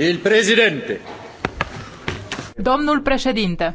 Il președinte. Domnul președinte.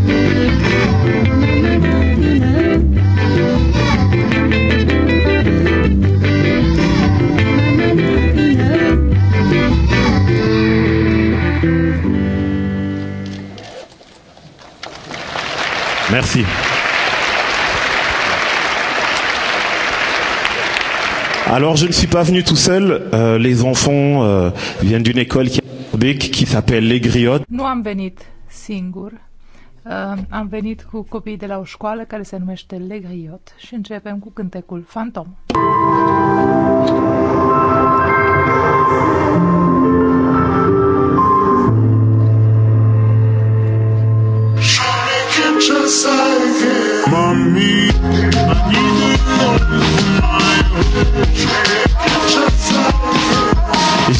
Merci. Alors je ne suis pas venu tout seul. Euh, les enfants euh, viennent d'une école qui, qui s'appelle Les Griottes. Nous am venit singur. Euh, am venit cu copiii de la o școală care se numește Le Griot și începem cu cântecul Fantom. Fantom.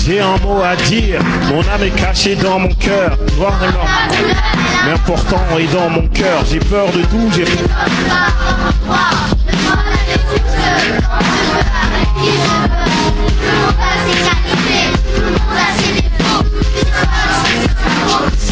J'ai un mot à dire, mon âme est cachée dans mon cœur, voir et blanc. Mais important est dans mon cœur, j'ai peur de tout, j'ai peur.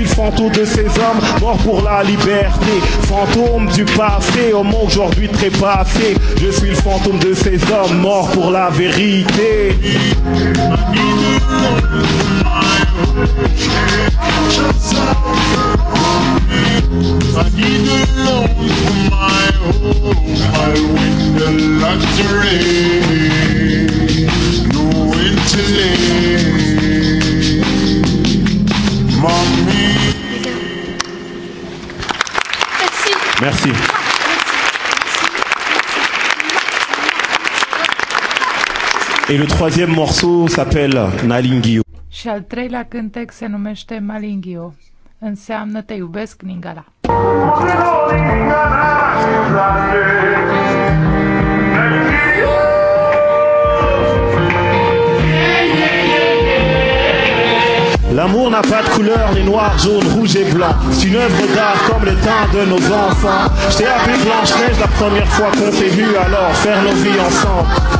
suis le fantôme de ces hommes morts pour la liberté. Fantôme du passé, homme aujourd'hui trépassé. Je suis le fantôme de ces hommes morts pour la vérité. I need a loan from my home. I win the lottery. No intellect. Mommy. Merci. Et le troisième morceau s'appelle Nalingio. Și al treilea cântec se numește Malingio. Înseamnă te iubesc, Ningala. Ningala L'amour n'a pas de couleur, les noirs, jaunes, rouges et blancs. C'est une œuvre d'art comme le teint de nos enfants. J't'ai appelé Blanche-Neige la première fois qu'on s'est vu, alors faire nos vies ensemble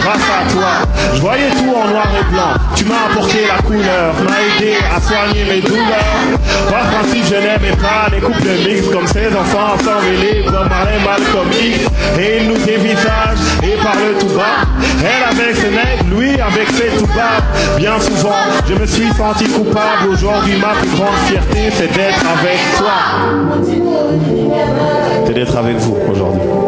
Grâce à toi, je voyais tout en noir et blanc. Tu m'as apporté la couleur, m'as aidé à soigner mes douleurs. Par principe, je n'aimais pas les couples mix comme ces enfants sans mêlés, comme Marin mal comme Et il nous dévisage et parle tout bas. Elle avec ses nègres, lui avec ses tout bas. Bien souvent, je me suis senti coupable. Aujourd'hui, ma plus grande fierté, c'est d'être avec toi. C'est d'être avec vous aujourd'hui.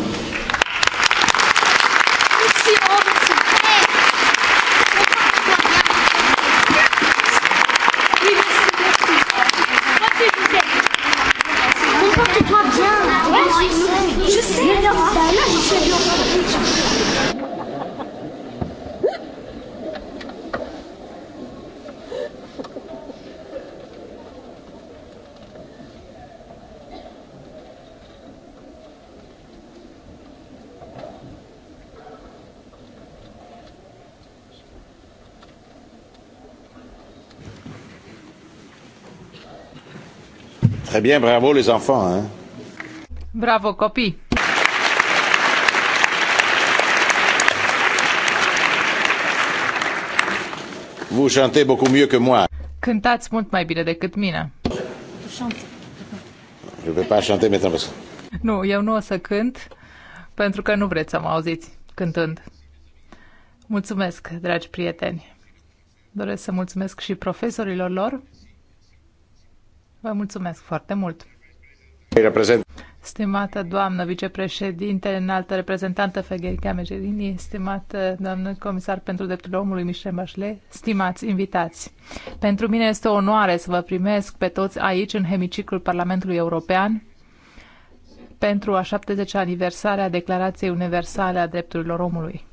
Très bien, bravo les enfants. Hein? Bravo copii! Vous chantez beaucoup mieux que moi. Cântați mult mai bine decât mine. Je vais pas chanter maintenant parce Nu, eu nu o să cânt pentru că nu vreți să mă auziți cântând. Mulțumesc, dragi prieteni. Doresc să mulțumesc și profesorilor lor Vă mulțumesc foarte mult! Stimată doamnă vicepreședinte, înaltă reprezentantă Federica Megerini, stimată doamnă comisar pentru drepturile omului Michel Bachelet, stimați invitați. Pentru mine este o onoare să vă primesc pe toți aici în hemiciclul Parlamentului European pentru a 70 -a aniversare a Declarației Universale a Drepturilor Omului.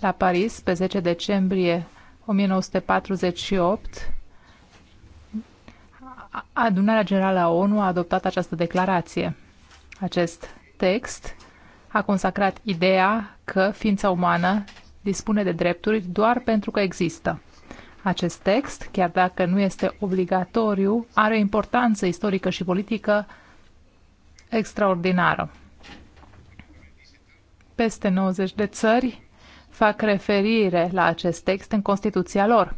La Paris, pe 10 decembrie 1948, Adunarea Generală a ONU a adoptat această declarație. Acest text a consacrat ideea că ființa umană dispune de drepturi doar pentru că există. Acest text, chiar dacă nu este obligatoriu, are o importanță istorică și politică extraordinară. Peste 90 de țări fac referire la acest text în Constituția lor.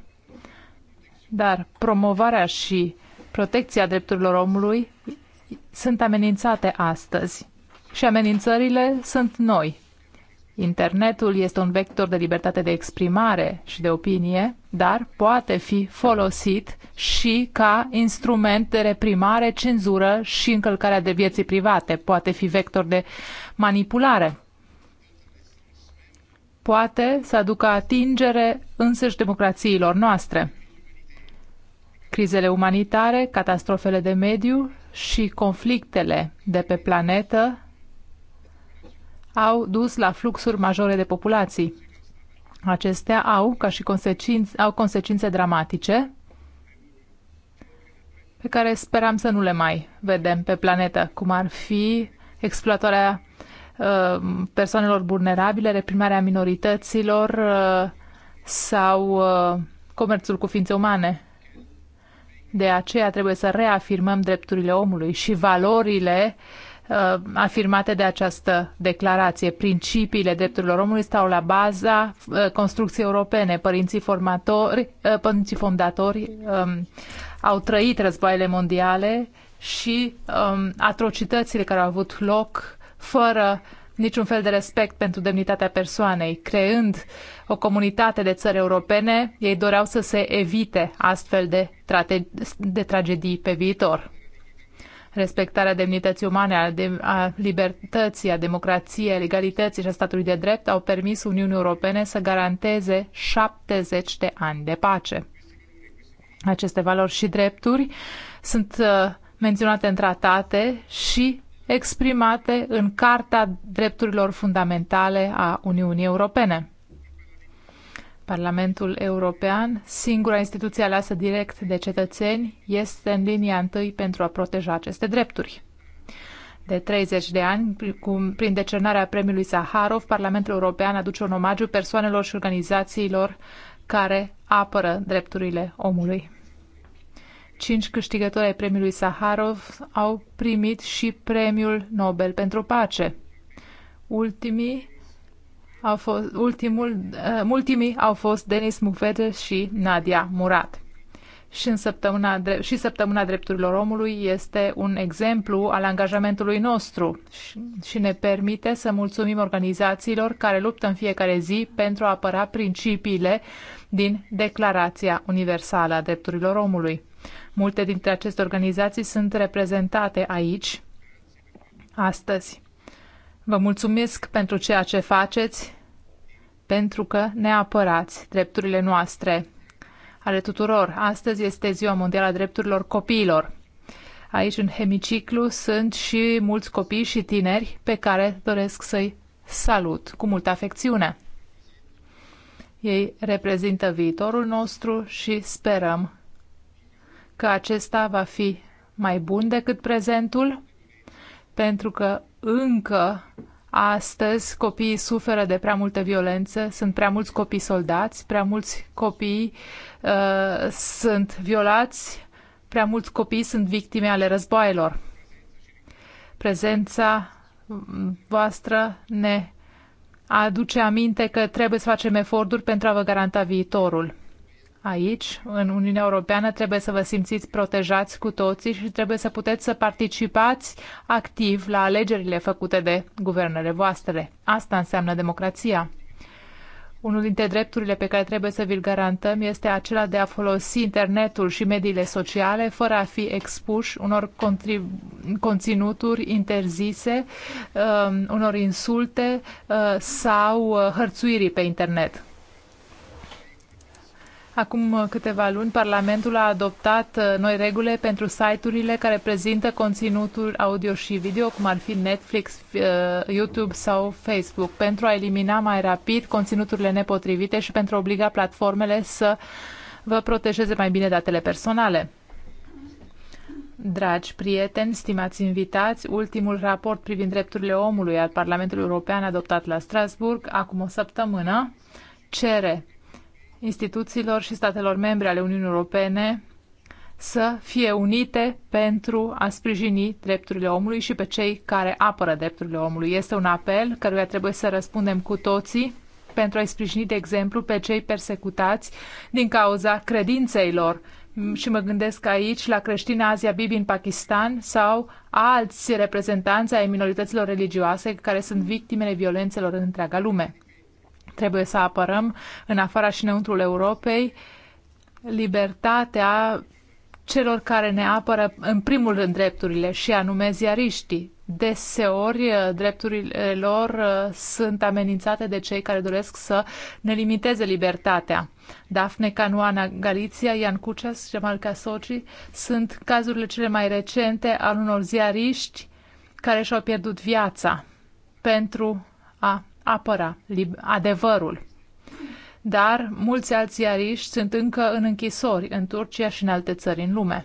Dar promovarea și protecția drepturilor omului sunt amenințate astăzi și amenințările sunt noi. Internetul este un vector de libertate de exprimare și de opinie, dar poate fi folosit și ca instrument de reprimare, cenzură și încălcarea de vieții private. Poate fi vector de manipulare. Poate să aducă atingere însăși democrațiilor noastre. Crizele umanitare, catastrofele de mediu și conflictele de pe planetă au dus la fluxuri majore de populații. Acestea au, ca și consecințe, au consecințe dramatice pe care speram să nu le mai vedem pe planetă, cum ar fi exploatarea uh, persoanelor vulnerabile, reprimarea minorităților uh, sau uh, comerțul cu ființe umane. De aceea trebuie să reafirmăm drepturile omului și valorile uh, afirmate de această declarație. Principiile drepturilor omului stau la baza uh, construcției europene. Părinții, formatori, uh, părinții fondatori um, au trăit războaiele mondiale și um, atrocitățile care au avut loc fără uh, niciun fel de respect pentru demnitatea persoanei. Creând o comunitate de țări europene, ei doreau să se evite astfel de, trate- de tragedii pe viitor. Respectarea demnității umane, a, de- a libertății, a democrației, a legalității și a statului de drept au permis Uniunii Europene să garanteze 70 de ani de pace. Aceste valori și drepturi sunt uh, menționate în tratate și exprimate în Carta Drepturilor Fundamentale a Uniunii Europene. Parlamentul European, singura instituție aleasă direct de cetățeni, este în linia întâi pentru a proteja aceste drepturi. De 30 de ani, prin decernarea premiului Saharov, Parlamentul European aduce un omagiu persoanelor și organizațiilor care apără drepturile omului cinci câștigători ai premiului Saharov au primit și premiul Nobel pentru pace. Ultimii au fost, ultimul, uh, eh, ultimii au fost Denis Mukwege și Nadia Murat. Și, în săptămâna, și săptămâna drepturilor omului este un exemplu al angajamentului nostru și, și ne permite să mulțumim organizațiilor care luptă în fiecare zi pentru a apăra principiile din Declarația Universală a Drepturilor Omului. Multe dintre aceste organizații sunt reprezentate aici astăzi. Vă mulțumesc pentru ceea ce faceți, pentru că ne apărați drepturile noastre ale tuturor. Astăzi este Ziua Mondială a Drepturilor Copiilor. Aici, în hemiciclu, sunt și mulți copii și tineri pe care doresc să-i salut cu multă afecțiune. Ei reprezintă viitorul nostru și sperăm că acesta va fi mai bun decât prezentul, pentru că încă astăzi copiii suferă de prea multă violență, sunt prea mulți copii soldați, prea mulți copii uh, sunt violați, prea mulți copii sunt victime ale războaielor. Prezența voastră ne aduce aminte că trebuie să facem eforturi pentru a vă garanta viitorul aici, în Uniunea Europeană, trebuie să vă simțiți protejați cu toții și trebuie să puteți să participați activ la alegerile făcute de guvernele voastre. Asta înseamnă democrația. Unul dintre drepturile pe care trebuie să vi-l garantăm este acela de a folosi internetul și mediile sociale fără a fi expuși unor conținuturi interzise, uh, unor insulte uh, sau uh, hărțuirii pe internet. Acum uh, câteva luni, Parlamentul a adoptat uh, noi reguli pentru site-urile care prezintă conținutul audio și video, cum ar fi Netflix, uh, YouTube sau Facebook, pentru a elimina mai rapid conținuturile nepotrivite și pentru a obliga platformele să vă protejeze mai bine datele personale. Dragi prieteni, stimați invitați, ultimul raport privind drepturile omului al Parlamentului European adoptat la Strasburg acum o săptămână cere instituțiilor și statelor membre ale Uniunii Europene să fie unite pentru a sprijini drepturile omului și pe cei care apără drepturile omului. Este un apel căruia trebuie să răspundem cu toții pentru a-i sprijini, de exemplu, pe cei persecutați din cauza credinței lor. Și mă gândesc aici la creștina Azia Bibi în Pakistan sau alți reprezentanți ai minorităților religioase care sunt victimele violențelor în întreaga lume. Trebuie să apărăm în afara și înăuntrul Europei libertatea celor care ne apără în primul rând drepturile și anume ziariștii. Deseori eh, drepturile lor eh, sunt amenințate de cei care doresc să ne limiteze libertatea. Dafne Canuana Galiția, Ian Cuceas, Jamal Casoci sunt cazurile cele mai recente al unor ziariști care și-au pierdut viața pentru a apăra adevărul. Dar mulți alți ziariști sunt încă în închisori în Turcia și în alte țări în lume.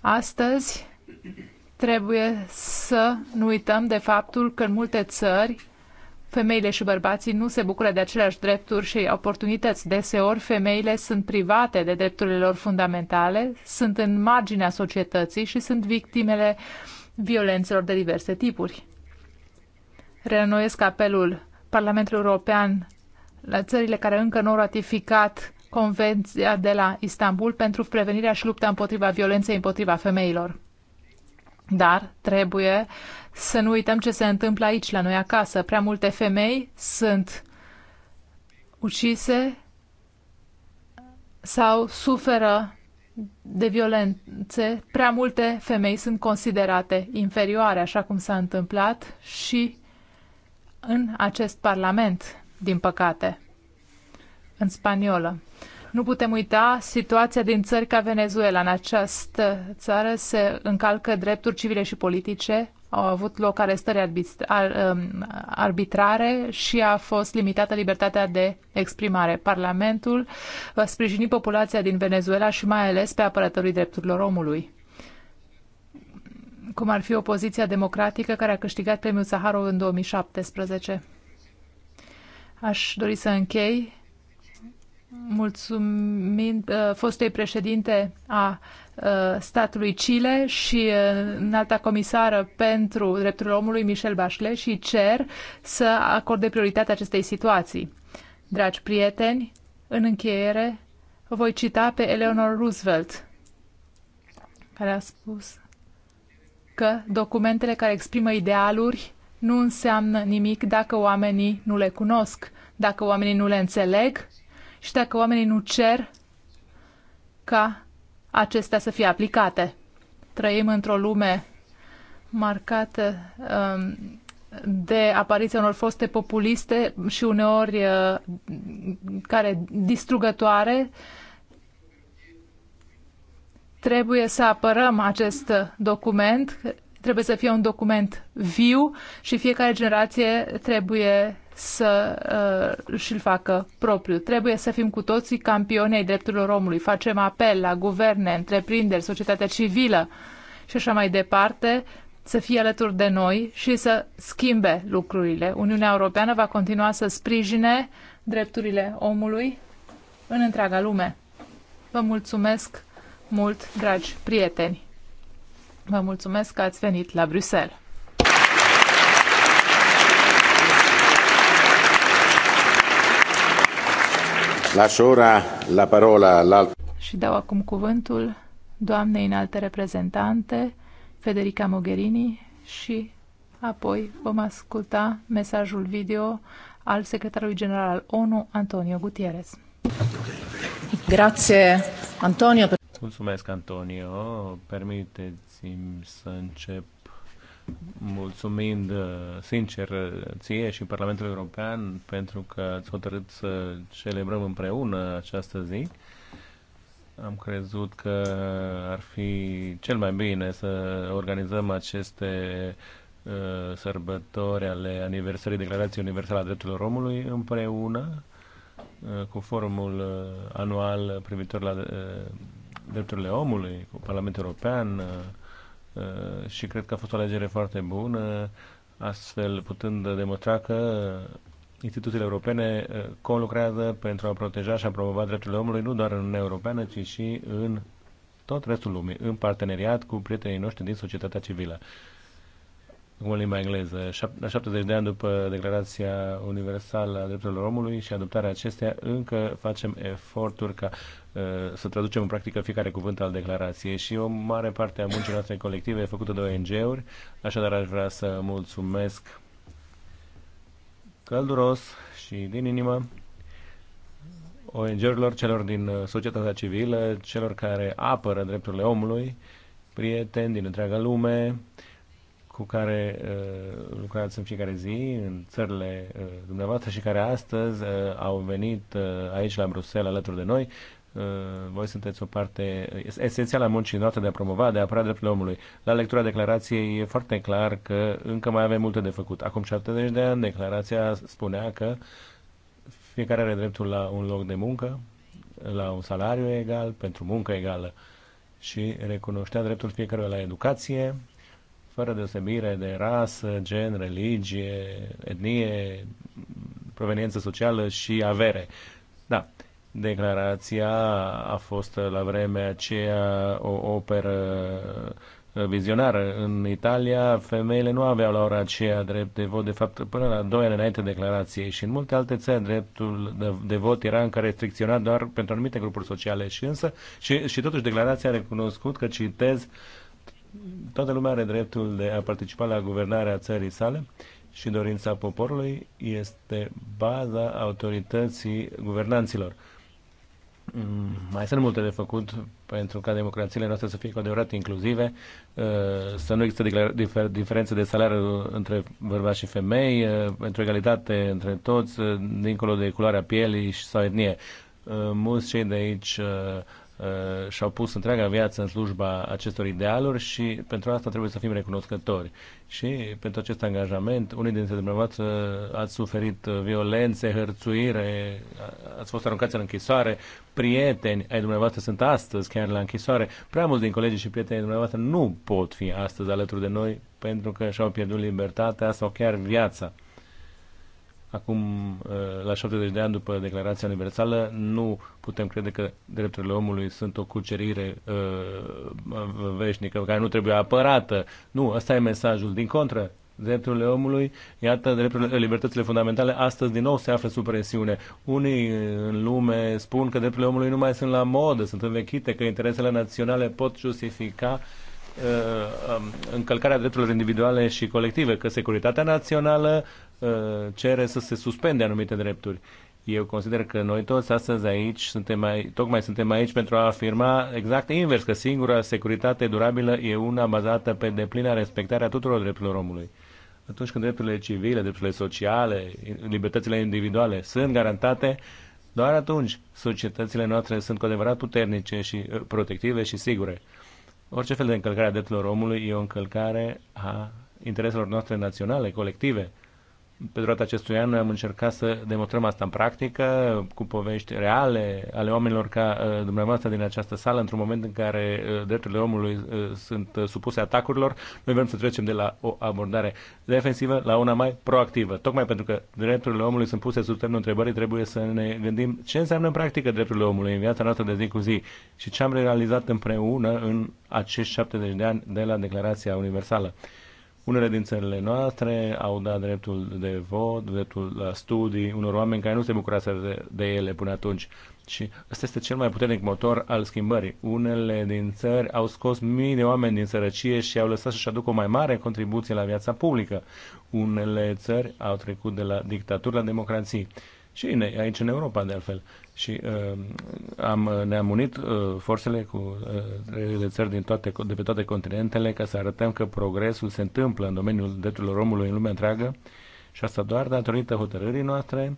Astăzi trebuie să nu uităm de faptul că în multe țări femeile și bărbații nu se bucură de aceleași drepturi și oportunități. Deseori femeile sunt private de drepturile lor fundamentale, sunt în marginea societății și sunt victimele uh, violențelor de diverse tipuri. Reînnoiesc apelul Parlamentului European la țările care încă nu au ratificat Convenția de la Istanbul pentru prevenirea și lupta împotriva violenței împotriva femeilor. Dar trebuie să nu uităm ce se întâmplă aici, la noi acasă. Prea multe femei sunt ucise sau suferă de violențe, prea multe femei sunt considerate inferioare, așa cum s-a întâmplat și în acest Parlament, din păcate, în spaniolă. Nu putem uita situația din țări ca Venezuela. În această țară se încalcă drepturi civile și politice au avut loc arestări um, arbitrare și a fost limitată libertatea de exprimare. Parlamentul va sprijini populația din Venezuela și mai ales pe apărătorii drepturilor omului cum ar fi opoziția democratică care a câștigat premiul Saharov în 2017. Aș dori să închei mulțumind uh, fostei președinte a uh, statului Chile și uh, înalta comisară pentru drepturile omului, Michel Bachelet, și cer să acorde prioritate acestei situații. Dragi prieteni, în încheiere voi cita pe Eleanor Roosevelt, care a spus că documentele care exprimă idealuri nu înseamnă nimic dacă oamenii nu le cunosc, dacă oamenii nu le înțeleg și dacă oamenii nu cer ca acestea să fie aplicate. Trăim într-o lume marcată um, de apariția unor foste populiste și uneori uh, care distrugătoare. Trebuie să apărăm acest document, trebuie să fie un document viu și fiecare generație trebuie să uh, și-l facă propriu. Trebuie să fim cu toții campionei drepturilor omului. Facem apel la guverne, întreprinderi, societatea civilă și așa mai departe să fie alături de noi și să schimbe lucrurile. Uniunea Europeană va continua să sprijine drepturile omului în întreaga lume. Vă mulțumesc mult, dragi prieteni! Vă mulțumesc că ați venit la Bruxelles! Lasă ora la parola la... Și dau acum cuvântul doamnei înalte reprezentante, Federica Mogherini, și apoi vom asculta mesajul video al secretarului general al ONU, Antonio Gutierrez. Grazie, Antonio. Mulțumesc, Antonio. Permiteți-mi să încep mulțumind uh, sincer ție și Parlamentul European pentru că ați hotărât să celebrăm împreună această zi. Am crezut că ar fi cel mai bine să organizăm aceste uh, sărbători ale aniversării Declarației Universale a Drepturilor Omului împreună uh, cu forumul uh, anual privitor la uh, drepturile omului, cu Parlamentul European, uh, Uh, și cred că a fost o alegere foarte bună, astfel putând demonstra că uh, instituțiile europene uh, conlucrează pentru a proteja și a promova drepturile omului nu doar în Uniunea Europeană, ci și în tot restul lumii, în parteneriat cu prietenii noștri din societatea civilă în limba engleză, la 70 de ani după Declarația Universală a Drepturilor Omului și adoptarea acesteia, încă facem eforturi ca uh, să traducem în practică fiecare cuvânt al declarației și o mare parte a muncii noastre colective e făcută de ONG-uri, așadar aș vrea să mulțumesc călduros și din inimă ONG-urilor, celor din uh, societatea civilă, celor care apără drepturile omului, prieteni din întreaga lume, uh, cu care uh, lucrați în fiecare zi în țările uh, dumneavoastră și care astăzi uh, au venit uh, aici la Bruxelles alături de noi. Uh, voi sunteți o parte uh, esențială a muncii noastre de a promova, de a apăra drepturile omului. La lectura declarației e foarte clar că încă mai avem multe de făcut. Acum 70 de ani declarația spunea că fiecare are dreptul la un loc de muncă, la un salariu egal, pentru muncă egală și recunoștea dreptul fiecăruia la educație, fără deosebire de rasă, gen, religie, etnie, proveniență socială și avere. Da, declarația a fost la vremea aceea o operă vizionară. În Italia, femeile nu aveau la ora aceea drept de vot, de fapt, până la doi ani înainte declarației și în multe alte țări dreptul de, de vot era încă restricționat doar pentru anumite grupuri sociale și însă, și, și totuși declarația a recunoscut că, citez, uh, toată lumea are dreptul de a participa la guvernarea țării sale și dorința poporului este baza autorității guvernanților. Mai sunt multe de făcut pentru ca democrațiile noastre să fie cu adevărat inclusive, uh, să nu există diferențe de salariu între bărbați și femei, uh, pentru egalitate între toți, uh, dincolo de culoarea pielii sau etnie. Mulți cei de aici Uh, și-au pus întreaga viață în slujba acestor idealuri și pentru asta trebuie să fim recunoscători. Și pentru acest angajament, unii dintre dumneavoastră ați suferit uh, violențe, hărțuire, ați fost aruncați în închisoare, prieteni ai dumneavoastră sunt astăzi chiar la închisoare. Prea mulți din colegii și prieteni ai dumneavoastră nu pot fi astăzi alături de noi pentru că și-au pierdut libertatea sau chiar viața acum, uh, la 70 de ani după Declarația Universală, nu putem crede că drepturile omului sunt o cucerire uh, veșnică care nu trebuie apărată. Nu, ăsta e mesajul. Din contră, drepturile omului, iată, drepturile, libertățile fundamentale, astăzi din nou se află sub presiune. Unii în lume spun că drepturile omului nu mai sunt la modă, sunt învechite, că interesele naționale pot justifica uh, um, încălcarea drepturilor individuale și colective, că securitatea națională Uh, cere să se suspende anumite drepturi. Eu consider că noi toți astăzi aici suntem aici, tocmai suntem aici pentru a afirma exact invers, că singura securitate durabilă e una bazată pe deplina respectarea tuturor drepturilor omului. Atunci când drepturile civile, drepturile sociale, libertățile individuale sunt garantate, doar atunci societățile noastre sunt cu adevărat puternice și uh, protective și sigure. Orice fel de încălcare a drepturilor omului e o încălcare a intereselor noastre naționale, colective pe durata acestui an noi am încercat să demonstrăm asta în practică, cu povești reale ale oamenilor ca uh, dumneavoastră din această sală, într-un moment în care uh, drepturile omului uh, sunt supuse atacurilor. Noi vrem să trecem de la o abordare defensivă la una mai proactivă. Tocmai pentru că drepturile omului sunt puse sub semnul întrebării, trebuie să ne gândim ce înseamnă în practică drepturile omului în viața noastră de zi cu zi și ce am realizat împreună în acești 70 de ani de la Declarația Universală. Unele din țările noastre au dat dreptul de vot, dreptul la studii, unor oameni care nu se bucuraseră de, de ele până atunci. Și ăsta este cel mai puternic motor al schimbării. Unele din țări au scos mii de oameni din sărăcie și au lăsat să-și aducă o mai mare contribuție la viața publică. Unele țări au trecut de la dictatură la democrații. Și aici în Europa, de altfel și uh, am, uh, ne-am unit uh, forțele cu uh, de țări din toate, de pe toate continentele ca să arătăm că progresul se întâmplă în domeniul drepturilor omului în lumea întreagă și asta doar datorită hotărârii noastre,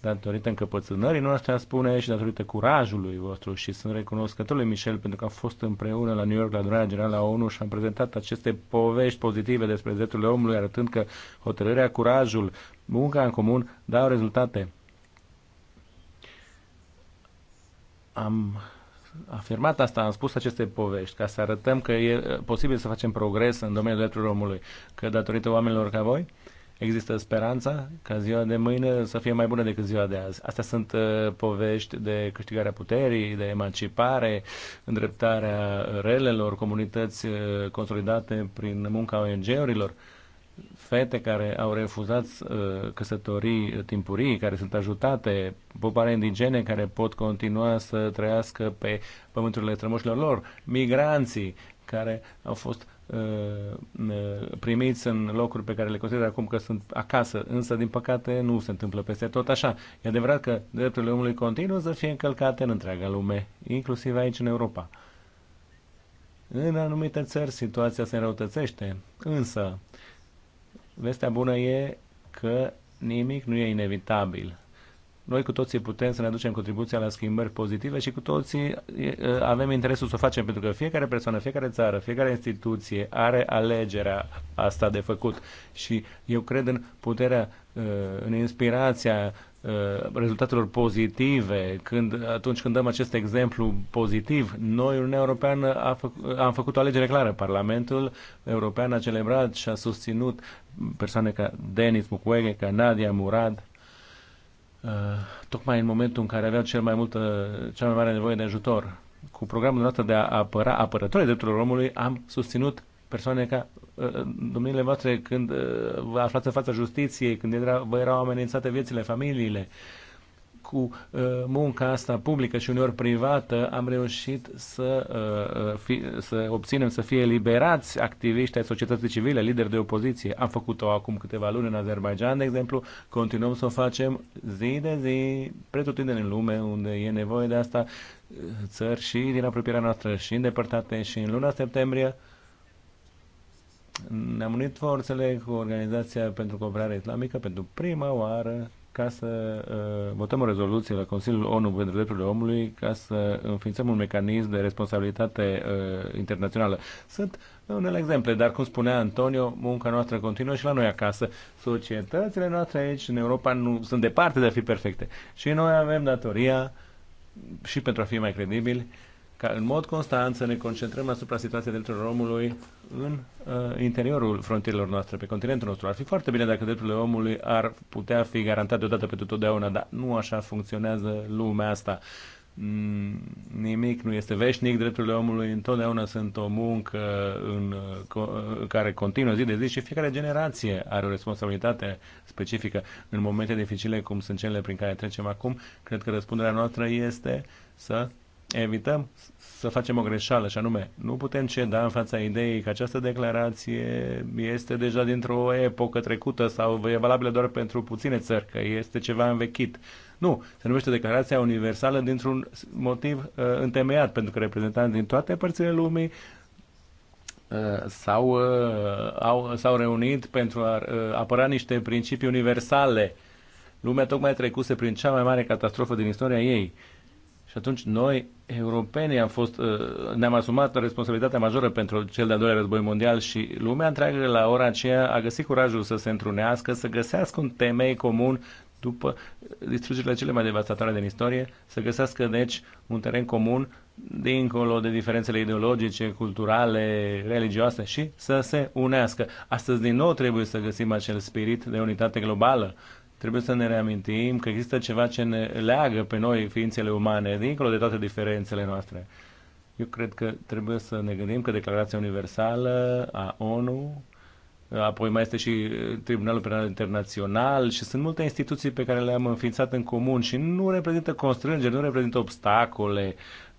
datorită încăpățânării noastre, a spune, și datorită curajului vostru și sunt recunoscătorului Michel pentru că am fost împreună la New York la adunarea generală a ONU și am prezentat aceste povești pozitive despre drepturile omului arătând că hotărârea, curajul, munca în comun dau rezultate Am afirmat asta, am spus aceste povești ca să arătăm că e posibil să facem progres în domeniul drepturilor omului, că datorită oamenilor ca voi există speranța ca ziua de mâine să fie mai bună decât ziua de azi. Astea sunt uh, povești de câștigarea puterii, de emancipare, îndreptarea relelor, comunități uh, consolidate prin munca ONG-urilor fete care au refuzat uh, căsătorii timpurii, care sunt ajutate, popoare indigene care pot continua să trăiască pe pământurile strămoșilor lor, migranții care au fost uh, uh, primiți în locuri pe care le consideră acum că sunt acasă, însă din păcate nu se întâmplă peste tot așa. E adevărat că drepturile omului continuă să fie încălcate în întreaga lume, inclusiv aici în Europa. În anumite țări situația se înrăutățește, însă vestea bună e că nimic nu e inevitabil. Noi cu toții putem să ne aducem contribuția la schimbări pozitive și cu toții avem interesul să o facem, pentru că fiecare persoană, fiecare țară, fiecare instituție are alegerea asta de făcut. Și eu cred în puterea, în inspirația Uh, rezultatelor pozitive, când, atunci când dăm acest exemplu pozitiv, noi, Uniunea Europeană, a făc, am făcut o alegere clară. Parlamentul European a celebrat și a susținut persoane ca Denis Mukwege, ca Nadia Murad, uh, tocmai în momentul în care aveau cel mai multă, cea mai mare nevoie de ajutor. Cu programul nostru de a apăra apărătorii drepturilor omului, am susținut persoane ca ă, ă, domnile voastre când ă, vă aflați în fața justiției, când era, vă erau amenințate viețile, familiile, cu munca asta publică și uneori privată am reușit să, să obținem să fie eliberați activiști ai societății civile, lideri de opoziție. Am făcut-o acum câteva luni în Azerbaijan, de exemplu, continuăm să o facem zi de zi, pretutindeni în lume unde e nevoie de asta, țări și din apropierea noastră și îndepărtate și în luna septembrie ne-am unit forțele cu Organizația pentru Cooperare Islamică pentru prima oară ca să uh, votăm o rezoluție la Consiliul ONU pentru drepturile omului ca să înființăm un mecanism de responsabilitate uh, internațională. Sunt unele exemple, dar cum spunea Antonio, munca noastră continuă și la noi acasă. Societățile noastre aici, în Europa, nu sunt departe de a fi perfecte. Și noi avem datoria și pentru a fi mai credibili, uh, ca în mod constant să ne concentrăm asupra situației drepturilor omului în uh, interiorul frontierelor noastre, pe continentul nostru. Ar fi foarte bine dacă drepturile omului ar putea fi garantate odată pentru totdeauna, dar nu așa funcționează lumea asta. Mm, nimic nu este veșnic, drepturile omului întotdeauna sunt o muncă în, în uh, uh, care continuă zi de zi și fiecare generație are o responsabilitate specifică. În momente dificile cum sunt cele prin care trecem acum, cred că răspunderea noastră este să evităm să facem o greșeală, și anume, nu putem ceda în fața ideii că această declarație este deja dintr-o epocă trecută sau e valabilă doar pentru puține țări, că este ceva învechit. Nu, se numește Declarația Universală dintr-un motiv uh, întemeiat, pentru că reprezentanți din toate părțile lumii uh, s-au, uh, au, s-au reunit pentru a uh, apăra niște principii universale. Lumea tocmai trecuse prin cea mai mare catastrofă din istoria ei. Și atunci noi, europenii, am fost, uh, ne-am asumat responsabilitatea majoră pentru cel de-al doilea război mondial și lumea întreagă la ora aceea a găsit curajul să se întrunească, să găsească un temei comun după distrugerile cele mai devastatoare din istorie, să găsească, deci, un teren comun dincolo de diferențele ideologice, culturale, religioase și să se unească. Astăzi, din nou, trebuie să găsim acel spirit de unitate globală trebuie să ne reamintim că există ceva ce ne leagă pe noi, ființele umane, dincolo de toate diferențele noastre. Eu cred că trebuie să ne gândim că Declarația Universală a ONU, apoi mai este și Tribunalul Penal Internațional și sunt multe instituții pe care le-am înființat în comun și nu reprezintă constrângeri, nu reprezintă obstacole,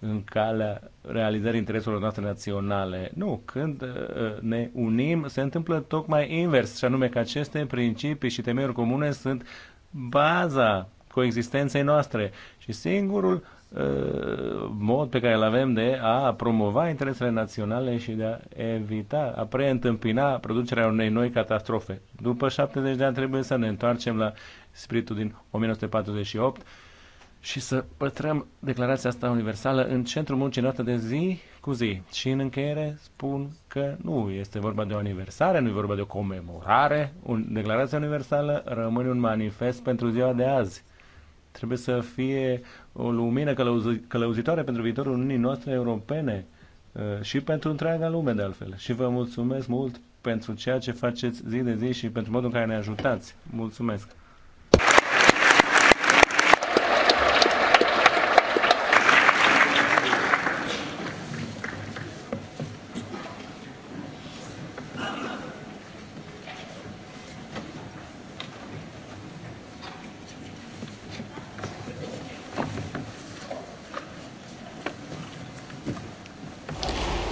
în calea realizării intereselor noastre naționale. Nu, când uh, ne unim, se întâmplă tocmai invers, și anume că aceste principii și temeiuri comune sunt baza coexistenței noastre și singurul uh, mod pe care îl avem de a promova interesele naționale și de a evita, a preîntâmpina producerea unei noi catastrofe. După 70 de ani trebuie să ne întoarcem la spiritul din 1948 și să păstrăm declarația asta universală în centrul muncii noastre de zi cu zi. Și în încheiere spun că nu este vorba de o aniversare, nu e vorba de o comemorare. Un, declarația universală rămâne un manifest pentru ziua de azi. Trebuie să fie o lumină călăuz- călăuzitoare pentru viitorul Uniunii noastre europene uh, și pentru întreaga lume, de altfel. Și vă mulțumesc mult pentru ceea ce faceți zi de zi și pentru modul în care ne ajutați. Mulțumesc!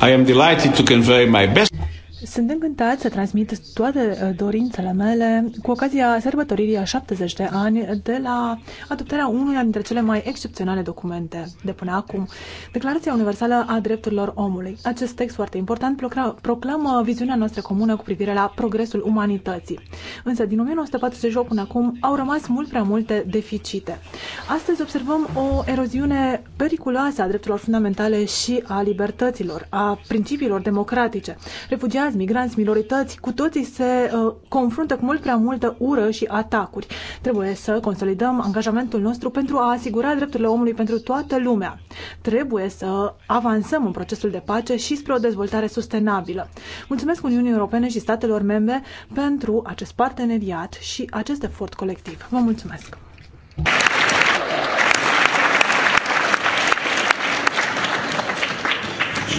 I am delighted to convey my best sunt încântat să transmit toate uh, dorințele mele cu ocazia sărbătoririi a 70 de ani de la adoptarea unuia dintre cele mai excepționale documente de până acum, Declarația Universală a Drepturilor Omului. Acest text foarte important proclamă viziunea noastră comună cu privire la progresul umanității. Însă din 1948 până acum au rămas mult prea multe deficite. Astăzi observăm o eroziune periculoasă a drepturilor fundamentale și a libertăților, a principiilor democratice. Refugiați migranți, minorități, cu toții se uh, confruntă cu mult prea multă ură și atacuri. Trebuie să consolidăm angajamentul nostru pentru a asigura drepturile omului pentru toată lumea. Trebuie să avansăm în procesul de pace și spre o dezvoltare sustenabilă. Mulțumesc Uniunii Europene și statelor membre pentru acest parteneriat și acest efort colectiv. Vă mulțumesc!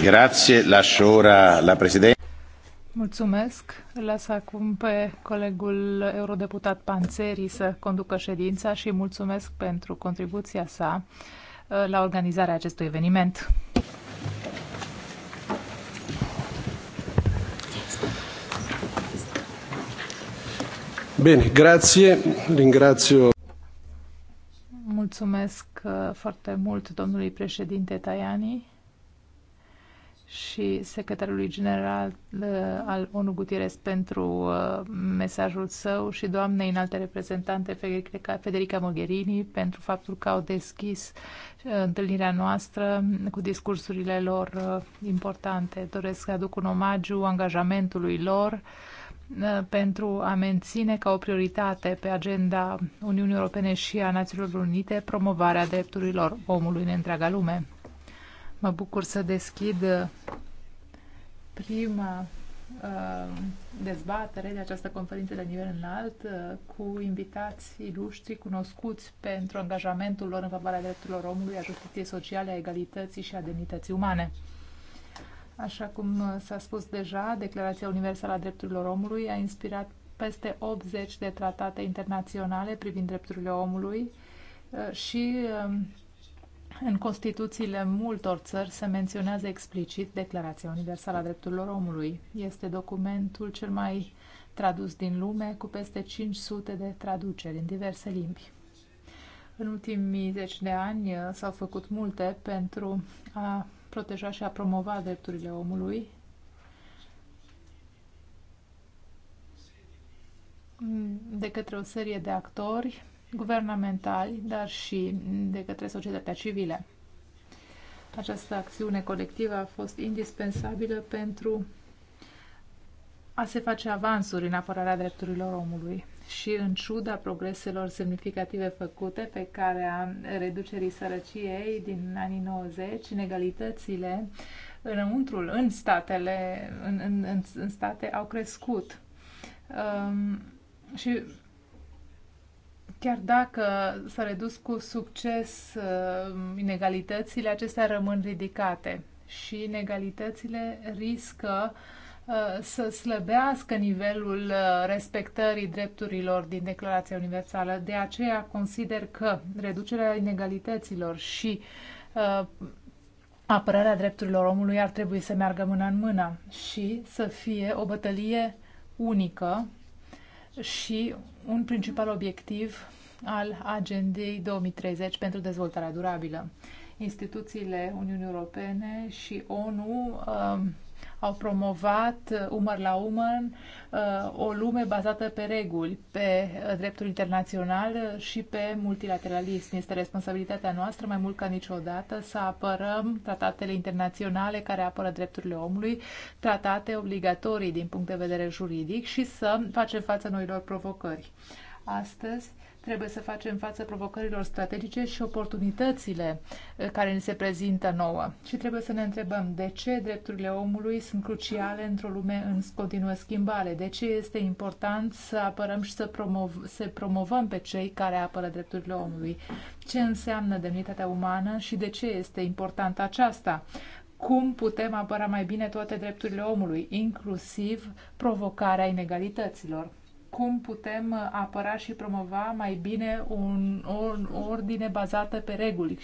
Grazie, lascio ora la Presidente. Mulțumesc. Las acum pe colegul eurodeputat Panțeri să conducă ședința și mulțumesc pentru contribuția sa uh, la organizarea acestui eveniment. Bine, grație, ringrazio. Mulțumesc uh, foarte mult domnului președinte Tajani și secretarului general uh, al ONU Gutierrez pentru uh, mesajul său și doamnei înalte reprezentante Federica Mogherini pentru faptul că au deschis uh, întâlnirea noastră cu discursurile lor importante. Doresc să aduc un omagiu angajamentului lor pentru a menține ca o prioritate pe agenda Uniunii Europene și a Națiunilor Unite promovarea drepturilor omului în întreaga lume. Mă bucur să deschid uh, prima uh, dezbatere de această conferință de nivel înalt uh, cu invitați iluștri cunoscuți pentru angajamentul lor în favoarea drepturilor omului, a justiției sociale, a egalității și a demnității umane. Așa cum s-a spus deja, Declarația Universală a Drepturilor Omului a inspirat peste 80 de tratate internaționale privind drepturile omului și um, în Constituțiile multor țări se menționează explicit Declarația Universală a Drepturilor Omului. Este documentul cel mai tradus din lume, cu peste 500 de traduceri în diverse limbi. În ultimii zeci de ani uh, s-au făcut multe pentru a proteja și a promova drepturile omului. Mm, de către o serie de actori guvernamentali, dar și de către societatea civilă. Această acțiune colectivă a fost indispensabilă pentru a se face avansuri în apărarea drepturilor omului și în ciuda progreselor semnificative făcute pe care a reducerii sărăciei din anii 90, inegalitățile înăuntrul, în statele, în, în, în, în state au crescut. Um, și Chiar dacă s-a redus cu succes uh, inegalitățile, acestea rămân ridicate și inegalitățile riscă uh, să slăbească nivelul uh, respectării drepturilor din Declarația Universală. De aceea consider că reducerea inegalităților și apărarea drepturilor omului ar trebui să meargă mână în mână și să fie o bătălie unică și un principal obiectiv al Agendei 2030 pentru dezvoltarea durabilă. Instituțiile Uniunii Europene și ONU uh, au promovat uh, umăr la umăr uh, o lume bazată pe reguli, pe uh, dreptul internațional și pe multilateralism. Este responsabilitatea noastră mai mult ca niciodată să apărăm tratatele internaționale care apără drepturile omului, tratate obligatorii din punct de vedere juridic și să facem față noilor provocări. Astăzi, Trebuie să facem față provocărilor strategice și oportunitățile eh, care ni se prezintă nouă. Și trebuie să ne întrebăm de ce drepturile omului sunt cruciale într-o lume în continuă schimbare, de ce este important să apărăm și să, promov- să promovăm pe cei care apără drepturile omului, ce înseamnă demnitatea umană și de ce este importantă aceasta cum putem apăra mai bine toate drepturile omului, inclusiv provocarea inegalităților cum putem apăra și promova mai bine un, o, o ordine bazată pe reguli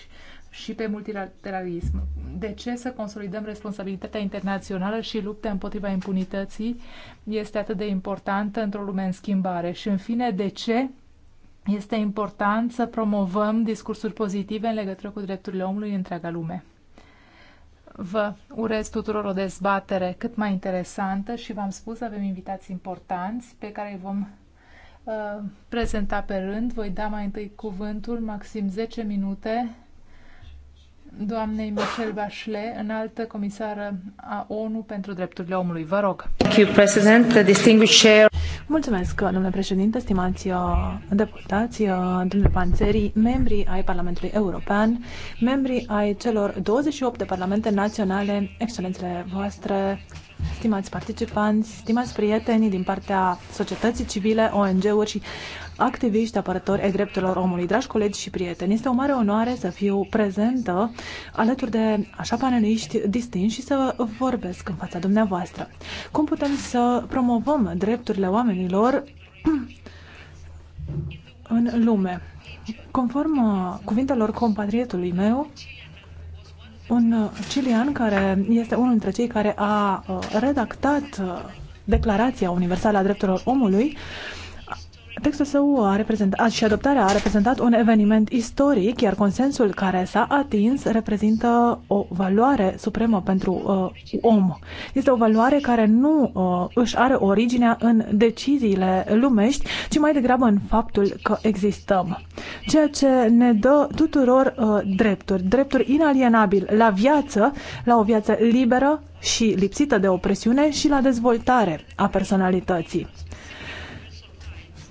și pe multilateralism. De ce să consolidăm responsabilitatea internațională și lupta împotriva impunității este atât de importantă într-o lume în schimbare? Și în fine, de ce este important să promovăm discursuri pozitive în legătură cu drepturile omului în întreaga lume? Vă urez tuturor o dezbatere cât mai interesantă și v-am spus, avem invitați importanți pe care îi vom uh, prezenta pe rând. Voi da mai întâi cuvântul, maxim 10 minute, doamnei Michelle Bachelet, înaltă comisară a ONU pentru drepturile omului. Vă rog. Mulțumesc, domnule președinte, stimați uh, deputați, uh, domnule panțerii, membrii ai Parlamentului European, membrii ai celor 28 de parlamente naționale, excelențele voastre, stimați participanți, stimați prieteni din partea societății civile, ONG-uri și activiști apărători ai drepturilor omului, dragi colegi și prieteni. Este o mare onoare să fiu prezentă alături de așa paneliști distinși și să vorbesc în fața dumneavoastră. Cum putem să promovăm drepturile oamenilor în lume? Conform uh, cuvintelor compatrietului meu, un uh, cilian care este unul dintre cei care a uh, redactat uh, Declarația Universală a Drepturilor Omului Textul său a reprezentat, și adoptarea a reprezentat un eveniment istoric, iar consensul care s-a atins reprezintă o valoare supremă pentru uh, om. Este o valoare care nu uh, își are originea în deciziile lumești, ci mai degrabă în faptul că existăm. Ceea ce ne dă tuturor uh, drepturi, drepturi inalienabili la viață, la o viață liberă și lipsită de opresiune și la dezvoltare a personalității.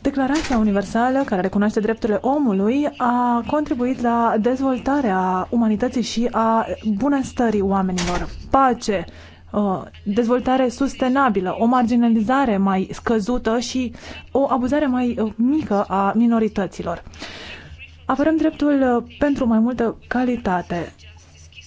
Declarația Universală, care recunoaște drepturile omului, a contribuit la dezvoltarea umanității și a bunăstării oamenilor. Pace, uh, dezvoltare sustenabilă, o marginalizare mai scăzută și o abuzare mai uh, mică a minorităților. Apărăm dreptul uh, pentru mai multă calitate,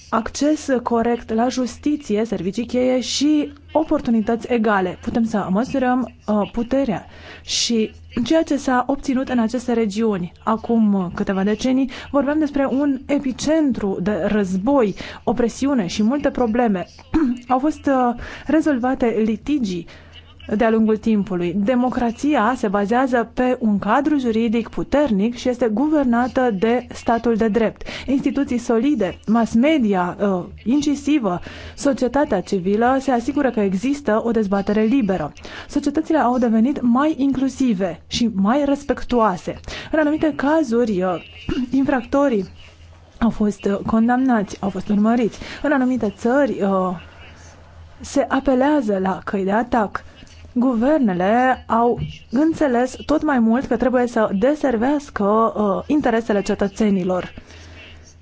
acces corect la justiție, servicii cheie și oportunități egale. Putem să măsurăm uh, puterea și ceea ce s-a obținut în aceste regiuni. Acum uh, câteva decenii vorbeam despre un epicentru de război, opresiune și multe probleme. Au fost uh, rezolvate litigii de-a lungul timpului. Democrația se bazează pe un cadru juridic puternic și este guvernată de statul de drept. Instituții solide, mass media uh, incisivă, societatea civilă se asigură că există o dezbatere liberă. Societățile au devenit mai inclusive și mai respectuoase. În anumite cazuri, uh, infractorii au fost uh, condamnați, au fost urmăriți. În anumite țări, uh, se apelează la căi de atac. Guvernele au înțeles tot mai mult că trebuie să deservească uh, interesele cetățenilor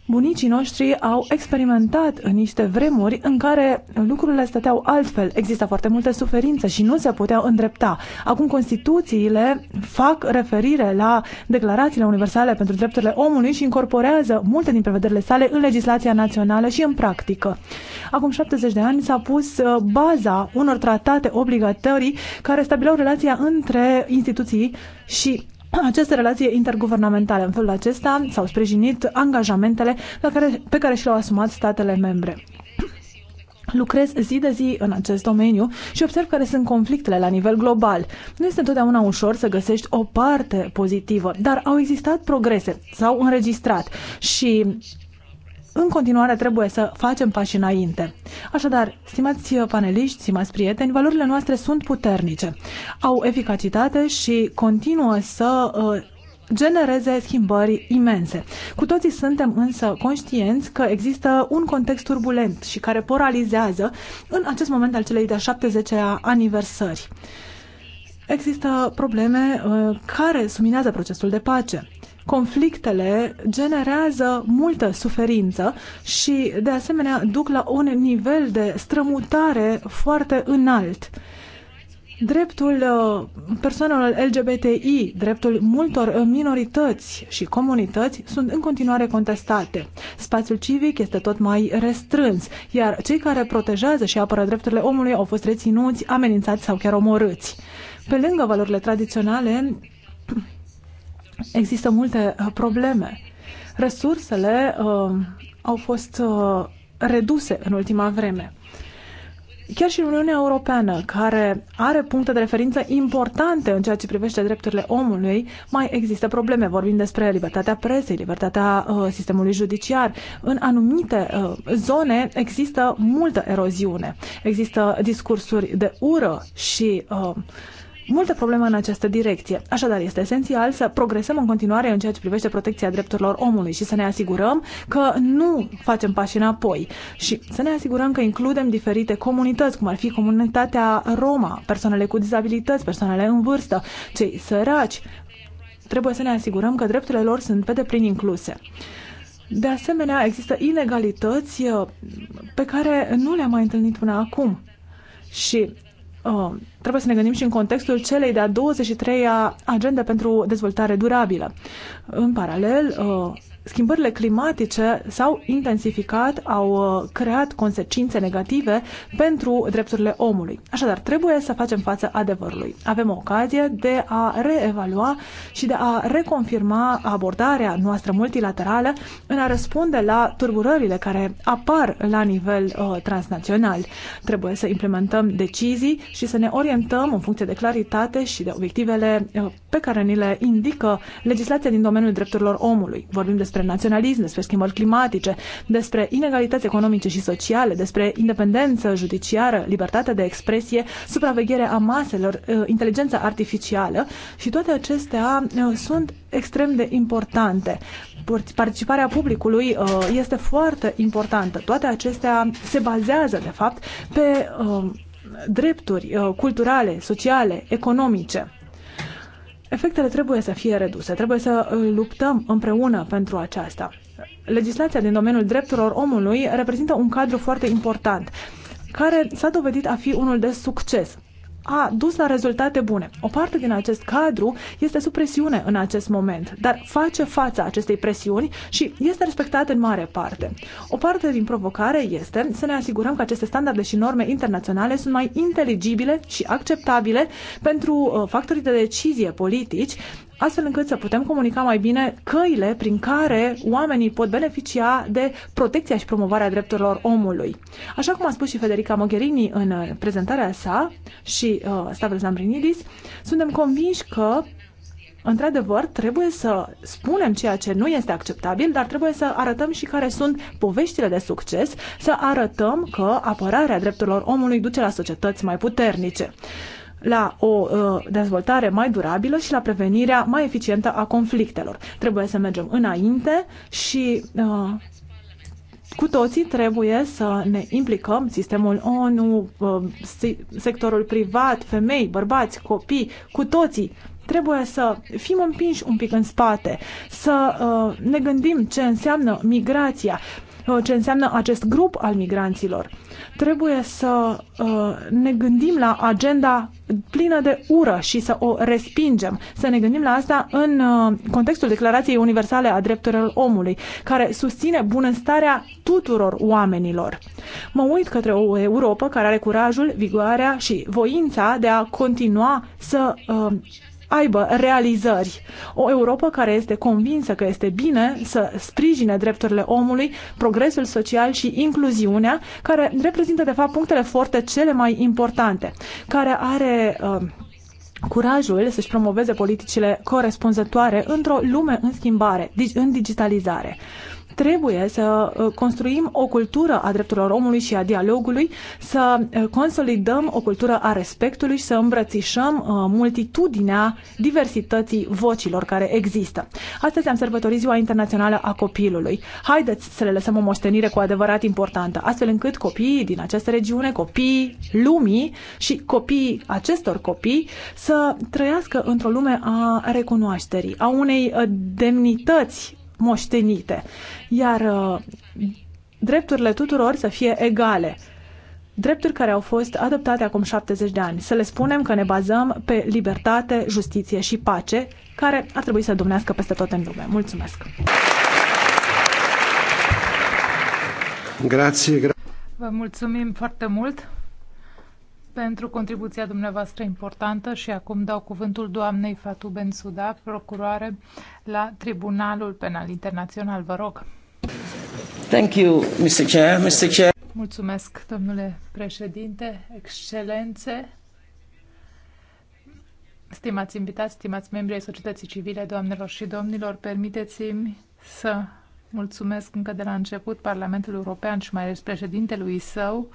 bunicii noștri au experimentat în niște vremuri în care lucrurile stăteau altfel. Exista foarte multe suferințe și nu se puteau îndrepta. Acum Constituțiile fac referire la declarațiile universale pentru drepturile omului și incorporează multe din prevederile sale în legislația națională și în practică. Acum 70 de ani s-a pus uh, baza unor tratate obligatorii care stabileau relația între instituții și aceste relații interguvernamentale. În felul acesta s-au sprijinit angajamentele pe care, pe care și le-au asumat statele membre. Lucrez zi de zi în acest domeniu și observ care sunt conflictele la nivel global. Nu este întotdeauna ușor să găsești o parte pozitivă, dar au existat progrese, s-au înregistrat și în continuare trebuie să facem pași înainte. Așadar, stimați paneliști, stimați prieteni, valorile noastre sunt puternice, au eficacitate și continuă să uh, genereze schimbări imense. Cu toții suntem însă conștienți că există un context turbulent și care paralizează în acest moment al celei de-a 70-a aniversări. Există probleme uh, care suminează procesul de pace conflictele generează multă suferință și, de asemenea, duc la un nivel de strămutare foarte înalt. Dreptul uh, persoanelor LGBTI, dreptul multor uh, minorități și comunități sunt în continuare contestate. Spațiul civic este tot mai restrâns, iar cei care protejează și apără drepturile omului au fost reținuți, amenințați sau chiar omorâți. Pe lângă valorile tradiționale, Există multe uh, probleme. Resursele uh, au fost uh, reduse în ultima vreme. Chiar și în Uniunea Europeană, care are puncte de referință importante în ceea ce privește drepturile omului, mai există probleme. Vorbim despre libertatea presei, libertatea uh, sistemului judiciar. În anumite uh, zone există multă eroziune. Există discursuri de ură și uh, multe probleme în această direcție. Așadar, este esențial să progresăm în continuare în ceea ce privește protecția drepturilor omului și să ne asigurăm că nu facem pași înapoi și să ne asigurăm că includem diferite comunități, cum ar fi comunitatea Roma, persoanele cu dizabilități, persoanele în vârstă, cei săraci. Trebuie să ne asigurăm că drepturile lor sunt pe deplin incluse. De asemenea, există inegalități uh, pe care nu le-am mai întâlnit până acum. Și Uh, trebuie să ne gândim și în contextul celei de-a 23-a agende pentru dezvoltare durabilă. În paralel, uh, schimbările climatice s-au intensificat, au uh, creat consecințe negative pentru drepturile omului. Așadar, trebuie să facem față adevărului. Avem o ocazie de a reevalua și de a reconfirma abordarea noastră multilaterală în a răspunde la turburările care apar la nivel uh, transnațional. Trebuie să implementăm decizii și să ne orientăm în funcție de claritate și de obiectivele uh, pe care ni le indică legislația din domeniul drepturilor omului. Vorbim despre despre naționalism, despre schimbări climatice, despre inegalități economice și sociale, despre independență judiciară, libertatea de expresie, supraveghere a maselor, uh, inteligența artificială și toate acestea uh, sunt extrem de importante. Participarea publicului uh, este foarte importantă. Toate acestea se bazează, de fapt, pe drepturi culturale, sociale, economice efectele trebuie să fie reduse, trebuie să uh, luptăm împreună pentru aceasta. Legislația din domeniul drepturilor omului reprezintă un cadru foarte important care s-a dovedit a fi unul de succes a dus la rezultate bune. O parte din acest cadru este sub presiune în acest moment, dar face fața acestei presiuni și este respectat în mare parte. O parte din provocare este să ne asigurăm că aceste standarde și norme internaționale sunt mai inteligibile și acceptabile pentru uh, factorii de decizie politici astfel încât să putem comunica mai bine căile prin care oamenii pot beneficia de protecția și promovarea drepturilor omului. Așa cum a spus și Federica Mogherini în uh, prezentarea sa și uh, Stavros Lambrinidis, suntem convinși că Într-adevăr, trebuie să spunem ceea ce nu este acceptabil, dar trebuie să arătăm și care sunt poveștile de succes, să arătăm că apărarea drepturilor omului duce la societăți mai puternice la o uh, dezvoltare mai durabilă și la prevenirea mai eficientă a conflictelor. Trebuie să mergem înainte și uh, cu toții trebuie să ne implicăm, sistemul ONU, uh, sectorul privat, femei, bărbați, copii, cu toții trebuie să fim împinși un pic în spate, să uh, ne gândim ce înseamnă migrația, Uh, ce înseamnă acest grup al migranților. Trebuie să uh, ne gândim la agenda plină de ură și să o respingem. Să ne gândim la asta în uh, contextul Declarației Universale a Drepturilor Omului, care susține bunăstarea tuturor oamenilor. Mă uit către o Europa care are curajul, vigoarea și voința de a continua să aibă realizări. O Europa care este convinsă că este bine să sprijine drepturile omului, progresul social și incluziunea, care reprezintă de fapt punctele forte cele mai importante, care are uh, curajul să-și promoveze politicile corespunzătoare într-o lume în schimbare, în digitalizare. Trebuie să uh, construim o cultură a drepturilor omului și a dialogului, să uh, consolidăm o cultură a respectului și să îmbrățișăm uh, multitudinea diversității vocilor care există. Astăzi am sărbătorit Ziua Internațională a Copilului. Haideți să le lăsăm o moștenire cu adevărat importantă, astfel încât copiii din această regiune, copiii lumii și copiii acestor copii să trăiască într-o lume a recunoașterii, a unei demnități moștenite, iar uh, drepturile tuturor să fie egale. Drepturi care au fost adoptate acum 70 de ani. Să le spunem că ne bazăm pe libertate, justiție și pace, care ar trebui să domnească peste tot în lume. Mulțumesc! Grazie, gra- Vă mulțumim foarte mult! pentru contribuția dumneavoastră importantă și acum dau cuvântul doamnei Fatou Bensouda, procuroare la Tribunalul Penal Internațional. Vă rog. Thank you, Mr. Chair, Mr. Chair. Mulțumesc, domnule președinte, excelențe, stimați invitați, stimați membri ai societății civile, doamnelor și domnilor, permiteți-mi să mulțumesc încă de la început Parlamentul European și mai ales președintelui său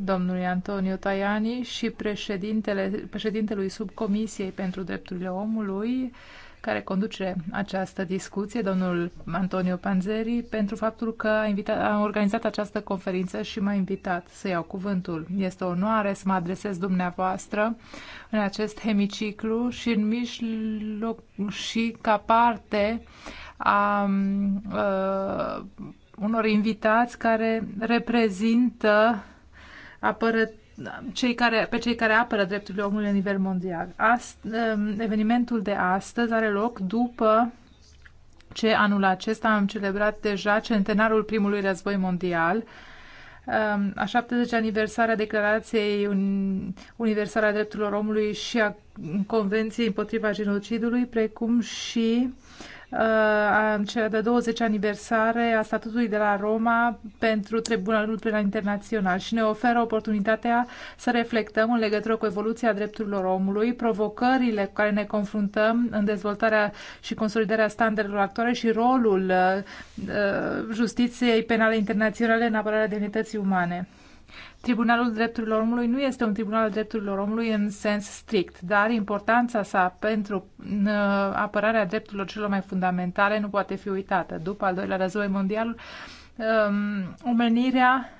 domnului Antonio Tajani și președintele, președintelui subcomisiei pentru drepturile omului care conduce această discuție, domnul Antonio Panzeri, pentru faptul că a, invitat, a organizat această conferință și m-a invitat să iau cuvântul. Este o onoare să mă adresez dumneavoastră în acest hemiciclu și în mijloc și ca parte a, a uh, unor invitați care reprezintă apără cei care, pe cei care apără drepturile omului la nivel mondial. Ast, um, evenimentul de astăzi are loc după ce anul acesta am celebrat deja centenarul primului război mondial, um, a 70 aniversarea Declarației Universale a Drepturilor Omului și a Convenției împotriva genocidului, precum și Uh, cea de 20 aniversare a statutului de la Roma pentru Tribunalul Penal Internațional și ne oferă oportunitatea să reflectăm în legătură cu evoluția drepturilor omului, provocările cu care ne confruntăm în dezvoltarea și consolidarea standardelor actuale și rolul uh, uh, justiției penale internaționale în apărarea demnității umane. Tribunalul Drepturilor Omului nu este un tribunal al drepturilor omului în sens strict, dar importanța sa pentru uh, apărarea drepturilor celor mai fundamentale nu poate fi uitată. După al doilea război mondial, um, omenirea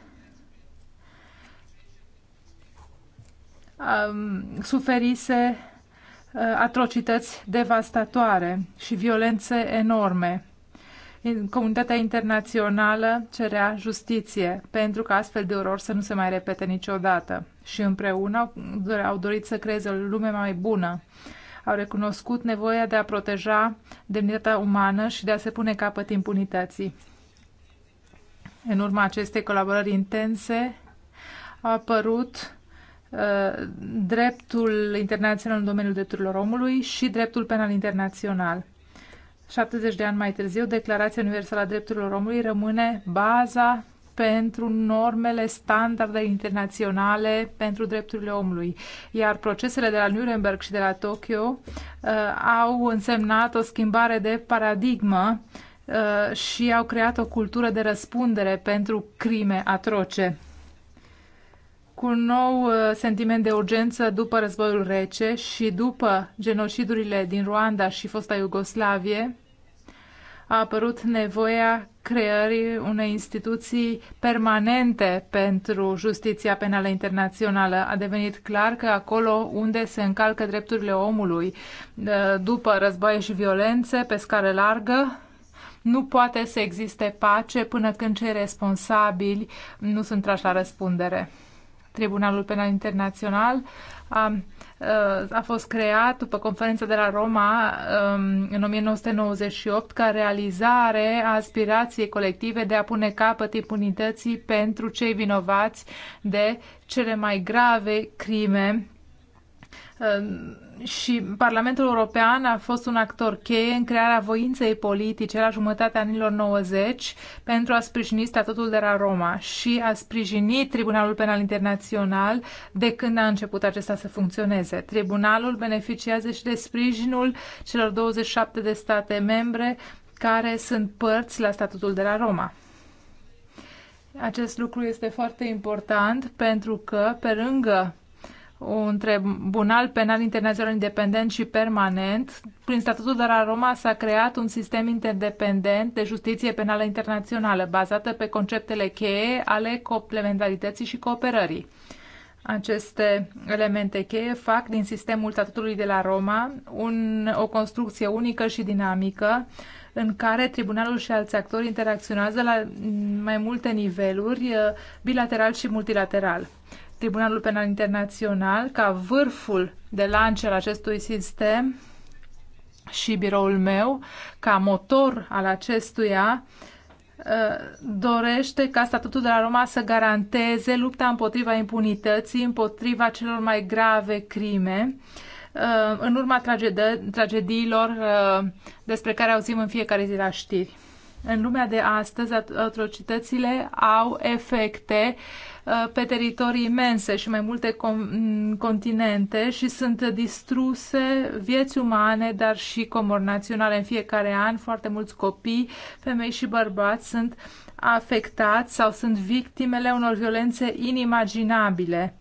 um, suferise uh, atrocități devastatoare și violențe enorme comunitatea internațională cerea justiție pentru ca astfel de orori să nu se mai repete niciodată și împreună au dorit să creeze o lume mai bună. Au recunoscut nevoia de a proteja demnitatea umană și de a se pune capăt impunității. În urma acestei colaborări intense a apărut ă, dreptul internațional în domeniul drepturilor omului și dreptul penal internațional. 70 de ani mai târziu, Declarația Universală a Drepturilor Omului rămâne baza pentru normele standarde internaționale pentru drepturile omului. Iar procesele de la Nuremberg și de la Tokyo uh, au însemnat o schimbare de paradigmă uh, și au creat o cultură de răspundere pentru crime atroce cu un nou uh, sentiment de urgență după războiul rece și după genocidurile din Ruanda și fosta Iugoslavie, a apărut nevoia creării unei instituții permanente pentru justiția penală internațională. A devenit clar că acolo unde se încalcă drepturile omului uh, după războaie și violențe pe scară largă, nu poate să existe pace până când cei responsabili nu sunt trași la răspundere. Tribunalul Penal Internațional a, uh, a fost creat după conferința de la Roma um, în 1998 ca realizare a aspirației colective de a pune capăt impunității pentru cei vinovați de cele mai grave crime Ehm, și Parlamentul European a fost un actor cheie în crearea voinței politice la jumătatea anilor 90 pentru a sprijini statutul de la Roma și a sprijinit Tribunalul Penal Internațional de când a început acesta să funcționeze. Tribunalul beneficiază și de sprijinul celor 27 de state membre care sunt părți la statutul de la Roma. Acest lucru este foarte important pentru că, pe lângă între bunal penal internațional independent și permanent. Prin statutul de la Roma s-a creat un sistem interdependent de justiție penală internațională, bazată pe conceptele cheie ale complementarității și cooperării. Aceste elemente cheie fac din sistemul statutului de la Roma un, o construcție unică și dinamică în care tribunalul și alți actori interacționează la mai multe niveluri, bilateral și multilateral. Tribunalul Penal Internațional ca vârful de lance al acestui sistem și biroul meu, ca motor al acestuia, ă, dorește ca statutul de la Roma să garanteze lupta împotriva impunității, împotriva celor mai grave crime, ă, în urma tragediilor ă, despre care auzim în fiecare zi la știri. În lumea de astăzi, atrocitățile au efecte uh, Uh, pe teritorii imense și mai multe mm, continente și sunt distruse vieți umane, dar și comori naționale. În fiecare an, foarte mulți copii, femei și bărbați sunt afectați sau sunt victimele unor violențe inimaginabile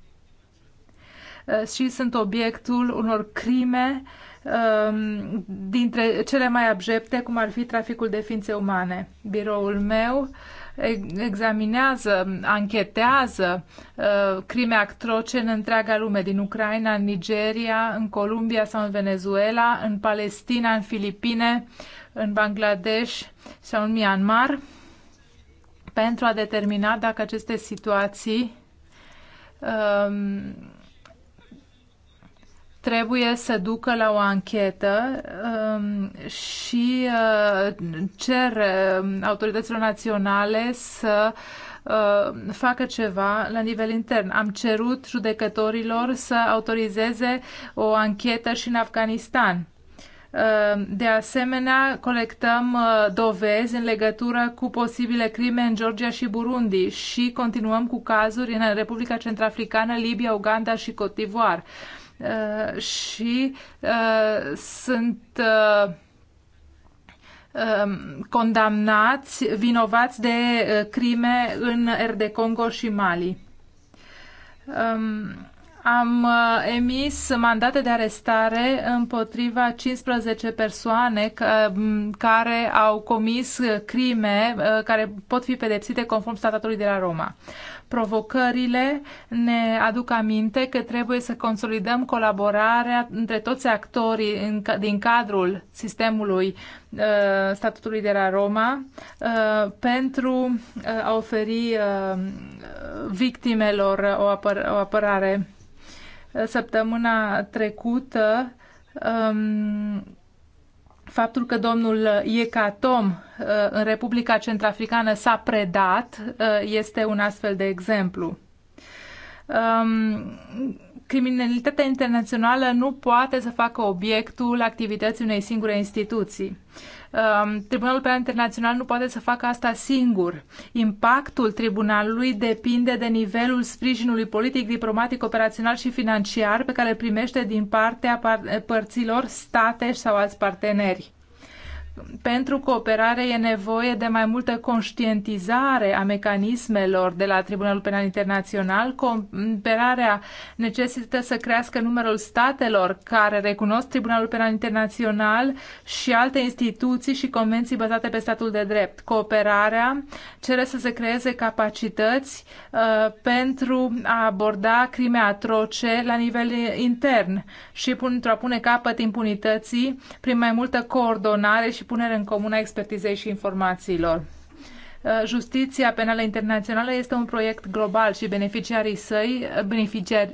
uh, și sunt obiectul unor crime um, dintre cele mai abjecte, cum ar fi traficul de ființe umane. Biroul meu examinează, anchetează uh, crime atroce în întreaga lume, din Ucraina, în Nigeria, în Columbia sau în Venezuela, în Palestina, în Filipine, în Bangladesh sau în Myanmar, pentru a determina dacă aceste situații um, trebuie să ducă la o anchetă um, și uh, cer um, autorităților naționale să uh, facă ceva la nivel intern. Am cerut judecătorilor să autorizeze o anchetă și în Afganistan. Uh, de asemenea, colectăm dovezi în legătură cu posibile crime în Georgia și Burundi și continuăm cu cazuri în Republica Centrafricană, Libia, Uganda și Cotivoar. d'Ivoire Uh, și uh, sunt uh, um, condamnați, vinovați de uh, crime în RD Congo și Mali. Um, am uh, emis mandate de arestare împotriva 15 persoane um, care au comis crime care pot fi pedepsite conform statutului de la Roma. Provocările ne aduc aminte că trebuie să consolidăm colaborarea între toți actorii în, din cadrul sistemului uh, statutului de la Roma uh, pentru uh, a oferi uh, victimelor o, apăr- o apărare. Săptămâna trecută um, faptul că domnul Iecatom uh, în Republica Centrafricană s-a predat uh, este un astfel de exemplu. Um, criminalitatea internațională nu poate să facă obiectul activității unei singure instituții. Um, Tribunalul Penal Internațional nu poate să facă asta singur. Impactul tribunalului depinde de nivelul sprijinului politic, diplomatic, operațional și financiar pe care îl primește din partea părților, state sau alți parteneri pentru cooperare e nevoie de mai multă conștientizare a mecanismelor de la Tribunalul Penal Internațional. Cooperarea necesită să crească numărul statelor care recunosc Tribunalul Penal Internațional și alte instituții și convenții bazate pe statul de drept. Cooperarea cere să se creeze capacități uh, pentru a aborda crime atroce la nivel intern și pentru a pune capăt impunității prin mai multă coordonare și și punere în comun a expertizei și informațiilor. Uh, justiția penală internațională este un proiect global și beneficiarii săi, beneficiar,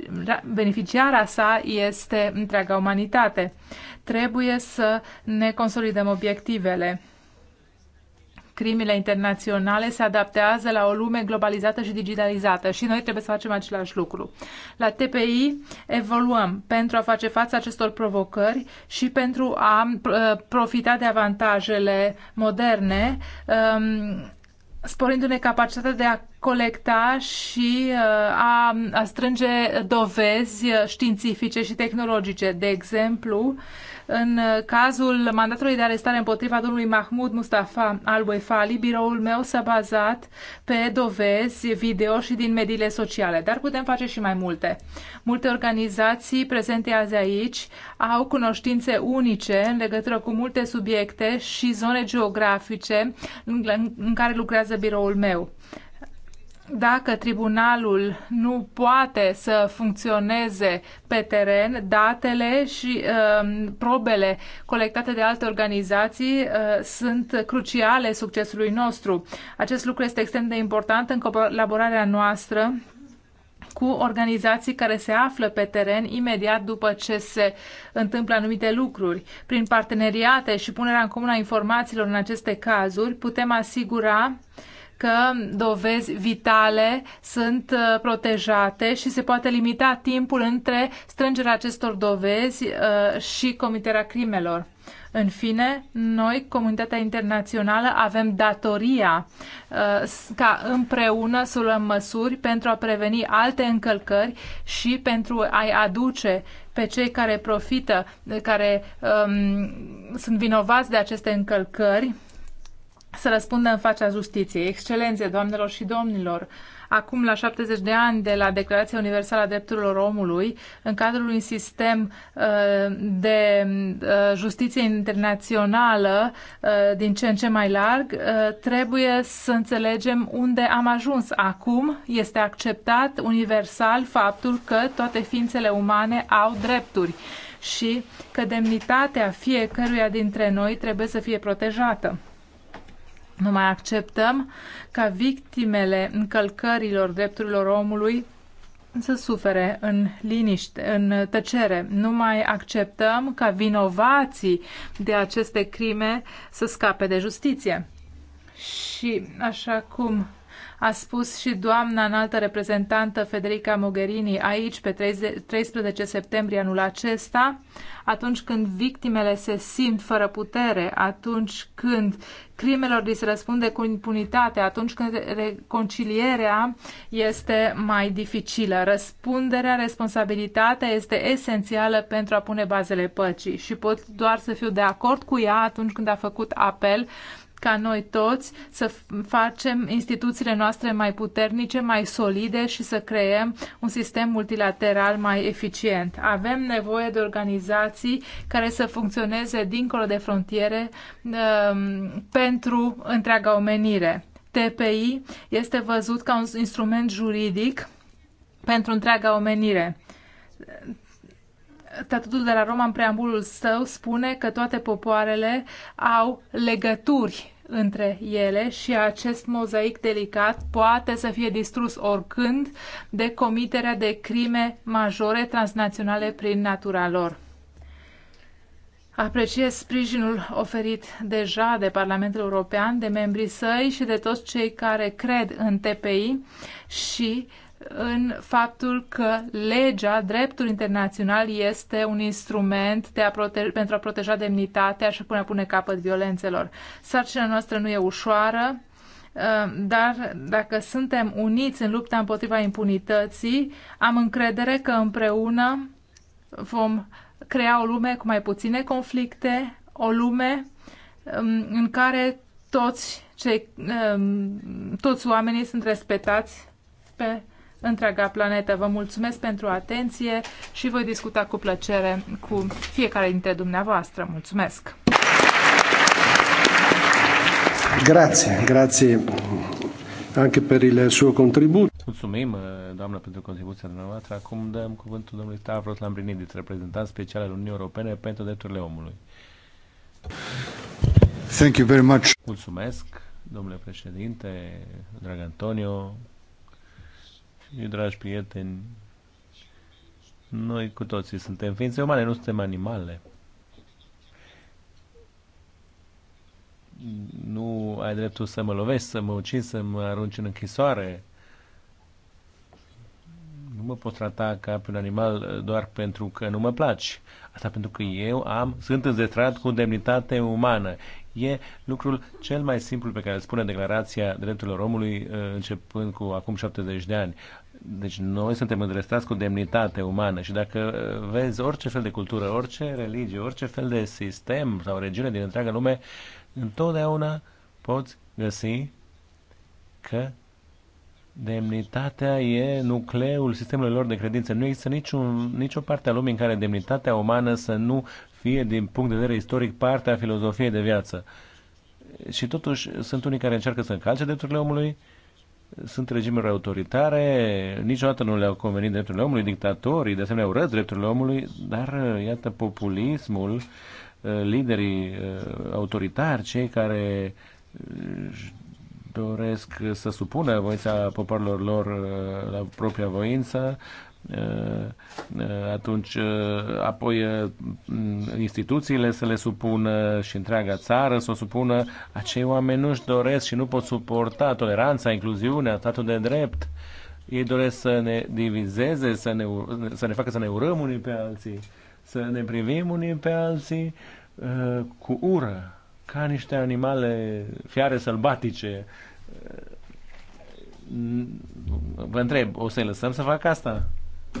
beneficiara sa este întreaga umanitate. Trebuie să ne consolidăm obiectivele crimele internaționale se adaptează la o lume globalizată și digitalizată și noi trebuie să facem același lucru. La TPI evoluăm pentru a face față acestor provocări și pentru a uh, profita de avantajele moderne um, sporindu-ne capacitatea de a colecta și uh, a, a strânge dovezi științifice și tehnologice. De exemplu, în uh, cazul mandatului de arestare împotriva domnului Mahmud Mustafa al Wefali, biroul meu s-a bazat pe dovezi video și din mediile sociale, dar putem face și mai multe. Multe organizații prezente azi aici au cunoștințe unice în legătură cu multe subiecte și zone geografice în care lucrează biroul meu dacă tribunalul nu poate să funcționeze pe teren, datele și uh, probele colectate de alte organizații uh, sunt cruciale succesului nostru. Acest lucru este extrem de important în colaborarea noastră cu organizații care se află pe teren imediat după ce se întâmplă anumite lucruri. Prin parteneriate și punerea în comun a informațiilor în aceste cazuri, putem asigura uh, că dovezi vitale sunt uh, protejate și se poate limita timpul între strângerea acestor dovezi uh, și comiterea crimelor. În fine, noi, comunitatea internațională, avem datoria uh, ca împreună să luăm măsuri pentru a preveni alte încălcări și pentru a-i aduce pe cei care profită, care um, sunt vinovați de aceste încălcări să răspundă în fața justiției. Excelențe, doamnelor și domnilor, acum la 70 de ani de la Declarația Universală a Drepturilor Omului, în cadrul unui sistem uh, de uh, justiție internațională uh, din ce în ce mai larg, trebuie să înțelegem unde am ajuns. Acum este acceptat universal faptul că toate ființele umane au drepturi și că demnitatea fiecăruia dintre noi trebuie să fie protejată. Nu mai acceptăm ca victimele încălcărilor drepturilor omului să sufere în liniște, în tăcere. Nu mai acceptăm ca vinovații de aceste crime să scape de justiție. Și așa cum a spus și doamna înaltă reprezentantă Federica Mogherini aici pe 13 septembrie anul acesta, atunci când victimele se simt fără putere, atunci când crimelor li se răspunde cu impunitate, atunci când reconcilierea este mai dificilă. Răspunderea, responsabilitatea este esențială pentru a pune bazele păcii și pot doar să fiu de acord cu ea atunci când a făcut apel ca noi toți să facem instituțiile noastre mai puternice, mai solide și să creăm un sistem multilateral mai eficient. Avem nevoie de organizații care să funcționeze dincolo de frontiere um, pentru întreaga omenire. TPI este văzut ca un instrument juridic pentru întreaga omenire Statutul de la Roma, în preambulul său, spune că toate popoarele au legături între ele și acest mozaic delicat poate să fie distrus oricând de comiterea de crime majore transnaționale prin natura lor. Apreciez sprijinul oferit deja de Parlamentul European, de membrii săi și de toți cei care cred în TPI și în faptul că legea, dreptul internațional este un instrument de a protege, pentru a proteja demnitatea și până a pune capăt violențelor. Sarcina noastră nu e ușoară, uh, dar dacă suntem uniți în lupta împotriva impunității, am încredere că împreună vom crea o lume cu mai puține conflicte, o lume um, în care toți, cei, um, toți oamenii sunt respectați pe întreaga planetă. Vă mulțumesc pentru atenție și voi discuta cu plăcere cu fiecare dintre dumneavoastră. Mulțumesc! Grazie, grazie anche per il suo contributo. Mulțumim, eh, doamnă, pentru contribuția dumneavoastră. Acum dăm cuvântul domnului Stavros Lambrinidis, reprezentant special al Uniunii Europene pentru drepturile omului. Thank you very much. Mulțumesc, domnule președinte, drag Antonio, și, dragi prieteni, noi cu toții suntem ființe umane, nu suntem animale. Nu ai dreptul să mă lovești, să mă ucizi, să mă arunci în închisoare. Nu mă poți trata ca pe un animal uh, doar pentru că nu mă placi. Asta pentru că eu am, sunt înzestrat cu demnitate umană. E lucrul cel mai simplu pe care îl spune Declarația Drepturilor Omului uh, începând cu acum 70 de ani. Deci noi suntem îndreptați cu demnitate umană și dacă uh, vezi orice fel de cultură, orice religie, orice fel de sistem sau regiune din întreaga lume, întotdeauna poți găsi că demnitatea e nucleul sistemului lor de credință. Nu există niciun, nicio parte a lumii în care demnitatea umană să nu fie, din punct de vedere istoric, partea filozofiei de viață. Și totuși sunt unii care încearcă să încalce drepturile omului, uh, sunt regimuri autoritare, niciodată nu le-au convenit drepturile omului, dictatorii, de asemenea urăți drepturile omului, dar uh, iată populismul, uh, liderii uh, autoritari, cei care doresc să supună voința poporilor lor la propria voință, Eh, atunci eh, apoi eh, mm, instituțiile să le supună și întreaga țară să o supună. Acei oameni nu-și doresc și nu pot suporta toleranța, incluziunea, statul de drept. Ei doresc să ne divizeze, să ne, să ne facă să ne urăm unii pe alții, să ne privim unii pe alții cu ură, ca niște animale fiare sălbatice. Vă întreb, o să-i lăsăm să facă asta?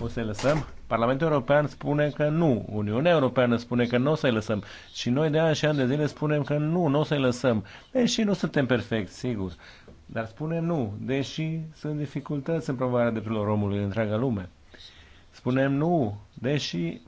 o să-i lăsăm? Parlamentul European spune că nu, Uniunea Europeană spune că nu o să-i lăsăm și noi de ani și ani de zile spunem că nu, nu o să-i lăsăm, deși nu suntem perfecti, sigur, dar spunem nu, deși sunt dificultăți în promovarea drepturilor omului în întreaga lume. Spunem nu, deși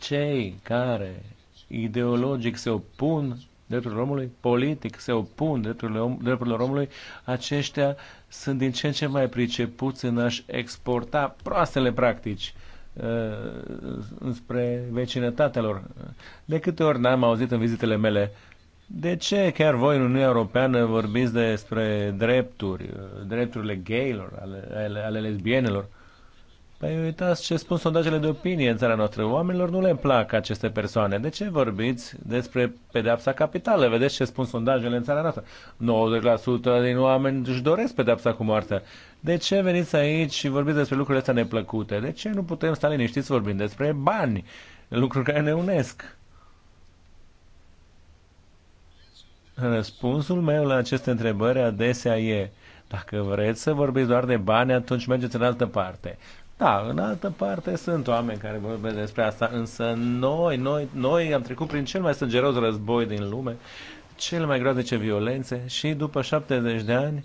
cei care ideologic se opun drepturilor omului, politic, se opun drepturilor, om, drepturilor omului, aceștia sunt din ce în ce mai pricepuți în a-și exporta proastele practici uh, spre vecinătatea lor. De câte ori n-am auzit în vizitele mele de ce chiar voi în Uniunea Europeană vorbiți despre drepturi, uh, drepturile gaylor, ale, ale, ale lesbienelor? Păi uitați ce spun sondajele de opinie în țara noastră. Oamenilor nu le plac aceste persoane. De ce vorbiți despre pedepsa capitală? Vedeți ce spun sondajele în țara noastră. 90% din oameni își doresc pedepsa cu moartea. De ce veniți aici și vorbiți despre lucrurile astea neplăcute? De ce nu putem sta liniștiți vorbind despre bani? Lucruri care ne unesc. Răspunsul meu la aceste întrebări adesea e dacă vreți să vorbiți doar de bani, atunci mergeți în altă parte. Da, în altă parte sunt oameni care vorbesc despre asta, însă noi, noi, noi am trecut prin cel mai sângeros război din lume, cele mai groaznice violențe și după 70 de ani,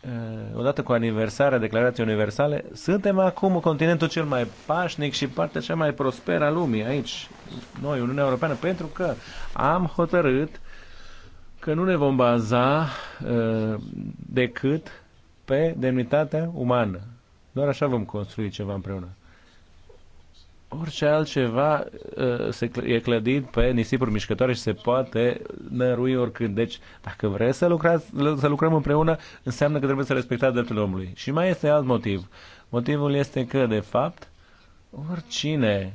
eh, odată cu aniversarea Declarației Universale, suntem acum continentul cel mai pașnic și partea cea mai prosperă a lumii aici, noi, Uniunea Europeană, pentru că am hotărât că nu ne vom baza eh, decât pe demnitatea umană doar așa vom construi ceva împreună. Orice altceva ă, se, e clădit pe nisipuri mișcătoare și se poate nărui oricând. Deci, dacă vreți să, lucrați, să lucrăm împreună, înseamnă că trebuie să respectați dreptul omului. Și mai este alt motiv. Motivul este că, de fapt, oricine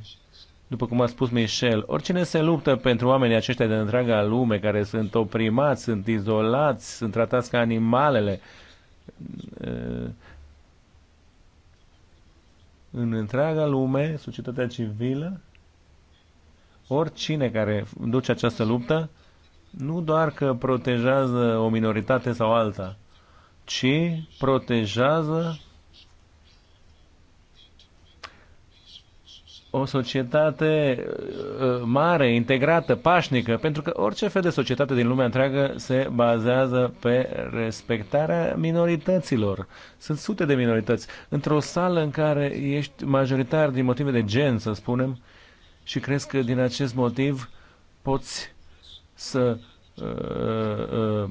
după cum a spus Michel, oricine se luptă pentru oamenii aceștia de întreaga lume, care sunt oprimați, sunt izolați, sunt tratați ca animalele, ă, în întreaga lume, societatea civilă, oricine care duce această luptă, nu doar că protejează o minoritate sau alta, ci protejează o societate uh, mare, integrată, pașnică, pentru că orice fel de societate din lumea întreagă se bazează pe respectarea minorităților. Sunt sute de minorități. Într-o sală în care ești majoritar din motive de gen, să spunem, și crezi că din acest motiv poți să uh, uh,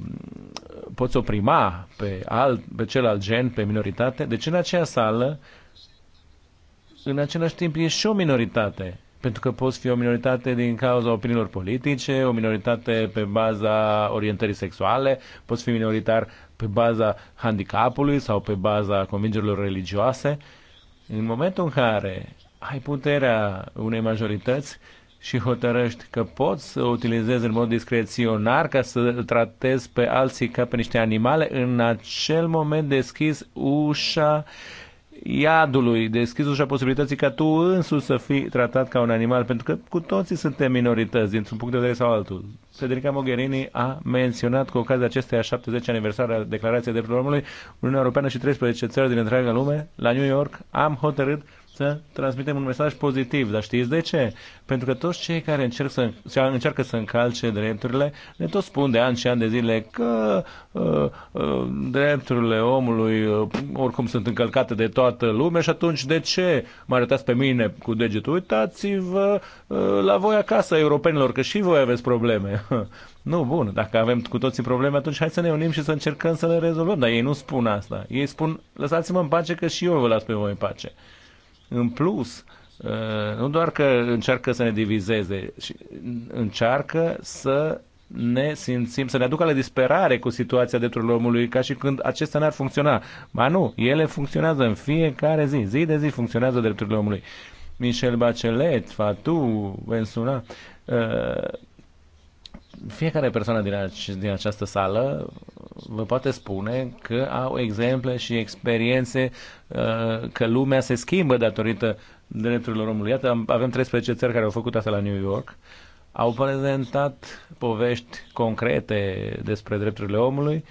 poți oprima pe, alt, pe celălalt gen, pe minoritate, deci în acea sală în același timp e și o minoritate, pentru că poți fi o minoritate din cauza opiniilor politice, o minoritate pe baza orientării sexuale, poți fi minoritar pe baza handicapului sau pe baza convingerilor religioase. În momentul în care ai puterea unei majorități și hotărăști că poți să utilizezi în mod discreționar ca să tratezi pe alții ca pe niște animale, în acel moment deschizi ușa iadului, deschis ușa posibilității ca tu însuți să fii tratat ca un animal, pentru că cu toții suntem minorități, dintr-un punct de vedere sau altul. Federica Mogherini a menționat cu ocazia acestei a 70 aniversare a Declarației Drepturilor Omului, Uniunea Europeană și 13 țări din întreaga lume, la New York, am hotărât să transmitem un mesaj pozitiv. Dar știți de ce? Pentru că toți cei care încerc să, încearcă să încalce drepturile ne tot spun de ani și ani de zile că uh, uh, drepturile omului uh, oricum sunt încălcate de toată lumea și atunci de ce mă arătați pe mine cu degetul? Uitați-vă uh, la voi acasă, europenilor, că și voi aveți probleme. Nu, bun, dacă avem cu toții probleme, atunci hai să ne unim și să încercăm să le rezolvăm. Dar ei nu spun asta. Ei spun, lăsați-mă în pace că și eu vă las pe voi în pace. În plus, uh, nu doar că încearcă să ne divizeze, ci încearcă să ne simțim, să ne aducă la disperare cu situația drepturilor omului, ca și când acesta n-ar funcționa. Ba nu, ele funcționează în fiecare zi, zi de zi funcționează drepturile omului. Michel Bachelet, Fatou, Vensuna, uh, fiecare persoană din, ac- din această sală vă poate spune că au exemple și experiențe uh, că lumea se schimbă datorită drepturilor omului. Iată, avem 13 țări care au făcut asta la New York. Au prezentat povești concrete despre drepturile omului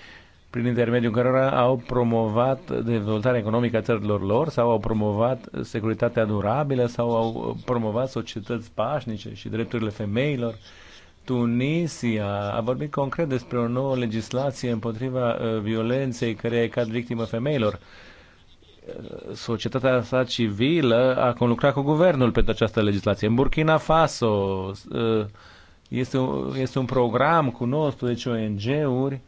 prin intermediul cărora au promovat dezvoltarea economică a țărilor lor sau au promovat securitatea durabilă sau au promovat societăți pașnice și drepturile femeilor. Uh, Tunisia a vorbit concret despre o nouă legislație împotriva uh, violenței care e cad victimă femeilor. Uh, societatea sa civilă a conlucrat cu guvernul pentru această legislație. În Burkina Faso uh, este un, este un program cu 19 ONG-uri uh,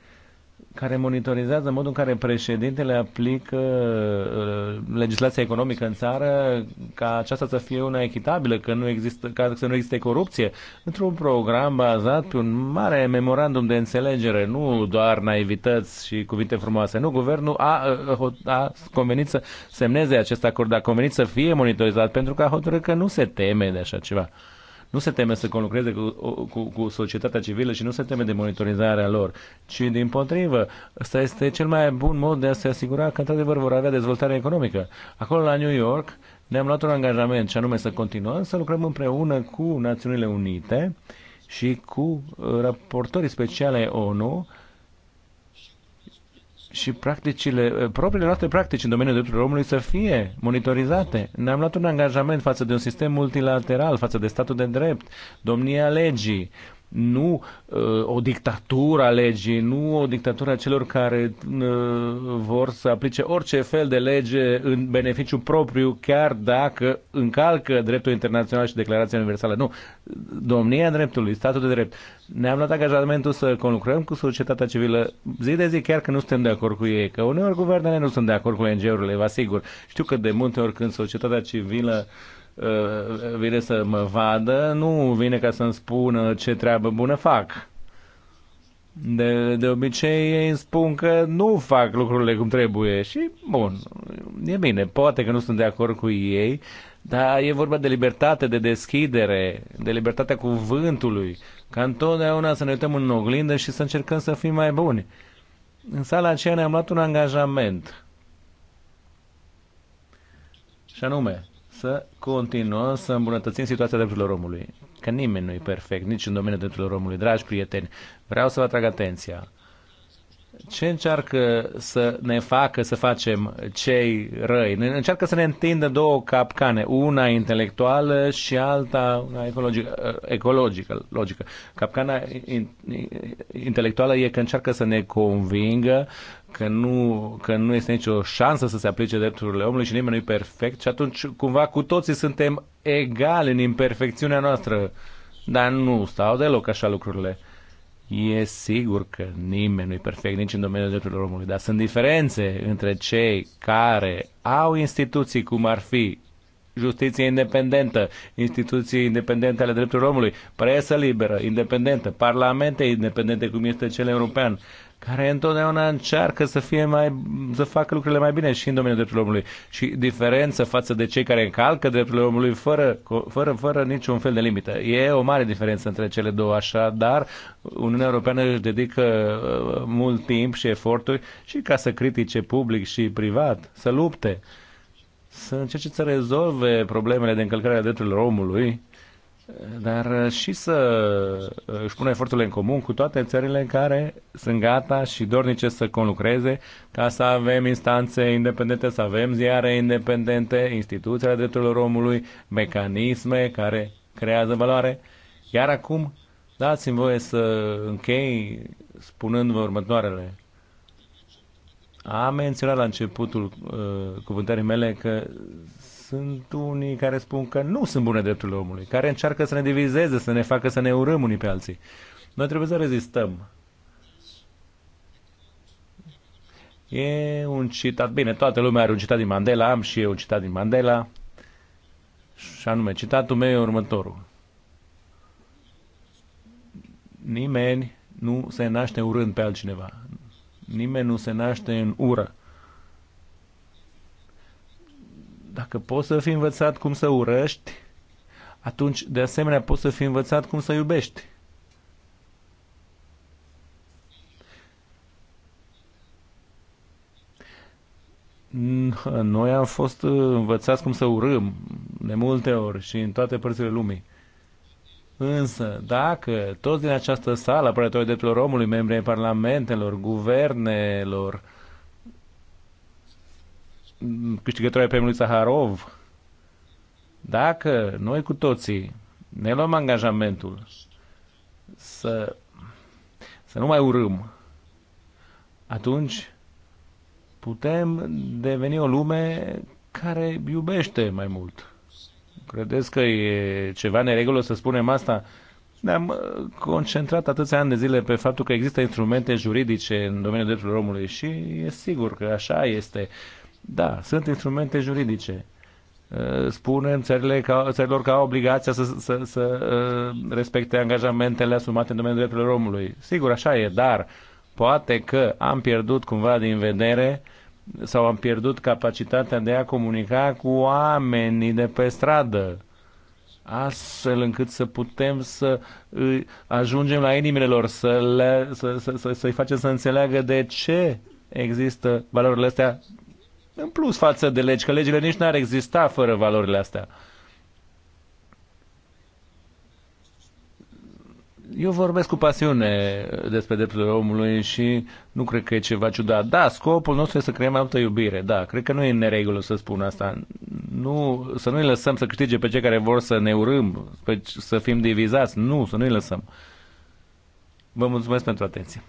care monitorizează modul în care președintele aplică uh, legislația economică în țară ca aceasta să fie una echitabilă, că nu există, ca să nu existe corupție, într-un program bazat pe un mare memorandum de înțelegere, nu doar naivități și cuvinte frumoase. Nu, guvernul a, uh, a convenit să semneze acest acord, a convenit să fie monitorizat pentru că a hotărât că nu se teme de așa ceva nu se teme să conlucreze cu, cu, cu societatea civilă și nu se teme de monitorizarea lor, ci din potrivă, ăsta este cel mai bun mod de a se asigura că într-adevăr vor avea dezvoltare economică. Acolo la New York ne-am luat un angajament și anume să continuăm să lucrăm împreună cu Națiunile Unite și cu uh, raportorii speciale ONU și practicile, eh, propriile noastre practici în domeniul drepturilor omului să fie monitorizate. Ne-am luat un angajament față de un sistem multilateral, față de statul de drept, domnia legii, nu uh, o dictatură a legii, nu o dictatură a celor care uh, vor să aplice orice fel de lege în beneficiu propriu, chiar dacă încalcă dreptul internațional și declarația universală. Nu. Domnia dreptului, statul de drept. Ne-am luat angajamentul să conlucrăm cu societatea civilă zi de zi, chiar că nu suntem de acord cu ei, că uneori guvernele nu sunt de acord cu ONG-urile, vă asigur. Știu că de multe ori când societatea civilă uh, Eh, vine să mă vadă, nu vine ca să-mi spună ce treabă bună fac. De, de obicei ei îmi spun că nu fac lucrurile cum trebuie și, bun, e bine, poate că nu sunt de acord cu ei, dar e vorba de libertate, de deschidere, de libertatea cuvântului, ca întotdeauna să ne uităm în oglindă și să încercăm să fim mai buni. În sala aceea ne-am luat un angajament. Și anume, să continuăm să îmbunătățim situația drepturilor omului. Că nimeni nu e perfect, nici în domeniul drepturilor omului. Dragi prieteni, vreau să vă atrag atenția. Ce încearcă să ne facă să facem cei răi? Ne încearcă să ne întindă două capcane, una intelectuală și alta una ecologică. ecologică logică. Capcana intelectuală e că încearcă să ne convingă că nu, că nu este nicio șansă să se aplice drepturile omului și nimeni nu e perfect și atunci cumva cu toții suntem egali în imperfecțiunea noastră. Dar nu stau deloc așa lucrurile. E sigur că nimeni nu e perfect nici în domeniul drepturilor omului, dar sunt diferențe între cei care au instituții cum ar fi justiție independentă, instituții independente ale drepturilor omului, presă liberă, independentă, parlamente independente cum este cel european, care întotdeauna încearcă să fie mai, să facă lucrurile mai bine și în domeniul drepturilor omului. Și diferență față de cei care încalcă drepturile omului fără, fără, fără niciun fel de limită. E o mare diferență între cele două, așa, dar Uniunea Europeană își dedică uh, mult timp și eforturi și ca să critique public și privat, să lupte, să încerce să rezolve problemele de încălcare a drepturilor omului dar uh, și să uh, își pună eforturile în comun cu toate țările care sunt gata și dornice să conlucreze ca să avem instanțe independente, să avem ziare independente, instituțiile drepturilor omului, mecanisme care creează valoare. Iar acum, dați-mi voie să închei spunând-vă următoarele. Am menționat la începutul uh, cuvântării mele că sunt unii care spun că nu sunt bune drepturile omului, care încearcă să ne divizeze, să ne facă să ne urâm unii pe alții. Noi trebuie să rezistăm. E un citat, bine, toată lumea are un citat din Mandela, am și eu un citat din Mandela, și anume, citatul meu e următorul. Nimeni nu se naște urând pe altcineva. Nimeni nu se naște în ură. Dacă poți să fii învățat cum să urăști, atunci de asemenea poți să fii învățat cum să iubești. Noi am fost învățați cum să urâm de multe ori și în toate părțile lumii. Însă, dacă toți din această sală, apărători de drepturilor omului, membrii parlamentelor, guvernelor, uh, ai premiului Saharov, dacă noi cu toții ne luăm angajamentul să, să nu mai urâm, atunci putem deveni o lume care iubește mai mult. Credeți că e ceva neregulă să spunem asta? Ne-am uh, concentrat atâția ani de zile pe faptul că există instrumente juridice în domeniul drepturilor omului și e sigur că așa este. Da, sunt instrumente juridice. Uh, spunem țările ca, țărilor că au obligația să, să, să uh, respecte angajamentele asumate în domeniul drepturilor omului. Sigur, așa e, dar poate că am pierdut cumva din vedere sau am pierdut capacitatea de a comunica cu oamenii de pe stradă astfel încât să putem să ajungem la inimile lor, să le, să, să, să, să-i facem să înțeleagă de ce există valorile astea în plus față de legi, că legile nici n-ar exista fără valorile astea. Eu vorbesc cu pasiune despre drepturile omului și nu cred că e ceva ciudat. Da, scopul nostru este să creăm mai multă iubire, da. Cred că nu e în neregulă să spun asta. Nu, să nu-i lăsăm să câștige pe cei care vor să ne urâm, să fim divizați. Nu, să nu-i lăsăm. Vă mulțumesc pentru atenție.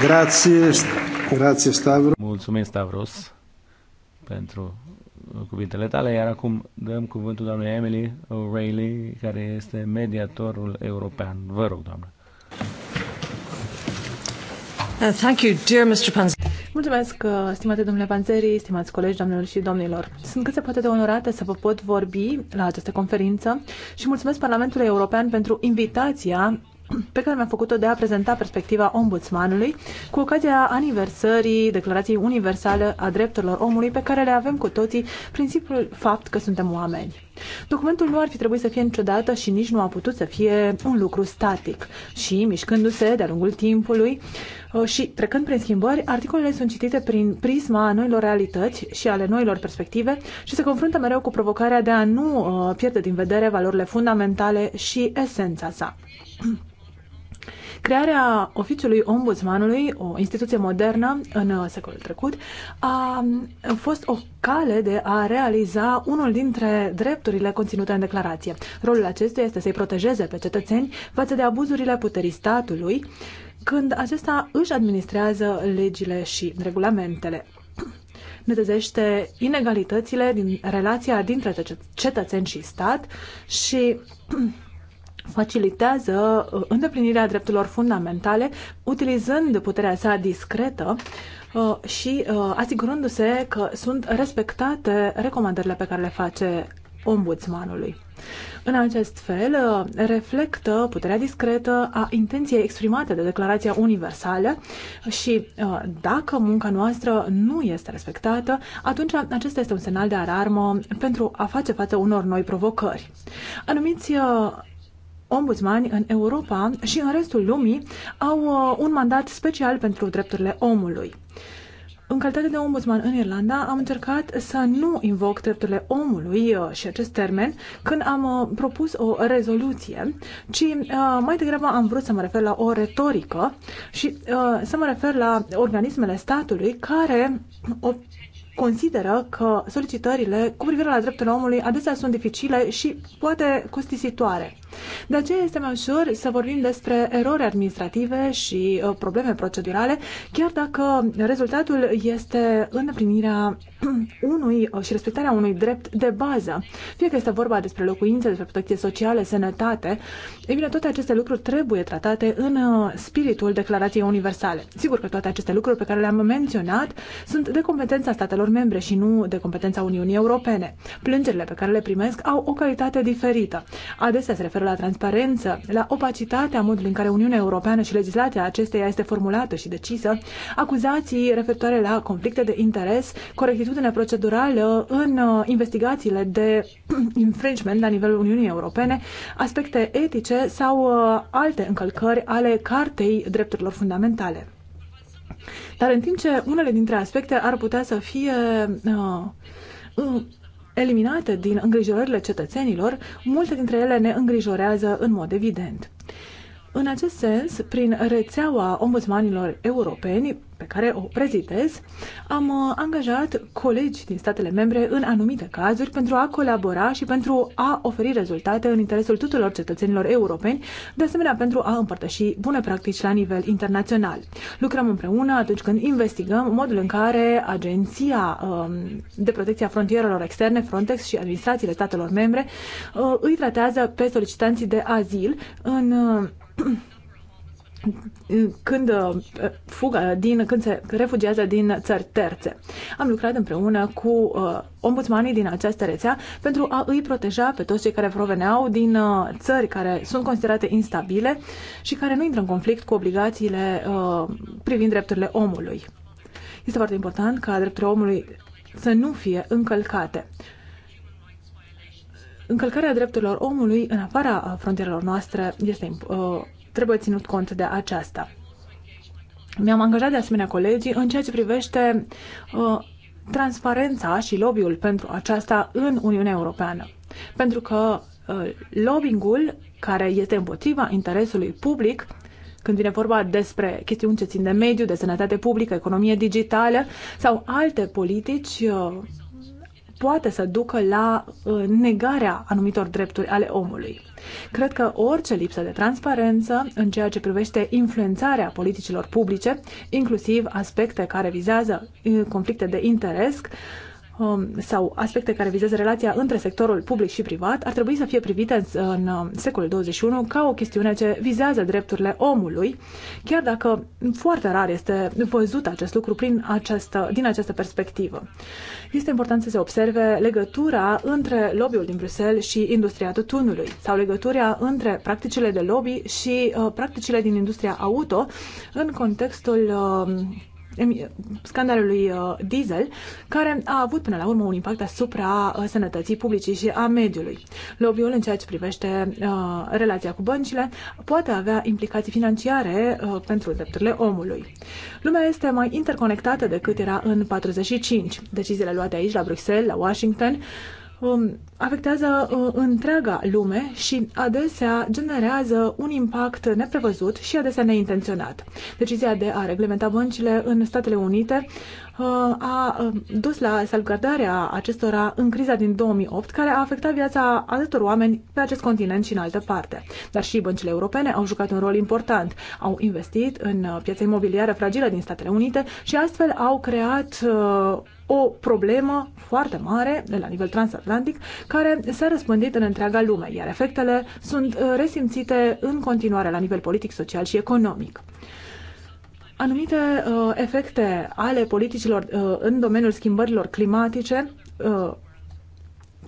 Grazie, grazie Stavros. Mulțumim, Stavros, pentru cuvintele tale, iar acum dăm cuvântul doamnei Emily O'Reilly, care este mediatorul european. Vă rog, doamnă. Uh, thank you, dear Mr. Panzeri. Mulțumesc, uh, stimate domnule Panzeri, stimați colegi, doamnelor și domnilor. Sunt cât se poate de onorată să vă pot vorbi la această conferință și mulțumesc Parlamentului European pentru invitația pe care mi-am făcut-o de a prezenta perspectiva ombudsmanului cu ocazia aniversării Declarației Universale a Drepturilor Omului pe care le avem cu toții prin simplul fapt că suntem oameni. Documentul nu ar fi trebuit să fie niciodată și nici nu a putut să fie un lucru static și, mișcându-se de-a lungul timpului uh, și trecând prin schimbări, articolele sunt citite prin prisma noilor realități și ale noilor perspective și se confruntă mereu cu provocarea de a nu uh, pierde din vedere valorile fundamentale și esența sa. Crearea oficiului ombudsmanului, o instituție modernă în secolul trecut, a fost o cale de a realiza unul dintre drepturile conținute în declarație. Rolul acestuia este să-i protejeze pe cetățeni față de abuzurile puterii statului când acesta își administrează legile și regulamentele netezește inegalitățile din relația dintre cetățeni și stat și facilitează uh, îndeplinirea drepturilor fundamentale utilizând puterea sa discretă uh, și uh, asigurându-se că sunt respectate recomandările pe care le face ombudsmanului. În acest fel, reflectă puterea discretă a intenției exprimate de Declarația Universală și dacă munca noastră nu este respectată, atunci acesta este un semnal de alarmă pentru a face față unor noi provocări. Anumiți ombudsmani în Europa și în restul lumii au uh, un mandat special pentru drepturile omului. În calitate de ombudsman în Irlanda, am încercat să nu invoc drepturile omului uh, și acest termen când am uh, propus o rezoluție, ci mai degrabă am vrut să mă refer la o retorică și să mă refer la organismele statului care consideră că solicitările cu privire la drepturile omului adesea sunt dificile și poate costisitoare. De aceea este mai ușor să vorbim despre erori administrative și uh, probleme procedurale, chiar dacă rezultatul este îndeplinirea unui uh, și respectarea unui drept de bază. Fie că este vorba despre locuințe, despre protecție socială, sănătate, e bine, toate aceste lucruri trebuie tratate în uh, spiritul Declarației Universale. Sigur că toate aceste lucruri pe care le-am menționat sunt de competența statelor statelor membre și nu de competența Uniunii Europene. Plângerile pe care le primesc au o calitate diferită. Adesea se referă la transparență, la opacitatea modului în care Uniunea Europeană și legislația acesteia este formulată și decisă, acuzații referitoare la conflicte de interes, corectitudine procedurală în uh, investigațiile de infringement la nivelul Uniunii Europene, aspecte etice sau uh, alte încălcări ale Cartei Drepturilor Fundamentale. Dar în timp ce unele dintre aspecte ar putea să fie uh, eliminate din îngrijorările cetățenilor, multe dintre ele ne îngrijorează în mod evident. În acest sens, prin rețeaua ombudsmanilor europeni, pe care o prezidez, am uh, angajat colegi din statele membre în anumite cazuri pentru a colabora și pentru a oferi rezultate în interesul tuturor cetățenilor europeni, de asemenea pentru a împărtăși bune practici la nivel internațional. Lucrăm împreună atunci când investigăm modul în care Agenția um, de Protecție a Frontierelor Externe, Frontex și administrațiile statelor membre uh, îi tratează pe solicitanții de azil în uh, când uh, fugă din, când se refugiază din țări terțe. Am lucrat împreună cu uh, ombudsmanii din această rețea pentru a îi proteja pe toți cei care proveneau din uh, țări care sunt considerate instabile și care nu intră în conflict cu obligațiile uh, privind drepturile omului. Este foarte important ca drepturile omului să nu fie încălcate. Încălcarea drepturilor omului în afara frontierelor noastre este uh, trebuie ținut cont de aceasta. Mi-am angajat de asemenea colegii în ceea ce privește uh, transparența și lobby-ul pentru aceasta în Uniunea Europeană. Pentru că uh, lobbying-ul care este împotriva interesului public când vine vorba despre chestiuni ce țin de mediu, de sănătate publică, economie digitală sau alte politici, uh, poate să ducă la uh, negarea anumitor drepturi ale omului. Cred că orice lipsă de transparență în ceea ce privește influențarea politicilor publice, inclusiv aspecte care vizează uh, conflicte de interes, Um, sau aspecte care vizează relația între sectorul public și privat ar trebui să fie privite în um, secolul 21 ca o chestiune ce vizează drepturile omului, chiar dacă foarte rar este văzut acest lucru prin această, din această perspectivă. Este important să se observe legătura între lobby-ul din Bruxelles și industria tutunului sau legătura între practicile de lobby și uh, practicile din industria auto în contextul uh, scandalului uh, diesel, care a avut până la urmă un impact asupra uh, sănătății publice și a mediului. lobiul în ceea ce privește uh, relația cu băncile poate avea implicații financiare pentru drepturile omului. Lumea este mai interconectată decât era în 45. Deciziile luate aici la Bruxelles, la Washington, Um, afectează uh, întreaga lume și adesea generează un impact neprevăzut și adesea neintenționat. Decizia de a reglementa băncile în Statele Unite uh, a uh, dus la salvgardarea acestora în criza din 2008, care a afectat viața atâtor oameni pe acest continent și în altă parte. Dar și băncile europene au jucat un rol important. Au investit în piața imobiliară fragilă din Statele Unite și astfel au creat o problemă foarte mare la nivel transatlantic care s-a răspândit în întreaga lume, iar efectele sunt uh, resimțite în continuare la nivel politic, social și economic. Anumite uh, efecte ale politicilor uh, în domeniul schimbărilor climatice uh,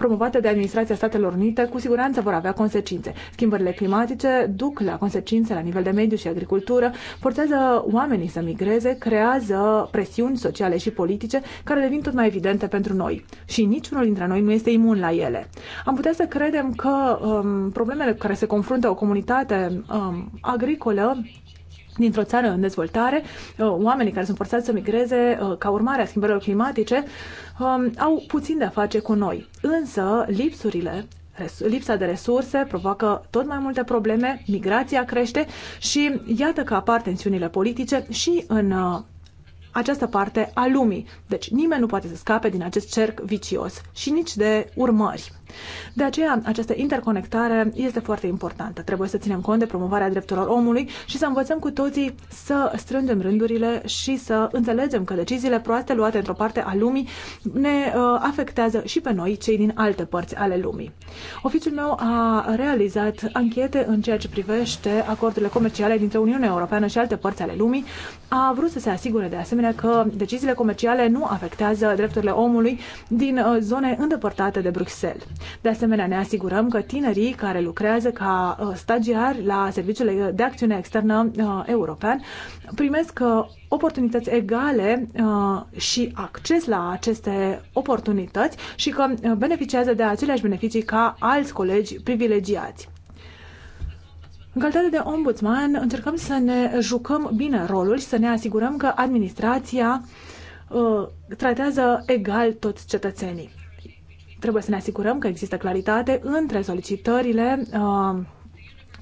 promovate de administrația Statelor Unite cu siguranță vor avea consecințe. Schimbările climatice duc la consecințe la nivel de mediu și agricultură, forțează oamenii să migreze, creează presiuni sociale și politice care devin tot mai evidente pentru noi. Și niciunul dintre noi nu este imun la ele. Am putea să credem că um, problemele cu care se confruntă o comunitate um, agricolă dintr-o țară în dezvoltare, uh, oamenii care sunt forțați să migreze uh, ca urmare a schimbărilor climatice, um, au puțin de a face cu noi. Însă, lipsurile lipsa de resurse provoacă tot mai multe probleme, migrația crește și iată că apar tensiunile politice și în uh, această parte a lumii. Deci nimeni nu poate să scape din acest cerc vicios și nici de urmări. De aceea, această interconectare este foarte importantă. Trebuie să ținem cont de promovarea drepturilor omului și să învățăm cu toții să strângem rândurile și să înțelegem că deciziile proaste luate într-o parte a lumii ne uh, afectează și pe noi, cei din alte părți ale lumii. Oficiul meu a realizat anchete în ceea ce privește acordurile comerciale dintre Uniunea Europeană și alte părți ale lumii. A vrut să se asigure de asemenea că deciziile comerciale nu afectează drepturile omului din uh, zone îndepărtate de Bruxelles. De asemenea, ne asigurăm că tinerii care lucrează ca uh, stagiari la Serviciul de Acțiune Externă uh, European primesc uh, oportunități egale și acces la aceste oportunități și că beneficiază de aceleași beneficii ca alți colegi privilegiați. În calitate de ombudsman, încercăm să ne jucăm bine rolul și să ne asigurăm că administrația uh, tratează egal toți cetățenii. Trebuie să ne asigurăm că există claritate între solicitările uh,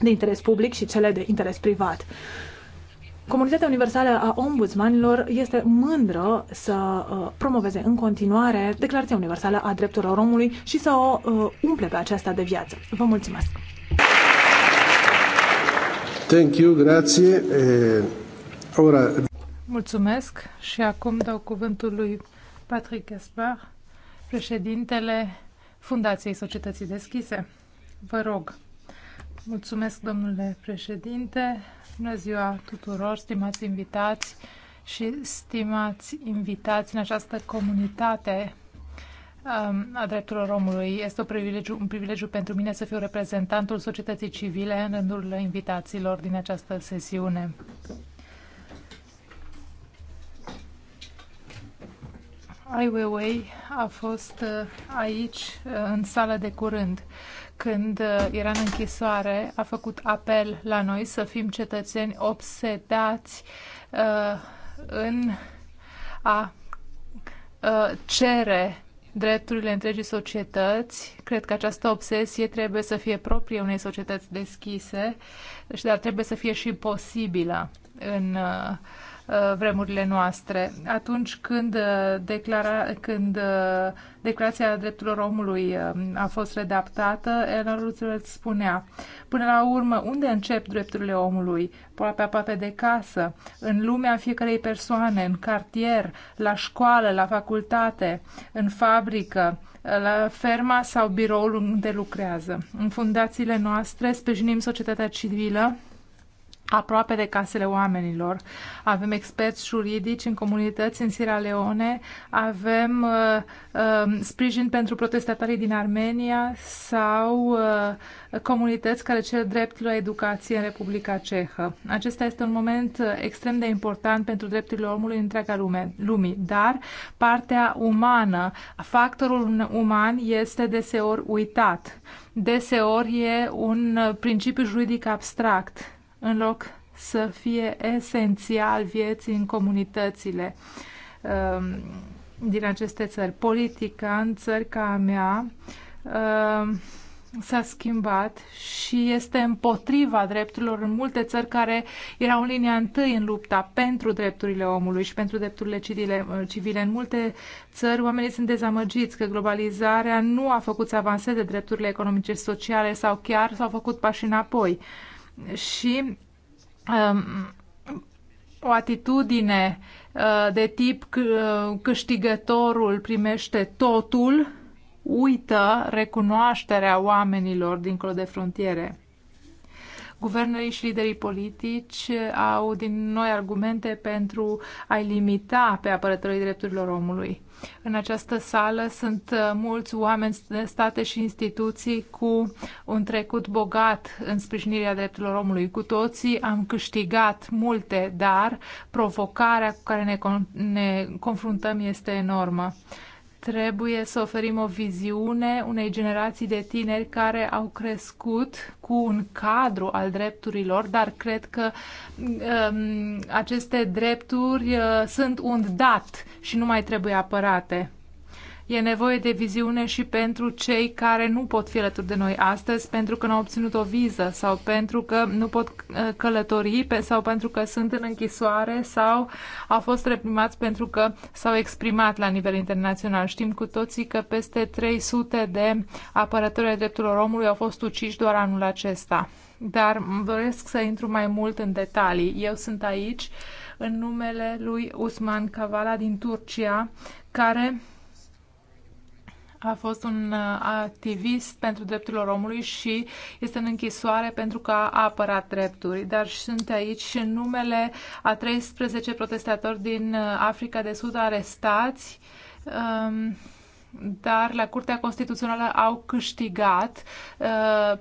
de interes public și cele de interes privat. Comunitatea Universală a Ombudsmanilor este mândră să uh, promoveze în continuare Declarația Universală a Drepturilor Omului și să o uh, umple pe aceasta de viață. Vă mulțumesc! Thank you, grazie. Ora... Mulțumesc și acum dau cuvântul lui Patrick Gaspar președintele Fundației Societății Deschise. Vă rog. Mulțumesc, domnule președinte. Bună ziua tuturor, stimați invitați și stimați invitați în această comunitate um, a drepturilor omului. Este un privilegiu, un privilegiu pentru mine să fiu reprezentantul societății civile în rândul invitațiilor din această sesiune. Ai Weiwei a fost uh, aici, uh, în sală de curând. Când uh, era în închisoare, a făcut apel la noi să fim cetățeni obsedați în a cere drepturile întregii societăți. Cred că această obsesie trebuie să fie proprie unei societăți deschise, dar trebuie să fie și posibilă în uh, Uh, vremurile noastre. Atunci când, uh, declara, când uh, Declarația Drepturilor Omului a fost redactată, Eleanor Roosevelt spunea, până la urmă, unde încep drepturile omului? Poate aproape de casă, în lumea fiecarei persoane, în cartier, la școală, la facultate, în fabrică, la ferma sau biroul unde lucrează. În fundațiile noastre sprijinim societatea civilă, aproape de casele oamenilor. Avem experți juridici în comunități în Sierra Leone, avem uh, uh, sprijin pentru protestatarii din Armenia sau uh, comunități care cer dreptul la educație în Republica Cehă. Acesta este un moment uh, extrem de important pentru drepturile omului în întreaga lume, lumii, dar partea umană, factorul uman este deseori uitat. Deseori e un uh, principiu juridic abstract în loc să fie esențial vieții în comunitățile um, din aceste țări. Politica în țări ca a mea um, s-a schimbat și este împotriva drepturilor în multe țări care erau în linia întâi în lupta pentru drepturile omului și pentru drepturile civile. Uh, civile. În multe țări oamenii sunt dezamăgiți că globalizarea nu a făcut să avanseze drepturile economice, sociale sau chiar s-au făcut pași înapoi și um, o atitudine uh, de tip uh, câștigătorul primește totul, uită recunoașterea oamenilor dincolo de frontiere guvernării și liderii politici au din noi argumente pentru a-i limita pe apărătorii drepturilor omului. În această sală sunt uh, mulți oameni, state și instituții cu un trecut bogat în sprijinirea drepturilor omului. Cu toții am câștigat multe, dar provocarea cu care ne, ne confruntăm este enormă. Trebuie să oferim o viziune unei generații de tineri care au crescut cu un cadru al drepturilor, dar cred că um, aceste drepturi uh, sunt un dat și nu mai trebuie apărate. E nevoie de viziune și pentru cei care nu pot fi alături de noi astăzi pentru că nu au obținut o viză sau pentru că nu pot uh, călători sau pentru că sunt în închisoare sau au fost reprimați pentru că s-au exprimat la nivel internațional. Știm cu toții că peste 300 de apărători ai drepturilor omului au fost uciși doar anul acesta. Dar doresc să intru mai mult în detalii. Eu sunt aici în numele lui Usman Kavala din Turcia, care a fost un uh, activist pentru drepturile omului și este în închisoare pentru că a apărat drepturi. Dar sunt aici și în numele a 13 protestatori din uh, Africa de Sud arestați. Um, dar la Curtea Constituțională au câștigat uh,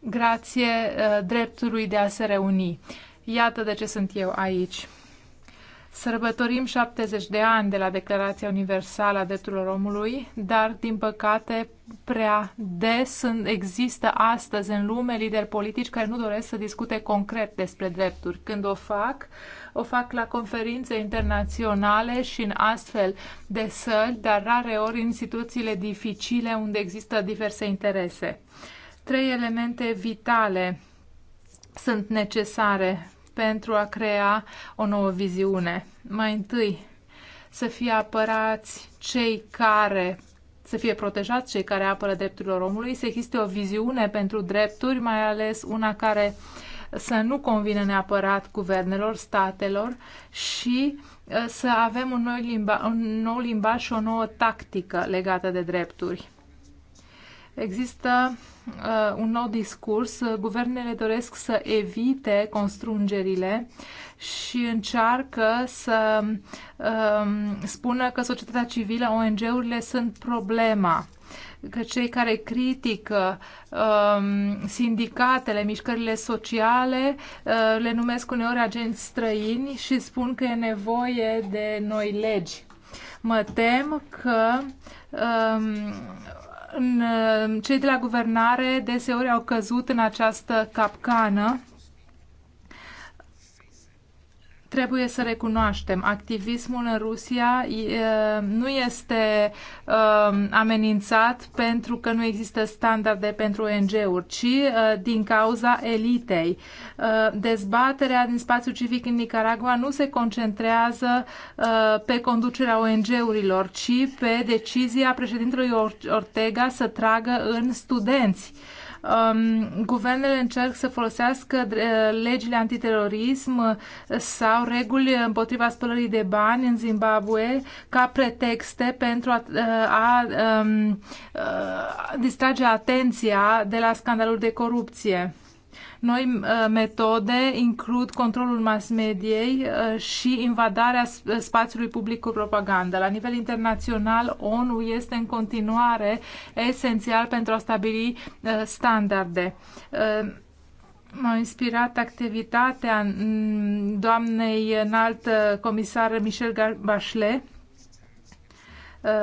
grație uh, dreptului de a se reuni. Iată de ce sunt eu aici. Sărbătorim 70 de ani de la Declarația Universală a Drepturilor Omului, dar, din păcate, prea des există astăzi în lume lideri politici care nu doresc să discute concret despre drepturi. Când o fac, o fac la conferințe internaționale și în astfel de săli, dar rare ori în situațiile dificile unde există diverse interese. Trei elemente vitale sunt necesare pentru a crea o nouă viziune. Mai întâi, să fie apărați cei care să fie protejați cei care apără drepturile omului, să existe o viziune pentru drepturi, mai ales una care să nu convine neapărat guvernelor, statelor și uh, să avem un nou, limba, limbaj și o nouă tactică legată de drepturi. Există uh, un nou discurs. Guvernele doresc să evite constrângerile și încearcă să uh, spună că societatea civilă, ONG-urile sunt problema că cei care critică um, sindicatele, mișcările sociale, uh, le numesc uneori agenți străini și spun că e nevoie de noi legi. Mă tem că um, Uh, cei de la guvernare deseori au căzut în această capcană Trebuie să recunoaștem, activismul în Rusia nu este um, amenințat pentru că nu există standarde pentru ONG-uri, ci uh, din cauza elitei. Uh, dezbaterea din spațiul civic în Nicaragua nu se concentrează uh, pe conducerea ONG-urilor, ci pe decizia președintelui Ortega să tragă în studenți um, guvernele încerc să folosească legile antiterorism uh, sau reguli împotriva spălării de bani în Zimbabwe ca pretexte pentru a, uh, a, a, um, a uh, distrage atenția de la scandaluri de corupție. Noi uh, metode includ controlul mass mediei uh, și invadarea spațiului public cu propagandă. La nivel internațional, ONU este în continuare esențial pentru a stabili uh, standarde m-a inspirat activitatea mm, doamnei înalt comisar Michel Bachelet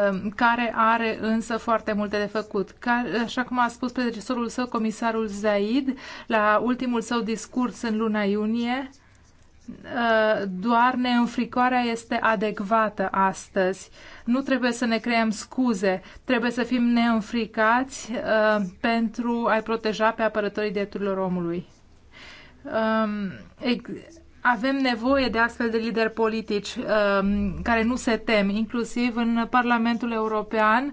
Um, care are însă foarte multe de făcut. Ca, așa cum a spus predecesorul său, comisarul Zaid, la ultimul său discurs în luna iunie, uh, doar neînfricoarea este adecvată astăzi. Nu trebuie să ne creăm scuze, trebuie să fim neînfricați uh, pentru a-i proteja pe apărătorii drepturilor omului um, avem nevoie de astfel de lideri politici um, care nu se tem, inclusiv în Parlamentul European,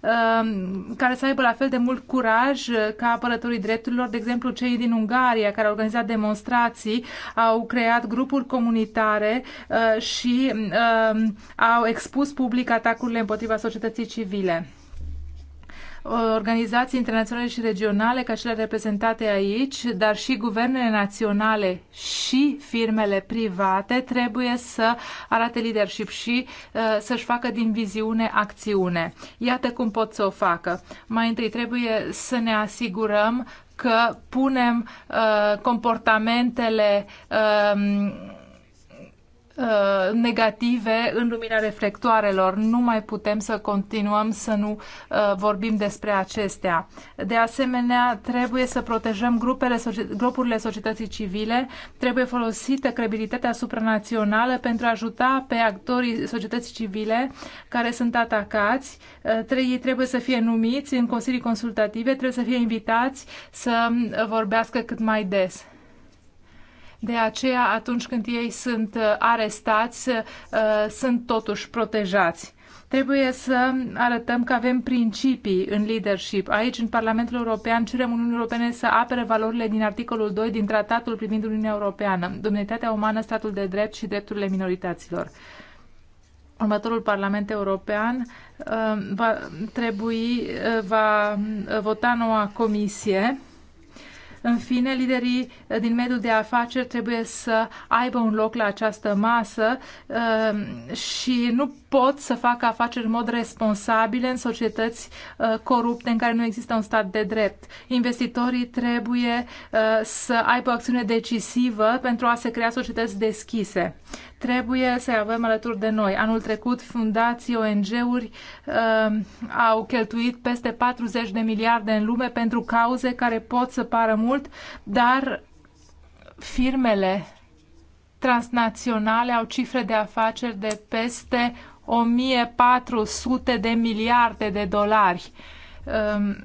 um, care să aibă la fel de mult curaj ca apărătorii drepturilor. De exemplu, cei din Ungaria care au organizat demonstrații au creat grupuri comunitare uh, și um, au expus public atacurile împotriva societății civile. Uh, organizații internaționale și regionale, ca cele reprezentate aici, dar și guvernele naționale și firmele private trebuie să arate leadership și uh, să-și facă din viziune acțiune. Iată cum pot să o facă. Mai întâi trebuie să ne asigurăm că punem uh, comportamentele uh, Uh, negative în lumina reflectoarelor. Nu mai putem să continuăm să nu uh, vorbim despre acestea. De asemenea, trebuie să protejăm grupele, grupurile societății civile, trebuie folosită credibilitatea supranațională pentru a ajuta pe actorii societății civile care sunt atacați. Uh, ei trebuie să fie numiți în consilii consultative, trebuie să fie invitați să vorbească cât mai des de aceea, atunci când ei sunt uh, arestați, uh, sunt totuși protejați. Trebuie să arătăm că avem principii în leadership. Aici, în Parlamentul European, cerem Uniunii Europene să apere valorile din articolul 2 din Tratatul privind Uniunea Europeană, Dumnitatea umană, statul de drept și drepturile minorităților următorul Parlament European uh, va trebui, va vota noua comisie în fine, liderii eh, din mediul de afaceri trebuie să aibă un loc la această masă eh, și nu pot să facă afaceri în mod responsabil în societăți uh, corupte în care nu există un stat de drept. Investitorii trebuie uh, să aibă o acțiune decisivă pentru a se crea societăți deschise. Trebuie să avem alături de noi. Anul trecut, fundații, ONG-uri uh, au cheltuit peste 40 de miliarde în lume pentru cauze care pot să pară mult, dar firmele transnaționale au cifre de afaceri de peste 1400 de miliarde de dolari. Um,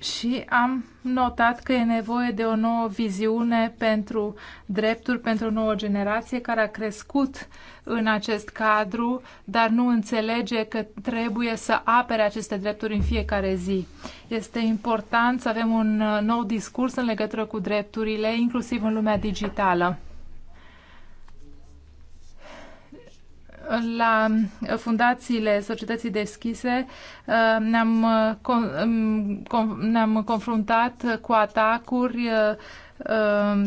și am notat că e nevoie de o nouă viziune pentru drepturi, pentru o nouă generație care a crescut în acest cadru, dar nu înțelege că trebuie să apere aceste drepturi în fiecare zi. Este important să avem un nou discurs în legătură cu drepturile, inclusiv în lumea digitală. la fundațiile societății deschise uh, ne-am, uh, um, ne-am confruntat cu atacuri uh,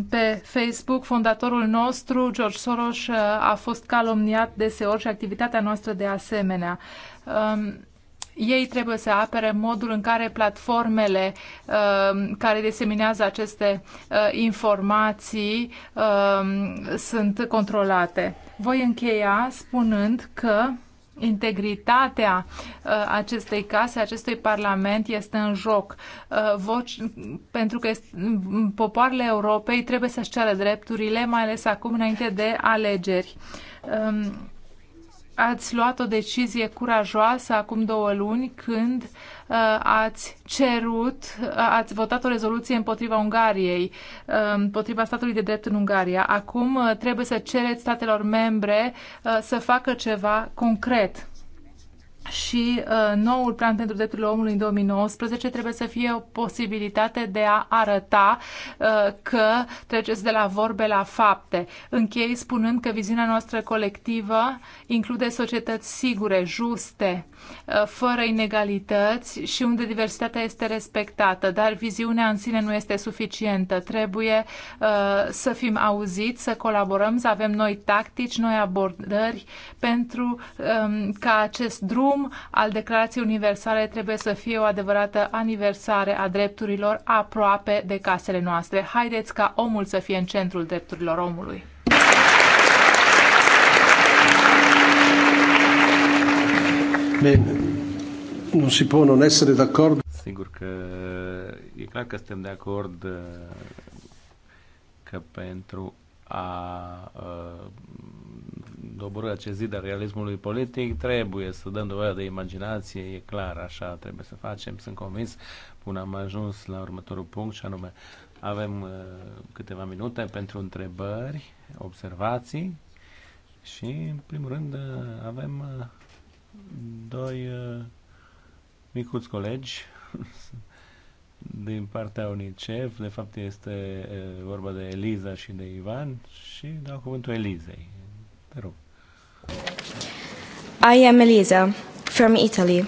pe Facebook. Fondatorul nostru, George Soros, a fost calomniat deseori și activitatea noastră de asemenea. Um, ei trebuie să apere modul în care platformele uh, care diseminează aceste uh, informații uh, sunt controlate. Voi încheia spunând că integritatea uh, acestei case, acestui parlament este în joc. Uh, voci, pentru că este, popoarele Europei trebuie să-și ceară drepturile, mai ales acum înainte de alegeri. Um, ați luat o decizie curajoasă acum două luni când uh, ați cerut, uh, ați votat o rezoluție împotriva Ungariei, uh, împotriva statului de drept în Ungaria. Acum uh, trebuie să cereți statelor membre uh, să facă ceva concret și uh, noul plan pentru drepturile omului în 2019 trebuie să fie o posibilitate de a arăta uh, că treceți de la vorbe la fapte. Închei spunând că viziunea noastră colectivă include societăți sigure, juste, uh, fără inegalități și unde diversitatea este respectată, dar viziunea în sine nu este suficientă. Trebuie uh, să fim auziți, să colaborăm, să avem noi tactici, noi abordări pentru um, ca acest drum cum al Declarației Universale trebuie să fie o adevărată aniversare a drepturilor aproape de casele noastre. Haideți ca omul să fie în centrul drepturilor omului. Bine. Nu si può non essere d'accordo. Sigur că e clar că suntem de acord uh, că pentru a uh, doborâ acest zid al realismului politic, trebuie să dăm dovadă de imaginație, e clar, așa trebuie să facem, sunt convins. Până am ajuns la următorul punct și anume avem uh, câteva minute pentru întrebări, observații și, în primul rând, uh, avem uh, doi uh, micuți colegi din partea UNICEF. De fapt, este uh, vorba de Eliza și de Ivan și dau cuvântul Elizei. Te rog. I am Eliza from Italy.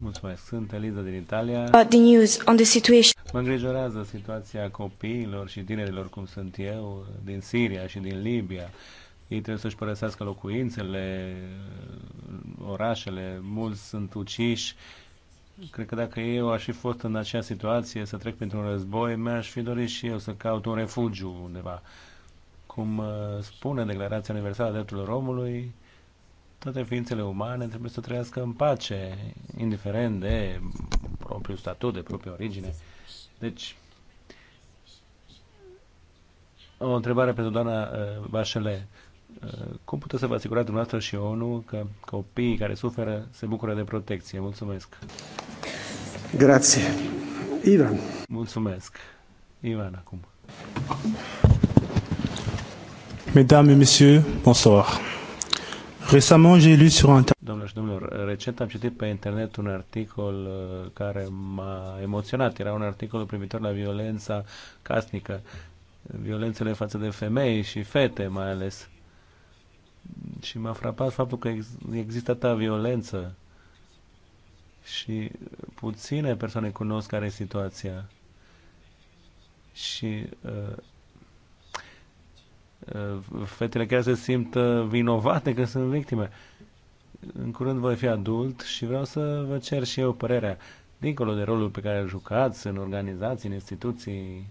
Mulțumesc, sunt Eliza din Italia. But the news on the situation. Mă îngrijorează situația copiilor și tinerilor cum sunt eu din Siria și din Libia. Ei trebuie să-și părăsească locuințele, orașele, mulți sunt uciși. Cred că dacă eu aș fi fost în acea situație să trec printr-un război, mi-aș fi dorit și eu să caut un refugiu undeva. Uh, cum uh, spune Declarația Universală a Drepturilor Omului, toate ființele umane trebuie să trăiască în pace, indiferent de propriul statut, de propria origine. Deci, o întrebare pentru doamna uh, Bachelet. Uh, cum puteți să vă asigurați dumneavoastră și ONU că copiii care suferă se bucură de protecție? Mulțumesc! Grație! Ivan! Mulțumesc! Ivan acum. Mesdames et messieurs, bonsoir. Récemment, j'ai lu sur internet. Domnule și domnilor, recent am citit pe internet un articol uh, care m-a emoționat. Era un articol privitor la violența casnică, violențele față de femei și fete mai ales. Și m-a frapat faptul că există ta violență și puține persoane cunosc care e situația. Și uh, fetele care se simt uh, vinovate că sunt victime. În curând voi fi adult și vreau să vă cer și eu părerea. Dincolo de rolul pe care îl jucați în organizații, în instituții,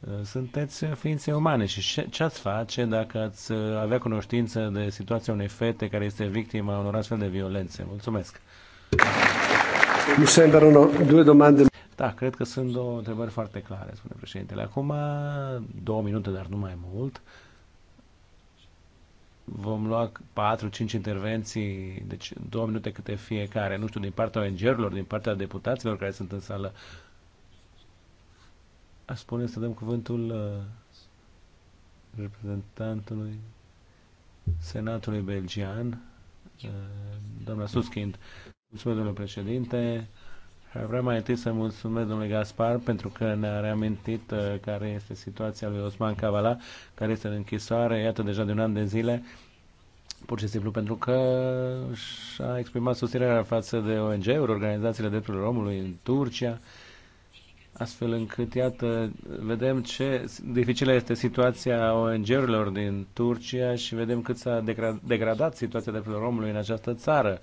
uh, sunteți ființe umane și ce ați face dacă ați uh, avea cunoștință de situația unei fete care este victima unor astfel de violențe? Mulțumesc! Mi sembrano două domande. Da, cred că sunt două întrebări foarte clare, spune președintele. Acum, două minute, dar nu mai mult, vom lua 4-5 intervenții, deci 2 minute câte fiecare, nu știu, din partea ONG-urilor, din partea deputaților care sunt în sală. Aș spune să dăm cuvântul uh, reprezentantului Senatului Belgian, uh, doamna Suskind. Mulțumesc, domnule președinte. Vreau mai întâi să mulțumesc domnule Gaspar pentru că ne-a reamintit uh, care este situația lui Osman Cavala, care este în închisoare, iată, deja de un an de zile, pur și simplu pentru că și-a exprimat susținerea față de ONG-uri, organizațiile drepturilor omului în Turcia, astfel încât, iată, vedem ce dificilă este situația ONG-urilor din Turcia și vedem cât s-a degradat situația drepturilor omului în această țară.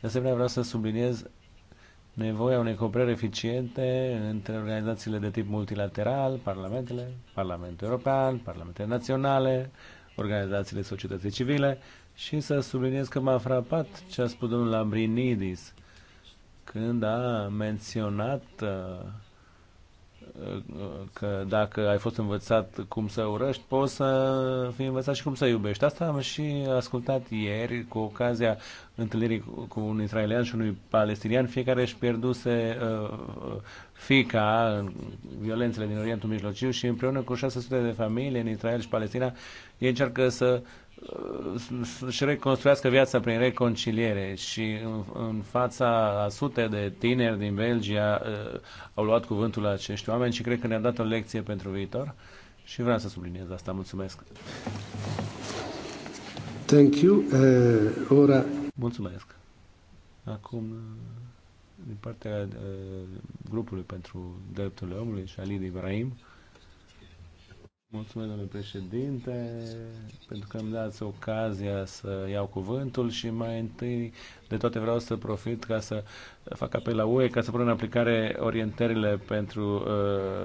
De asemenea, vreau să subliniez nevoia unei cooperări eficiente între organizațiile de tip multilateral, parlamentele, Parlamentul European, parlamentele naționale, organizațiile societății civile și să subliniez că m-a frapat ce a spus domnul Lambrinidis când a menționat uh, că dacă ai fost învățat cum să urăști, poți să fii învățat și cum să iubești. Asta am și ascultat ieri cu ocazia întâlnirii cu un israelian și unui palestinian. Fiecare își pierduse uh, uh, fica în violențele din Orientul Mijlociu și împreună cu 600 de familii în Israel și Palestina ei încearcă să uh, să-și reconstruiască viața prin reconciliere și în, în fața a sute de tineri din Belgia uh, au luat cuvântul acești oameni și cred că ne-a dat o lecție pentru viitor și vreau să subliniez asta. Mulțumesc! Thank you. Uh, ora... Mulțumesc! Acum, uh, din partea uh, grupului pentru drepturile omului și Ali Ibrahim, Mulțumesc, domnule președinte, pentru că îmi dați ocazia să iau cuvântul și mai întâi de toate vreau să profit ca să fac apel la UE ca să pun în aplicare orientările pentru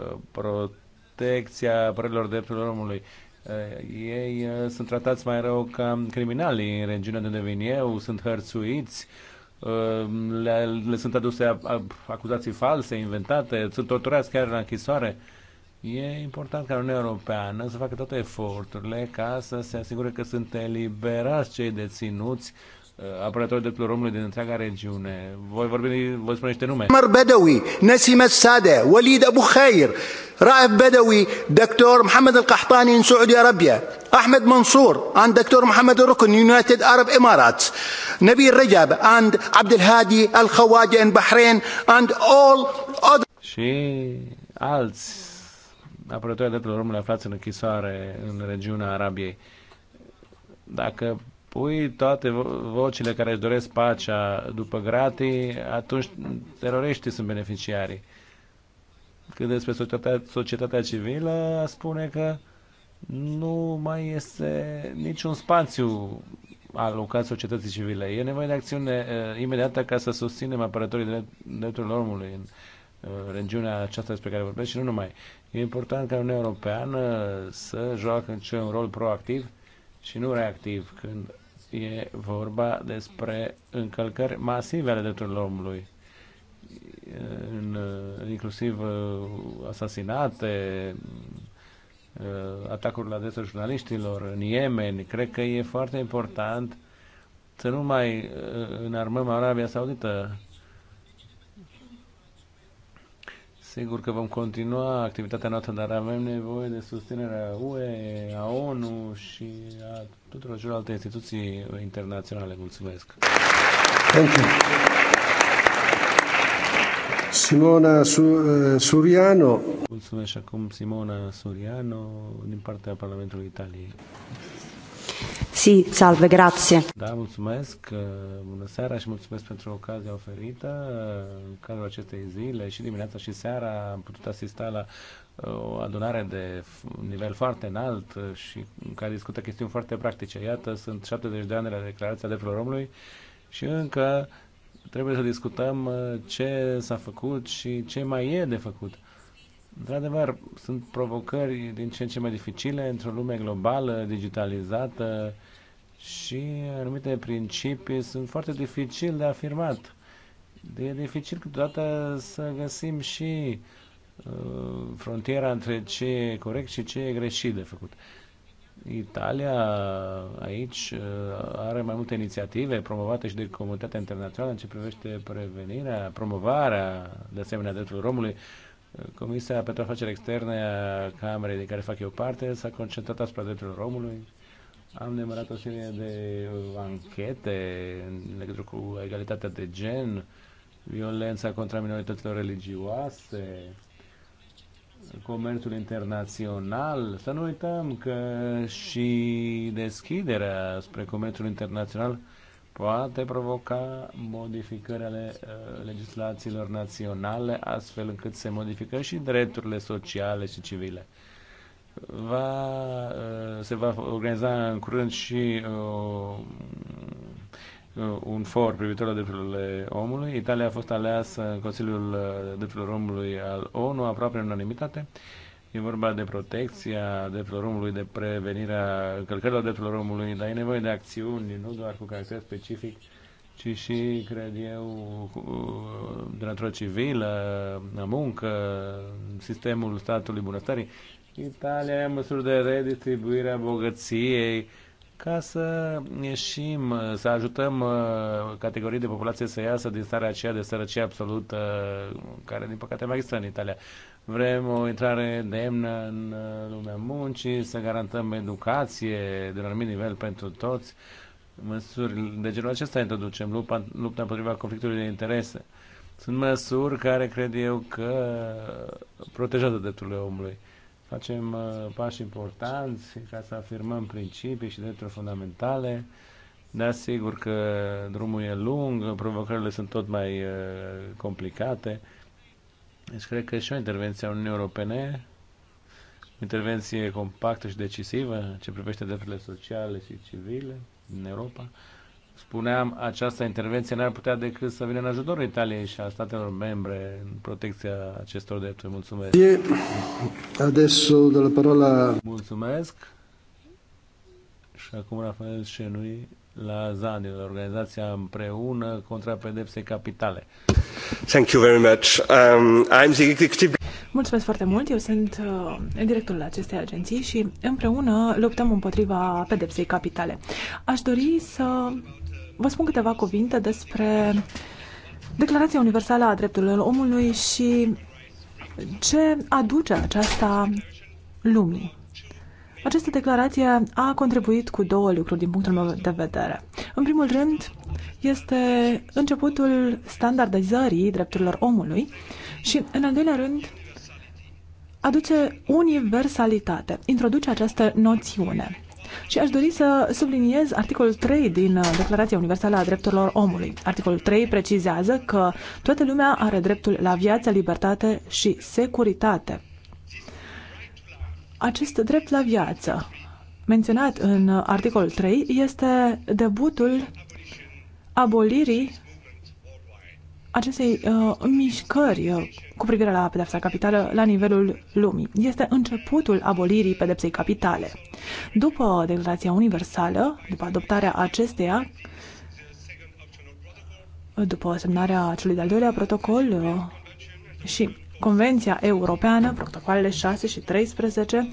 uh, protecția părerilor drepturilor omului. Uh, ei uh, sunt tratați mai rău ca criminali în regiunea de unde vin eu, sunt hărțuiți, uh, le, le sunt aduse a, a, acuzații false, inventate, sunt torturați chiar la închisoare. Uh, E important ca Uniunea Europeană să facă toate eforturile ca să se asigure că sunt eliberați cei deținuți uh, apărători de plurumului din întreaga regiune. Voi vorbi, voi spune niște nume. Mar Bedawi, Nasim Sade, Walid Abu Khair, Raif Bedawi, Dr. Mohamed Al-Qahtani în Saudi Arabia, Ahmed Mansour and Dr. Mohamed Rukn, United Arab Emirates, Nabil Rajab and Abdel Hadi Al-Khawaja în Bahrain and all other... Și alți apărătorii drepturilor omului aflați în închisoare în regiunea Arabiei. Dacă pui toate vocile care își doresc pacea după gratii, atunci teroriștii sunt beneficiarii. Când despre societatea, societatea civilă, spune că nu mai este niciun spațiu alocat societății civile. E nevoie de acțiune uh, imediată ca să susținem apărătorii drept, drepturilor omului în Uh, regiunea aceasta despre care vorbesc și nu numai. E important ca Uniunea Europeană să joacă un rol proactiv și nu reactiv când e vorba despre încălcări masive ale drepturilor omului uh, în, uh, inclusiv asasinate, atacuri la adresa jurnaliștilor în Yemen. Cred că e foarte important să nu mai înarmăm Arabia Saudită Sigur că vom continua activitatea noastră, dar avem nevoie de susținerea UE, a ONU și a tuturor celorlalte instituții internaționale. Mulțumesc! Thank you. Simona eh, Suriano. Mulțumesc acum Simona Suriano din partea Parlamentului Italiei. Si, salve, grazie. Da, mulțumesc. Uh, bună seara și mulțumesc pentru ocazia oferită. În cadrul acestei zile și dimineața și seara am putut asista la uh, o adunare de nivel foarte înalt uh, și în care discută chestiuni foarte practice. Iată, sunt 70 de ani de la Declarația Drepturilor Omului și încă trebuie să discutăm ce s-a făcut și ce mai e de făcut. Într-adevăr, sunt provocări din ce în ce mai dificile într-o lume globală, digitalizată, și anumite principii sunt foarte dificil de afirmat. E dificil câteodată să găsim și uh, frontiera între ce e corect și ce e greșit de făcut. Italia aici uh, are mai multe inițiative promovate și de comunitatea internațională în ce privește prevenirea, promovarea de asemenea drepturilor omului. Uh, Comisia pentru afaceri externe a Camerei de care fac eu parte s-a concentrat asupra drepturilor omului am demarat o serie de uh, anchete în legătură cu egalitatea de gen, violența contra minorităților religioase, comerțul internațional. Să nu uităm că și deschiderea spre comerțul internațional poate provoca modificări ale uh, legislațiilor naționale, astfel încât se modifică și drepturile sociale și civile va, uh, se va organiza în curând și uh, uh, un for privitor la drepturile omului. Italia a fost aleasă în Consiliul Drepturilor Omului al ONU aproape în unanimitate. E vorba de protecția drepturilor omului, de prevenirea încălcărilor drepturilor omului, dar e nevoie de acțiuni, nu doar cu caracter specific, ci și, cred eu, de natură civilă, la muncă, sistemul statului bunăstării. Italia ia măsuri de redistribuire a bogăției ca să ieșim, să ajutăm uh, categorii de populație să iasă din starea aceea de sărăcie absolută uh, care, din păcate, mai există în Italia. Vrem o intrare demnă în uh, lumea muncii, să garantăm educație de un anumit nivel pentru toți. Măsuri de genul acesta introducem, lupta, lupta împotriva conflictului de interese. Sunt măsuri care cred eu că protejează drepturile omului facem uh, pași importanți ca să afirmăm principii și drepturi fundamentale. Da, sigur că drumul e lung, provocările sunt tot mai uh, complicate. Deci cred că și o intervenție a Uniunii Europene, o intervenție compactă și decisivă ce privește drepturile sociale și civile în Europa, spuneam, această intervenție n-ar putea decât să vină în ajutorul Italiei și a statelor membre în protecția acestor drepturi. Mulțumesc! E, adesso de la parola... Mulțumesc! Și acum Rafael Șenui la ZAN, la organizația Împreună contra pedepsei capitale. Thank you very much. Um, I'm the executive... Mulțumesc foarte mult. Eu sunt uh, directorul acestei agenții și împreună luptăm împotriva pedepsei capitale. Aș dori să vă spun câteva cuvinte despre Declarația Universală a Drepturilor Omului și ce aduce aceasta lumii. Această declarație a contribuit cu două lucruri din punctul meu de vedere. În primul rând, este începutul standardizării drepturilor omului și, în al doilea rând, aduce universalitate, introduce această noțiune. Și aș dori să subliniez articolul 3 din uh, Declarația Universală a Drepturilor Omului. Articolul 3 precizează că toată lumea are dreptul la viață, libertate și securitate. Acest drept la viață, menționat în uh, articolul 3, este debutul abolirii acestei uh, mișcări uh, cu privire la pedepsa capitală la nivelul lumii. Este începutul abolirii pedepsei capitale. După Declarația Universală, după adoptarea acesteia, după semnarea celui de-al doilea protocol uh, și Convenția Europeană, protocoalele 6 și 13,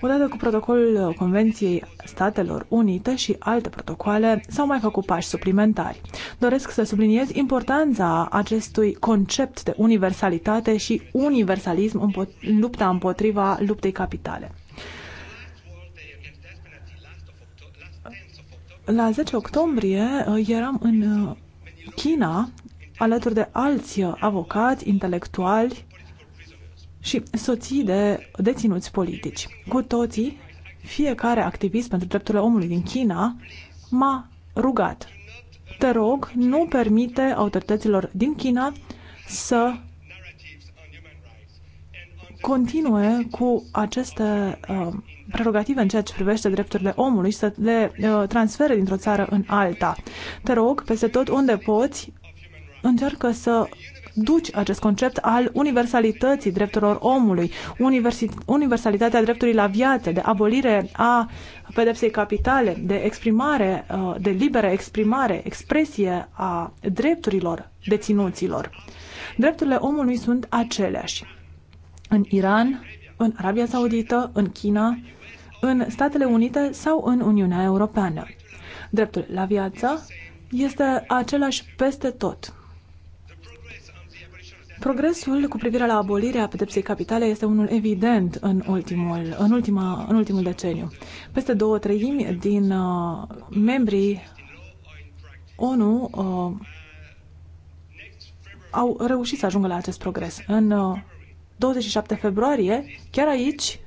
Odată cu protocolul Convenției Statelor Unite și alte protocoale, s-au mai făcut pași suplimentari. Doresc să subliniez importanța acestui concept de universalitate și universalism în lupta împotriva luptei capitale. La 10 octombrie uh, eram în uh, China alături de alți uh, avocați, intelectuali și soții de deținuți politici. Cu toții, fiecare activist pentru drepturile omului din China m-a rugat. Te rog, nu permite autorităților din China să continue cu aceste uh, prerogative în ceea ce privește drepturile omului și să le uh, transfere dintr-o țară în alta. Te rog, peste tot unde poți, încearcă să duci acest concept al universalității drepturilor omului, universalitatea dreptului la viață, de abolire a pedepsei capitale, de exprimare, uh, de liberă exprimare, expresie a drepturilor deținuților. Drepturile omului sunt aceleași. În Iran, în Arabia Saudită, în China, în Statele Unite sau în Uniunea Europeană. Dreptul la viață este același peste tot. Progresul cu privire la abolirea pedepsei capitale este unul evident în ultimul, în ultima, în ultimul deceniu. Peste două treimi din uh, membrii ONU uh, au reușit să ajungă la acest progres. În uh, 27 februarie, chiar aici,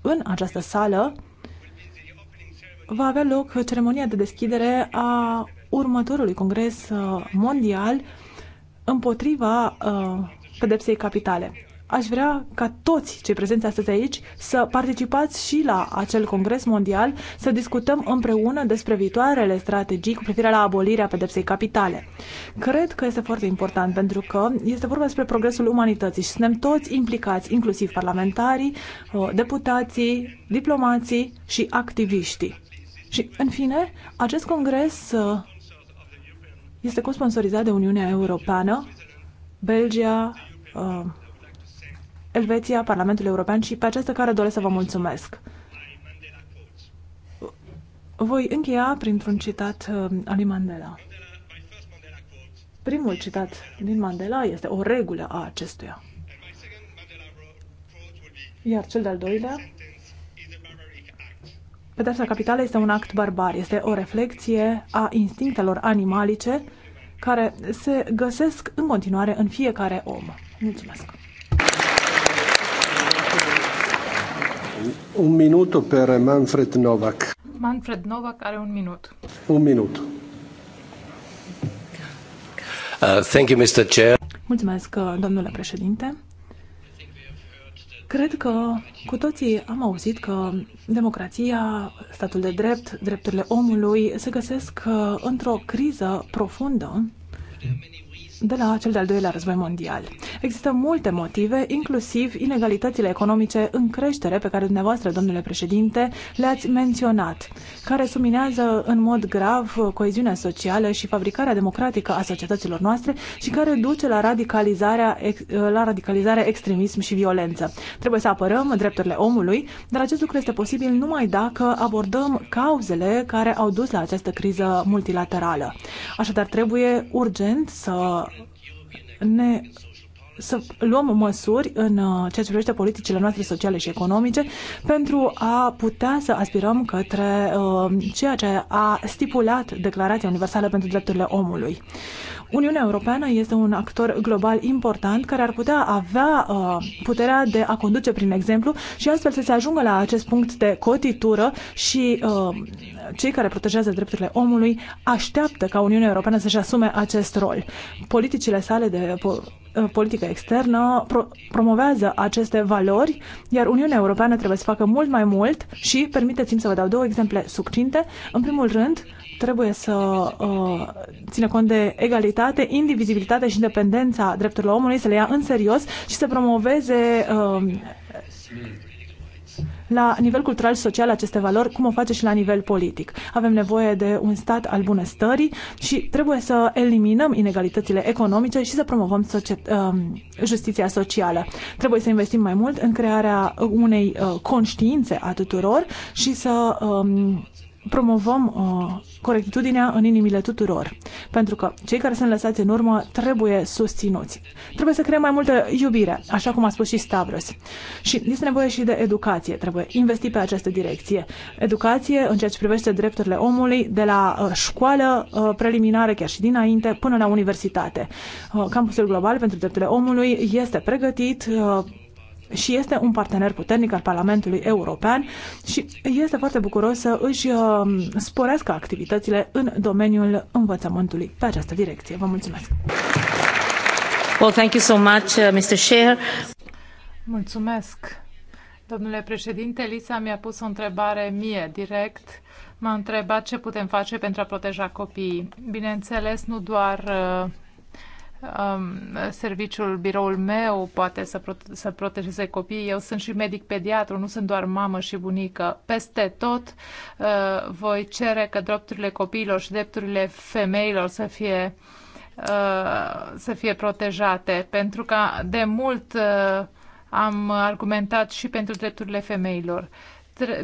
în această sală, va avea loc ceremonia de deschidere a următorului congres uh, mondial uh, împotriva uh, pedepsei capitale. Aș vrea ca toți cei prezenți astăzi aici să participați și la acel congres mondial, să discutăm împreună despre viitoarele strategii cu privire la abolirea pedepsei capitale. Cred că este foarte important pentru că este vorba despre progresul umanității și suntem toți implicați, inclusiv parlamentarii, uh, deputații, diplomații și activiștii. Și, în fine, acest congres uh, este cosponsorizat de Uniunea Europeană, Belgia, uh, Elveția, Parlamentul European și pe această care doresc să vă mulțumesc. Voi încheia printr-un citat uh, al lui Mandela. Primul citat din Mandela este o regulă a acestuia. Iar cel de-al doilea Pedepsa capitală este un act barbar, este o reflexie a instinctelor animalice care se găsesc în continuare în fiecare om. Mulțumesc! Un minut pe Manfred Novak. Manfred Novak are un minut. Un minut. Uh, thank you, Mr. Chair. Mulțumesc, uh, domnule președinte. Cred că cu toții am auzit că democrația, statul de drept, drepturile omului se găsesc uh, într-o criză profundă de la cel de-al doilea război mondial. Există multe motive, inclusiv inegalitățile economice în creștere pe care dumneavoastră, domnule președinte, le-ați menționat, care suminează în mod grav coeziunea socială și fabricarea democratică a societăților noastre și care duce la radicalizarea, la radicalizarea extremism și violență. Trebuie să apărăm drepturile omului, dar acest lucru este posibil numai dacă abordăm cauzele care au dus la această criză multilaterală. Așadar, trebuie urgent să ne să luăm măsuri în uh, ceea ce privește politicile noastre sociale și economice pentru a putea să aspirăm către uh, ceea ce a stipulat Declarația Universală pentru Drepturile Omului. Uniunea Europeană este un actor global important care ar putea avea uh, puterea de a conduce prin exemplu și astfel să se ajungă la acest punct de cotitură și uh, cei care protejează drepturile omului așteaptă ca Uniunea Europeană să-și asume acest rol. Politicile sale de uh, politică externă pro- promovează aceste valori, iar Uniunea Europeană trebuie să facă mult mai mult și permiteți-mi să vă dau două exemple succinte. În primul rând, uh, trebuie să uh, țină cont de egalitate, indivizibilitate și independența drepturilor omului, să le ia în serios și să promoveze uh, la nivel cultural și social aceste valori, cum o face și la nivel politic. Avem nevoie de un stat al bunăstării și trebuie să eliminăm inegalitățile economice și să promovăm societ- uh, justiția socială. Trebuie să investim mai mult în crearea unei conștiințe a tuturor și să um, promovăm uh, corectitudinea în inimile tuturor. Pentru că cei care sunt lăsați în urmă trebuie susținuți. Trebuie să creăm mai multă iubire, așa cum a spus și Stavros. Și este nevoie și de educație. Trebuie investi pe această direcție. Educație în ceea ce privește drepturile omului de la uh, școală uh, preliminară, chiar și dinainte, până la universitate. Uh, Campusul Global pentru Drepturile Omului este pregătit uh, și este un partener puternic al Parlamentului European și este foarte bucuros să își uh, sporească activitățile în domeniul învățământului pe această direcție. Vă mulțumesc! Well, thank you so much, uh, Mr. Scheer. Mulțumesc! Domnule președinte, Lisa mi-a pus o întrebare mie direct. M-a întrebat ce putem face pentru a proteja copiii. Bineînțeles, nu doar uh, Um, serviciul, biroul meu poate să, prote- să protejeze copiii. Eu sunt și medic pediatru, nu sunt doar mamă și bunică. Peste tot uh, voi cere că drepturile copiilor și drepturile femeilor să fie uh, să fie protejate, pentru că de mult uh, am argumentat și pentru drepturile femeilor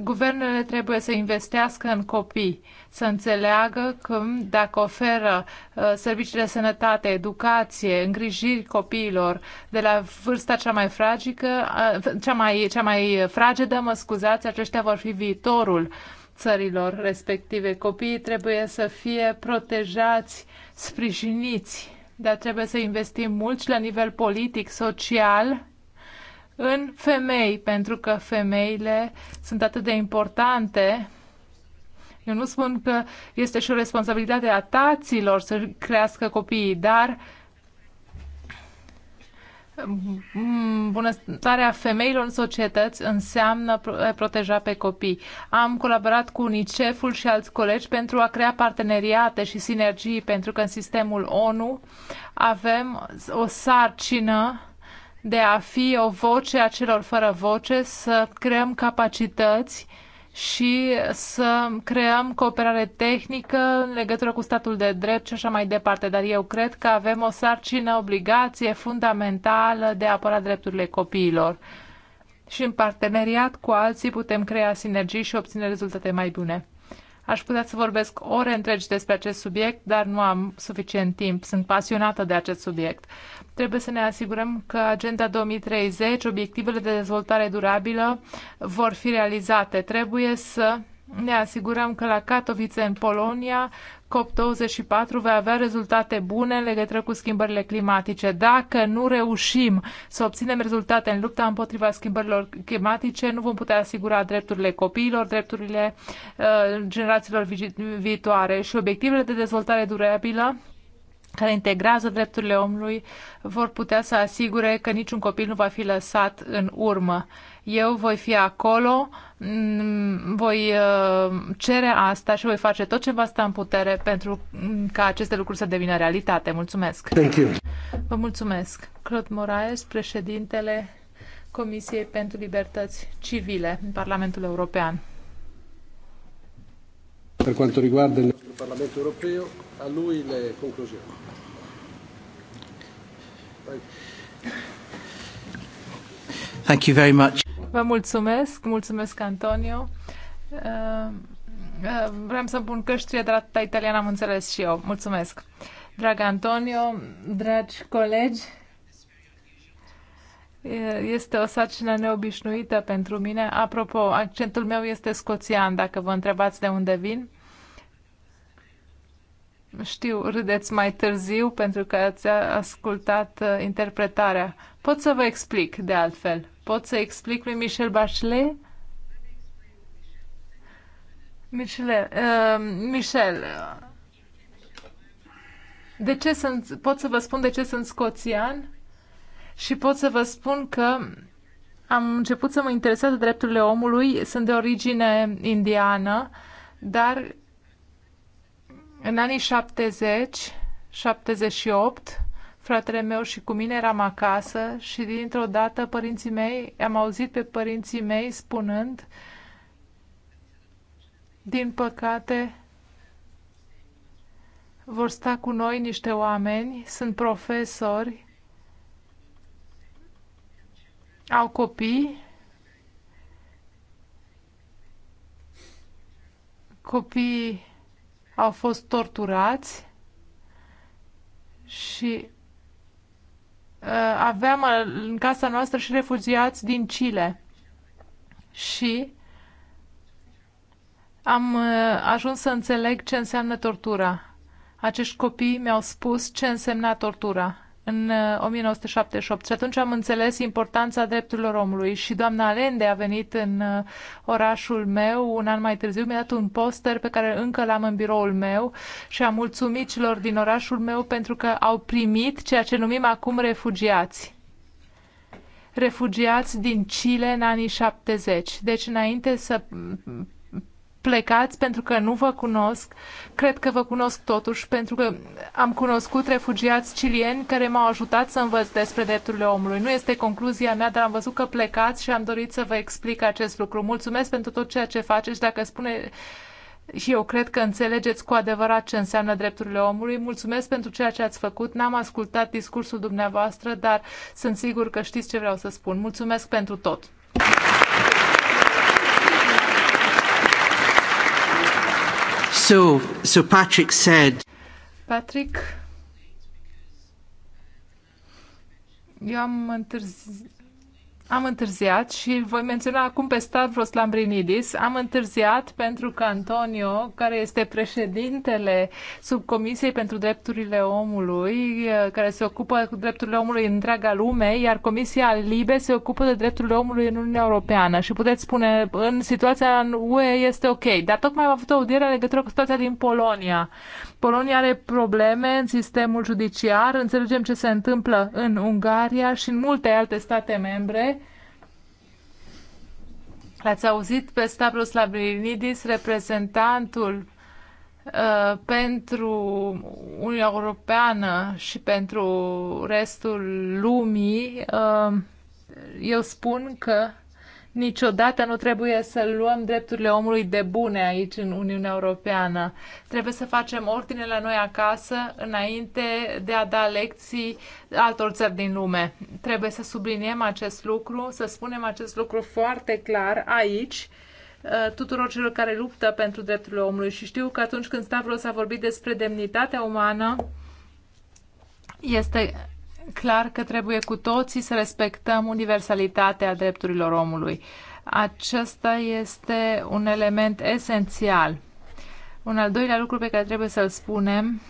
guvernele trebuie să investească în copii, să înțeleagă că dacă oferă uh, servicii de sănătate, educație, îngrijiri copiilor de la vârsta cea mai fragică, uh, cea mai, cea mai fragedă, mă scuzați, aceștia vor fi viitorul țărilor respective. Copiii trebuie să fie protejați, sprijiniți, dar trebuie să investim mult și la nivel politic, social, în femei, pentru că femeile sunt atât de importante. Eu nu spun că este și o responsabilitate a taților să crească copiii, dar bunăstarea femeilor în societăți înseamnă a proteja pe copii. Am colaborat cu UNICEF-ul și alți colegi pentru a crea parteneriate și sinergii, pentru că în sistemul ONU avem o sarcină de a fi o voce a celor fără voce, să creăm capacități și să creăm cooperare tehnică în legătură cu statul de drept și așa mai departe. Dar eu cred că avem o sarcină, obligație fundamentală de a apăra drepturile copiilor. Și în parteneriat cu alții putem crea sinergii și obține rezultate mai bune. Aș putea să vorbesc ore întregi despre acest subiect, dar nu am suficient timp. Sunt pasionată de acest subiect. Trebuie să ne asigurăm că Agenda 2030, obiectivele de dezvoltare durabilă, vor fi realizate. Trebuie să ne asigurăm că la Katowice, în Polonia, COP24 va avea rezultate bune în legătură cu schimbările climatice. Dacă nu reușim să obținem rezultate în lupta împotriva schimbărilor climatice, nu vom putea asigura drepturile copiilor, drepturile uh, generațiilor vi viitoare și obiectivele de dezvoltare durabilă care integrează drepturile omului vor putea să asigure că niciun copil nu va fi lăsat în urmă. Eu voi fi acolo, mm, voi uh, cere asta și voi face tot ce va sta în putere pentru mm, ca aceste lucruri să devină realitate. Mulțumesc! Thank you. Vă mulțumesc! Claude Moraes, președintele Comisiei pentru Libertăți Civile în Parlamentul European. Per quanto riguarda il Parlamento Europeo, a lui le conclusioni. Thank you very much. Vă mulțumesc, mulțumesc Antonio. Uh, uh, vreau să pun căștile de la italiană, am înțeles și eu. Mulțumesc. Drag Antonio, dragi colegi, este o sarcină neobișnuită pentru mine. Apropo, accentul meu este scoțian, dacă vă întrebați de unde vin. Știu, râdeți mai târziu pentru că ați ascultat uh, interpretarea. Pot să vă explic de altfel. Pot să explic lui Michel Bachelet? Uh, Michel, uh, Michel, de ce sunt, pot să vă spun de ce sunt scoțian și pot să vă spun că am început să mă interesez de drepturile omului, sunt de origine indiană, dar în anii 70, 78, Fratele meu și cu mine eram acasă și dintr-o dată părinții mei, am auzit pe părinții mei spunând din păcate vor sta cu noi niște oameni, sunt profesori, au copii, copiii au fost torturați și Uh, aveam în casa noastră și refugiați din Chile. Și am uh, ajuns să înțeleg ce înseamnă tortura. Acești copii mi-au spus ce însemna tortura în 1978 uh, și atunci am înțeles importanța drepturilor omului și doamna Alende a venit în uh, orașul meu un an mai târziu, mi-a dat un poster pe care încă l-am în biroul meu și am mulțumit celor din orașul meu pentru că au primit ceea ce numim acum refugiați refugiați din Chile în anii 70. Deci înainte să plecați pentru că nu vă cunosc. Cred că vă cunosc totuși pentru că am cunoscut refugiați cilieni care m-au ajutat să învăț despre drepturile omului. Nu este concluzia mea, dar am văzut că plecați și am dorit să vă explic acest lucru. Mulțumesc pentru tot ceea ce faceți. Dacă spune și eu cred că înțelegeți cu adevărat ce înseamnă drepturile omului. Mulțumesc pentru ceea ce ați făcut. N-am ascultat discursul dumneavoastră, dar sunt sigur că știți ce vreau să spun. Mulțumesc pentru tot! So, so Patrick said. Patrick, eu am întârzi, am întârziat și voi menționa acum pe Stavros Lambrinidis. Am întârziat pentru că Antonio, care este președintele subcomisiei pentru drepturile omului, eh, care se ocupă cu drepturile omului în întreaga lume, iar Comisia Libe se ocupă de drepturile omului în Uniunea Europeană. Și puteți spune, în situația în UE este ok, dar tocmai am avut o audiere legătură cu situația din Polonia. Polonia are probleme în sistemul judiciar, înțelegem ce se întâmplă în Ungaria și în multe alte state membre L-ați auzit pe Stavros Labrinidis, reprezentantul uh, pentru Uniunea Europeană și pentru restul lumii. Uh, eu spun că Niciodată nu trebuie să luăm drepturile omului de bune aici în Uniunea Europeană. Trebuie să facem ordine la noi acasă înainte de a da lecții altor țări din lume. Trebuie să subliniem acest lucru, să spunem acest lucru foarte clar aici uh, tuturor celor care luptă pentru drepturile omului și știu că atunci când Stavros a vorbit despre demnitatea umană este clar că trebuie cu toții să respectăm universalitatea drepturilor omului. Acesta este un element esențial. Un al doilea lucru pe care trebuie să-l spunem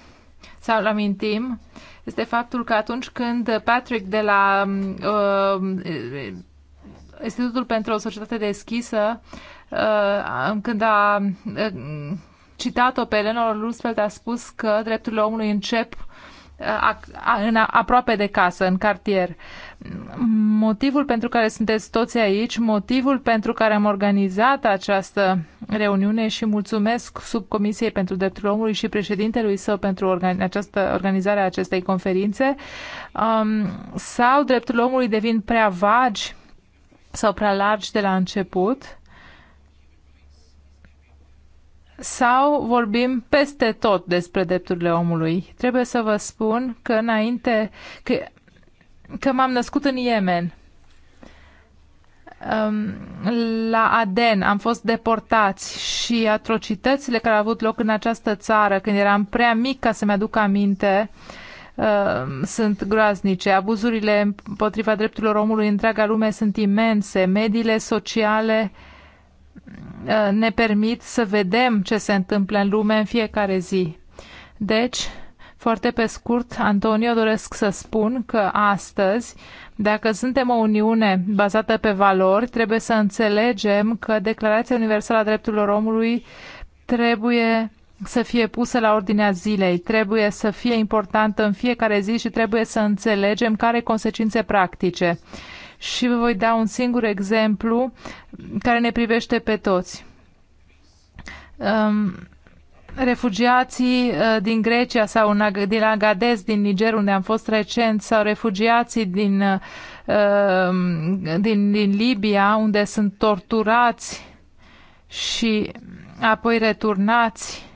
sau îl amintim este faptul că atunci când Patrick de la uh, Institutul pentru o Societate Deschisă, uh, când a uh, citat-o pe Eleanor Roosevelt, a spus că drepturile omului încep în aproape de casă, în cartier. Motivul pentru care sunteți toți aici, motivul pentru care am organizat această reuniune și mulțumesc subcomisiei pentru drepturile omului și președintelui său pentru organi- această, a acestei conferințe, um, sau drepturile omului devin prea vagi sau prea largi de la început sau vorbim peste tot despre drepturile omului. Trebuie să vă spun că înainte că, că m-am născut în Yemen. Um, la Aden am fost deportați și atrocitățile care au avut loc în această țară când eram prea mic ca să-mi aduc aminte um, sunt groaznice. Abuzurile împotriva drepturilor omului în întreaga lume sunt imense. Mediile sociale uh, Uh, ne permit să vedem ce se întâmplă în lume în fiecare zi. Deci, foarte pe scurt, Antonio, doresc să spun că astăzi, dacă suntem o Uniune bazată pe valori, trebuie să înțelegem că Declarația Universală a Drepturilor Omului trebuie să fie pusă la ordinea zilei, trebuie să fie importantă în fiecare zi și trebuie să înțelegem care consecințe practice și vă voi da un singur exemplu care ne privește pe toți. Um, refugiații uh, din Grecia sau din Agadez, din Niger, unde am fost recent, sau refugiații din, uh, din, din Libia, unde sunt torturați și apoi returnați.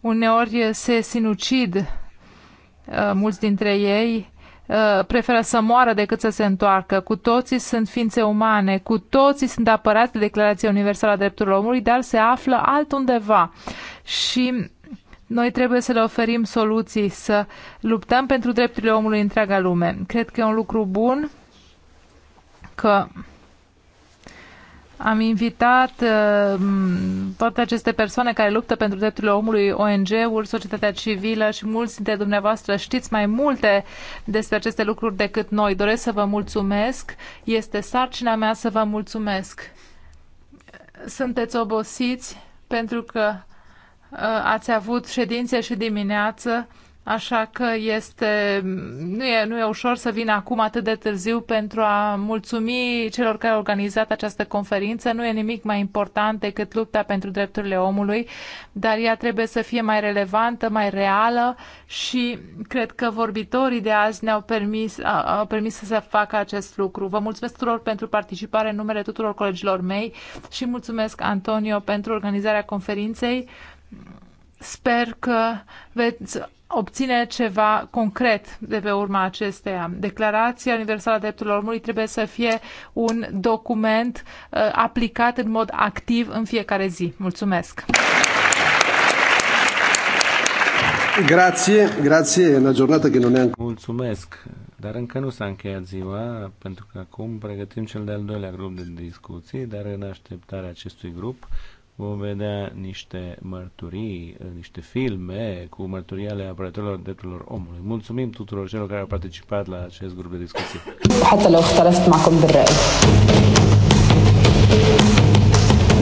Uneori se sinucid uh, mulți dintre ei Uh, preferă să moară decât să se întoarcă. Cu toții sunt ființe umane, cu toții sunt apărați de Declarația Universală a Drepturilor Omului, dar se află altundeva. Și noi trebuie să le oferim soluții, să luptăm pentru drepturile omului întreaga lume. Cred că e un lucru bun că am invitat uh, toate aceste persoane care luptă pentru drepturile omului, ONG-uri, societatea civilă și mulți dintre dumneavoastră știți mai multe despre aceste lucruri decât noi. Doresc să vă mulțumesc. Este sarcina mea să vă mulțumesc. Sunteți obosiți pentru că uh, ați avut ședințe și dimineață Așa că este, nu, e, nu e ușor să vin acum atât de târziu pentru a mulțumi celor care au organizat această conferință. Nu e nimic mai important decât lupta pentru drepturile omului, dar ea trebuie să fie mai relevantă, mai reală și cred că vorbitorii de azi ne-au permis, au permis să se facă acest lucru. Vă mulțumesc tuturor pentru participare în numele tuturor colegilor mei și mulțumesc Antonio pentru organizarea conferinței. Sper că veți obține ceva concret de pe urma acesteia. Declarația Universală a Drepturilor Omului trebuie să fie un document uh, aplicat în mod activ în fiecare zi. Mulțumesc! Grazie, grazie, una giornata che non è ancora... Mulțumesc, dar încă nu s-a încheiat ziua, pentru că acum pregătim cel de-al doilea grup de discuții, dar în așteptarea acestui grup vom vedea niște mărturii, niște filme cu mărturii ale apărătorilor drepturilor omului. Mulțumim tuturor celor care au participat la acest grup de discuții.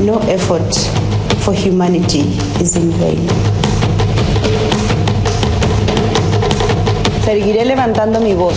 No effort for humanity is in vain. Seguiré levantando mi voz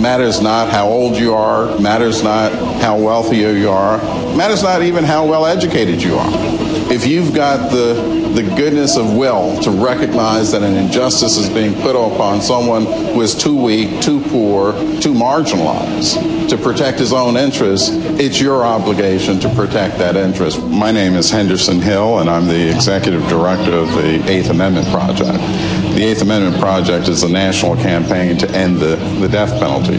matters not how old you are, matters not how wealthy you are, matters not even how well educated you are. If you've got the the goodness of will to recognize that an injustice is being put upon someone who is too weak, too poor, too marginalized to protect his own interests, it's your obligation to protect that interest. My name is Henderson Hill, and I'm the executive director of the Eighth Amendment Project the Eighth Amendment Project is a national campaign to end the, the death penalty.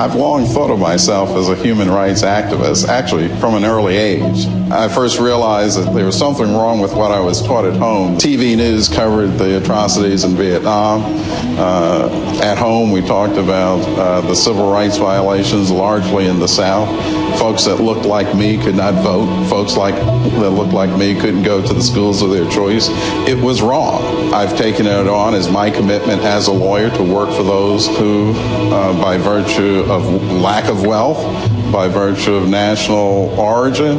I've long thought of myself as a human rights activist, actually from an early age. I first realized that there was something wrong with what I was taught at home. TV news covered the atrocities in Vietnam. Uh, at home, we talked about uh, the civil rights violations largely in the South. Folks that looked like me could not vote. Folks like that looked like me couldn't go to the schools of their choice. It was wrong. I've taken it on as my commitment as a lawyer to work for those who, uh, by virtue of lack of wealth, by virtue of national origin,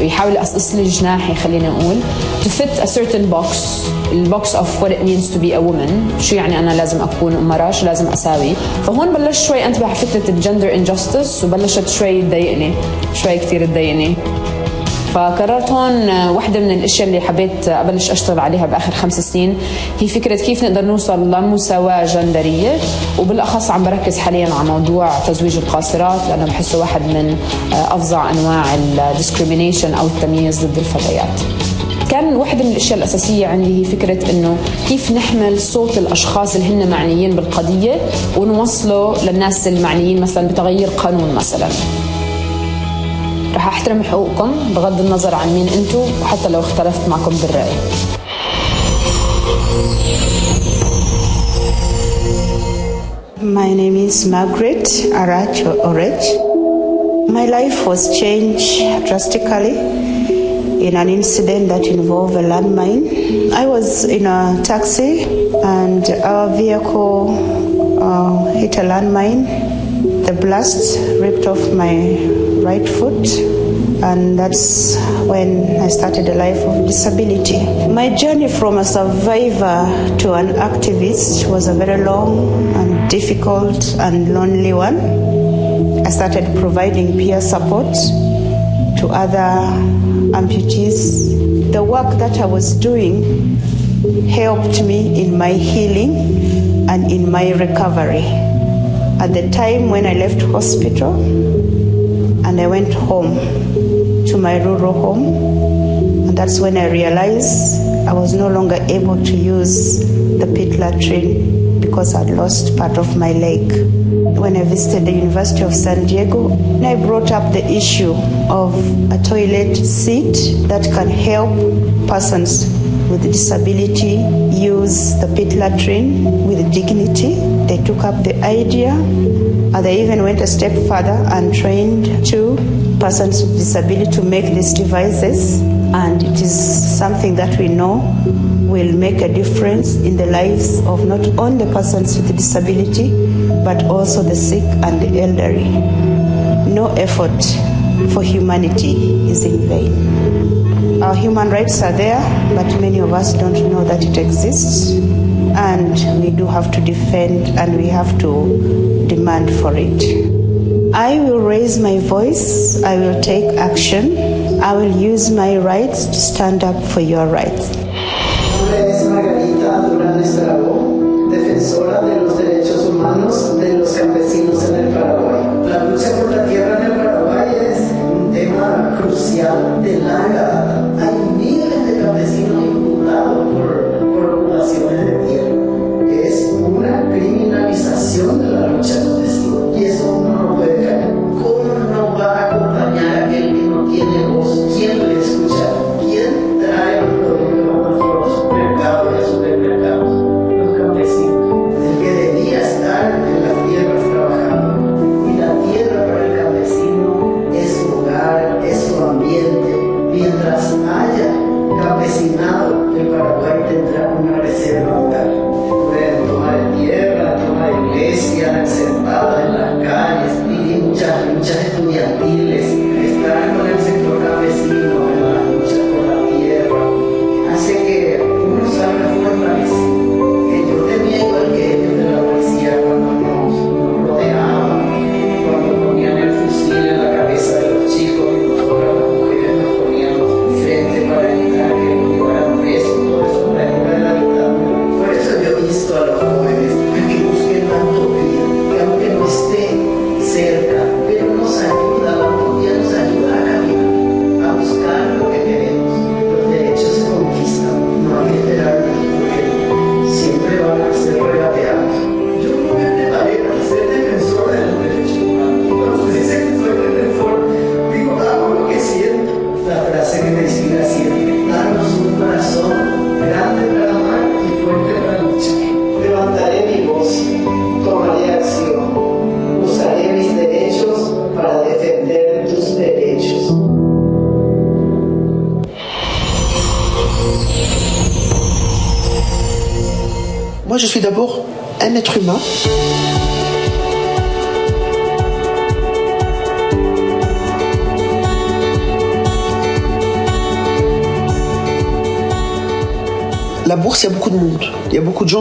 يحاول يقصقص لي جناحي خلينا نقول to fit a certain box البوكس of what it means to be a woman شو يعني أنا لازم أكون مرأة شو لازم أساوي فهون بلش شوي أنتبه على فكرة الجندر injustice وبلشت شوي تضايقني شوي كثير تضايقني فقررت هون واحدة من الأشياء اللي حبيت أبلش أشتغل عليها بآخر خمس سنين هي فكرة كيف نقدر نوصل لمساواة جندرية وبالأخص عم بركز حاليا على موضوع تزويج القاصرات لأنه بحسه واحد من أفظع أنواع الديسكريمينيشن أو التمييز ضد الفتيات كان واحدة من الأشياء الأساسية عندي هي فكرة إنه كيف نحمل صوت الأشخاص اللي هن معنيين بالقضية ونوصله للناس المعنيين مثلا بتغيير قانون مثلا رح أحترم حقوقكم بغض النظر عن مين أنتوا وحتى لو اختلفت معكم بالرأي My name is Margaret Arach Orech. My life was changed drastically in an incident that involved a landmine. I was in a taxi and our vehicle uh, hit a landmine. The blast ripped off my right foot, and that's when I started a life of disability. My journey from a survivor to an activist was a very long and difficult and lonely one. I started providing peer support to other amputees. The work that I was doing helped me in my healing and in my recovery. At the time when I left hospital, and I went home to my rural home. And that's when I realized I was no longer able to use the pit latrine because I'd lost part of my leg. When I visited the University of San Diego, I brought up the issue of a toilet seat that can help persons with disability use the pit latrine with dignity. They took up the idea They even went a step further and trained two persons with disability to make these devices. And it is something that we know will make a difference in the lives of not only persons with disability, but also the sick and the elderly. No effort for humanity is in vain. Our human rights are there, but many of us don't know that it exists. And we do have to defend and we have to demand for it. I will raise my voice, I will take action, I will use my rights to stand up for your rights.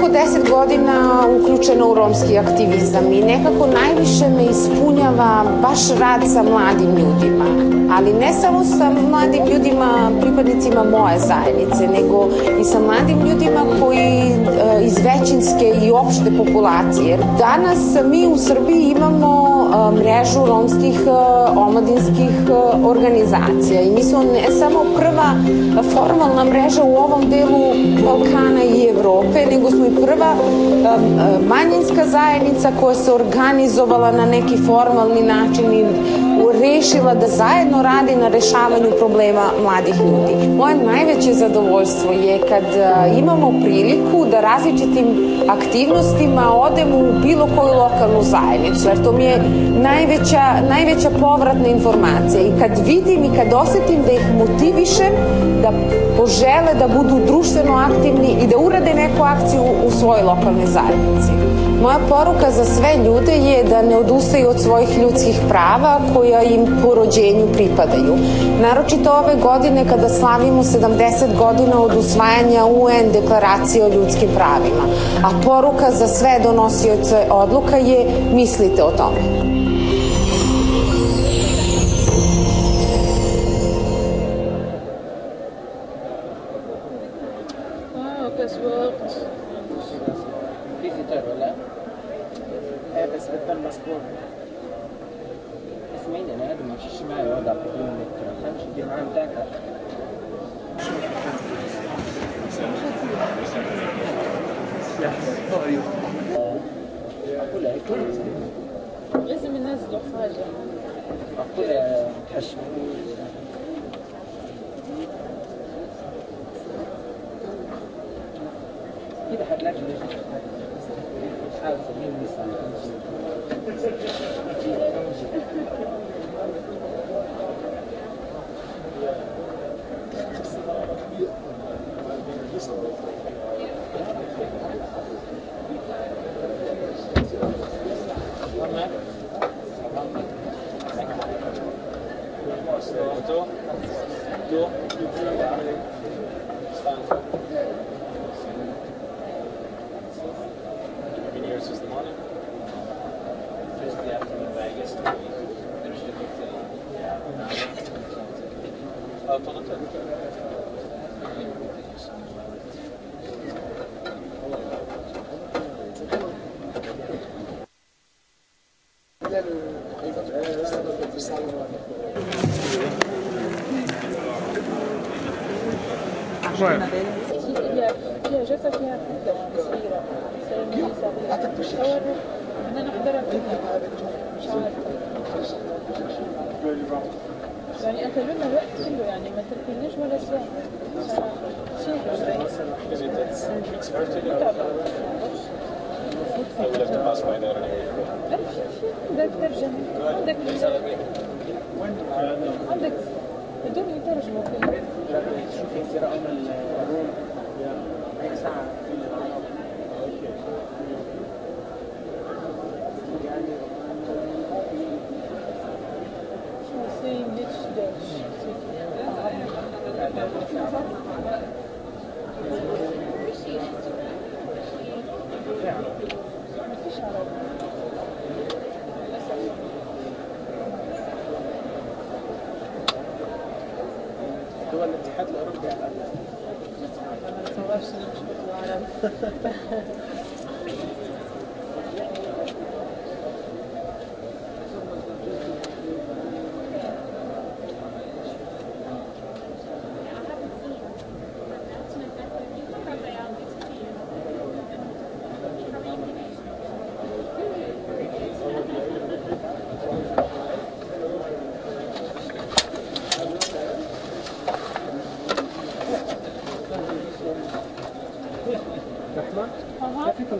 preko 10 godina uključena u romski aktivizam i nekako najviše me ispunjava baš rad sa mladim ljudima. Ali ne samo sa mladim ljudima, pripadnicima moje zajednice, nego i sa mladim ljudima koji iz većinske i opšte populacije. Danas mi u Srbiji imamo mrežu romskih uh, omladinskih uh, organizacija. I mi smo ne samo prva formalna mreža u ovom delu Balkana i Evrope, nego smo i prva uh, manjinska zajednica koja se organizovala na neki formalni način i rešila, da zajedno radi na rešavanju problema mladih ljudi. Moje najveće zadovoljstvo je kad imamo priliku da različitim aktivnostima odemo u bilo koju lokalnu zajednicu, jer to mi je najveća, najveća povratna informacija. I kad vidim i kad osetim da ih motivišem da požele da budu društveno aktivni i da urade neku akciju u svojoj lokalnoj zajednici. Moja poruka za sve ljude je da ne odustaju od svojih ljudskih prava koje koja im po rođenju pripadaju. Naročito ove godine kada slavimo 70 godina od usvajanja UN deklaracije o ljudskim pravima. A poruka za sve donosioce odluka je mislite o tome.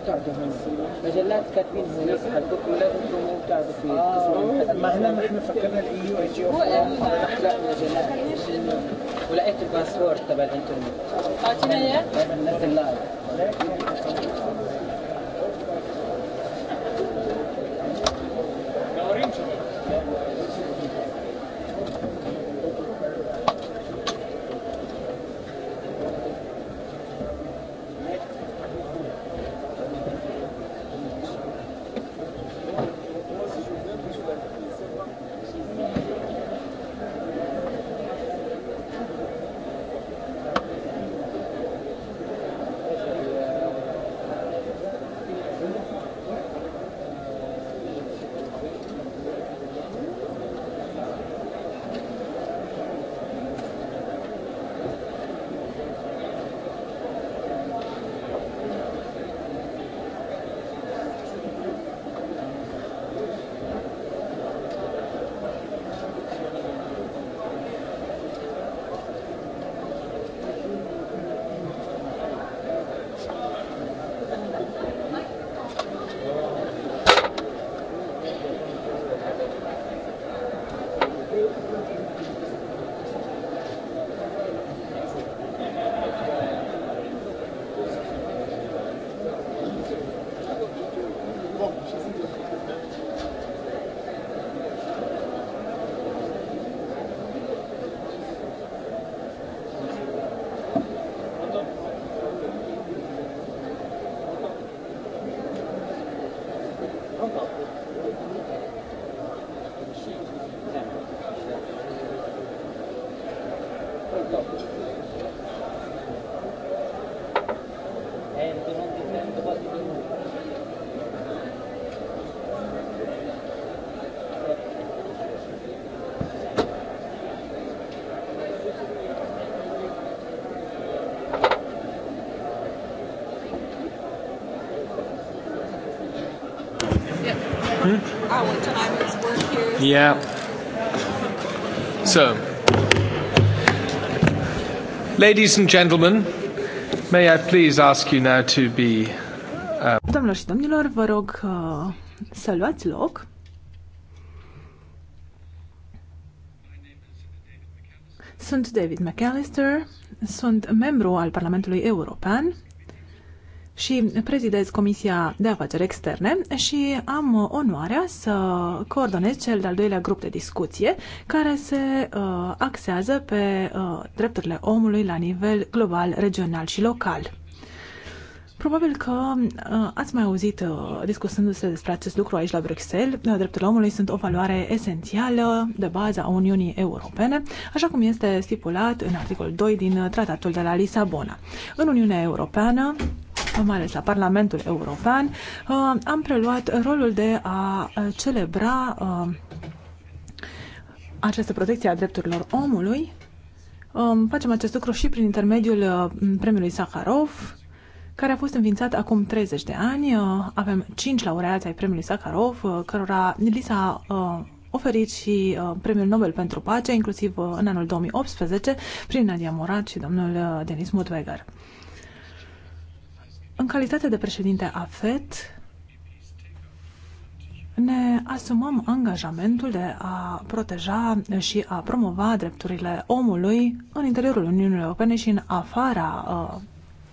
Antalya. Yeah. So, ladies and gentlemen, may I please ask you now to be. Uh... Doamnelor și domnilor, vă rog uh, să luați loc. Sunt David McAllister, sunt membru al Parlamentului European și prezidez Comisia de Afaceri Externe și am onoarea să coordonez cel de-al doilea grup de discuție care se uh, axează pe uh, drepturile omului la nivel global, regional și local. Probabil că uh, ați mai auzit uh, discutându-se despre acest lucru aici la Bruxelles. Uh, drepturile omului sunt o valoare esențială de bază a Uniunii Europene, așa cum este stipulat în articolul 2 din uh, Tratatul de la Lisabona. În Uniunea Europeană, mai ales la Parlamentul European, uh, am preluat rolul de a uh, celebra uh, această protecție a drepturilor omului. Um, facem acest lucru și prin intermediul premiului Sakharov, care a fost înființat acum 30 de ani. Avem 5 laureați ai premiului Sakharov, cărora li s-a oferit și premiul Nobel pentru pace, inclusiv în anul 2018, prin Nadia Morat și domnul Denis Mutweger. În calitate de președinte AFET, ne asumăm angajamentul de a proteja și a promova drepturile omului în interiorul Uniunii Europene și în afara uh,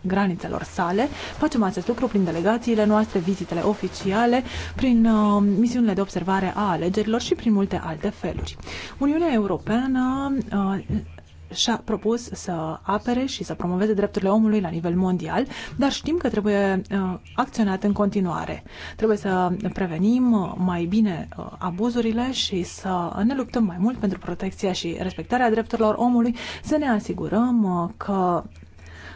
granițelor sale. Facem acest lucru prin delegațiile noastre, vizitele oficiale, prin uh, misiunile de observare a alegerilor și prin multe alte feluri. Uniunea Europeană uh, și-a propus să apere și să promoveze drepturile omului la nivel mondial, dar știm că trebuie uh, acționat în continuare. Trebuie să prevenim uh, mai bine uh, abuzurile și să ne luptăm mai mult pentru protecția și respectarea drepturilor omului, să ne asigurăm că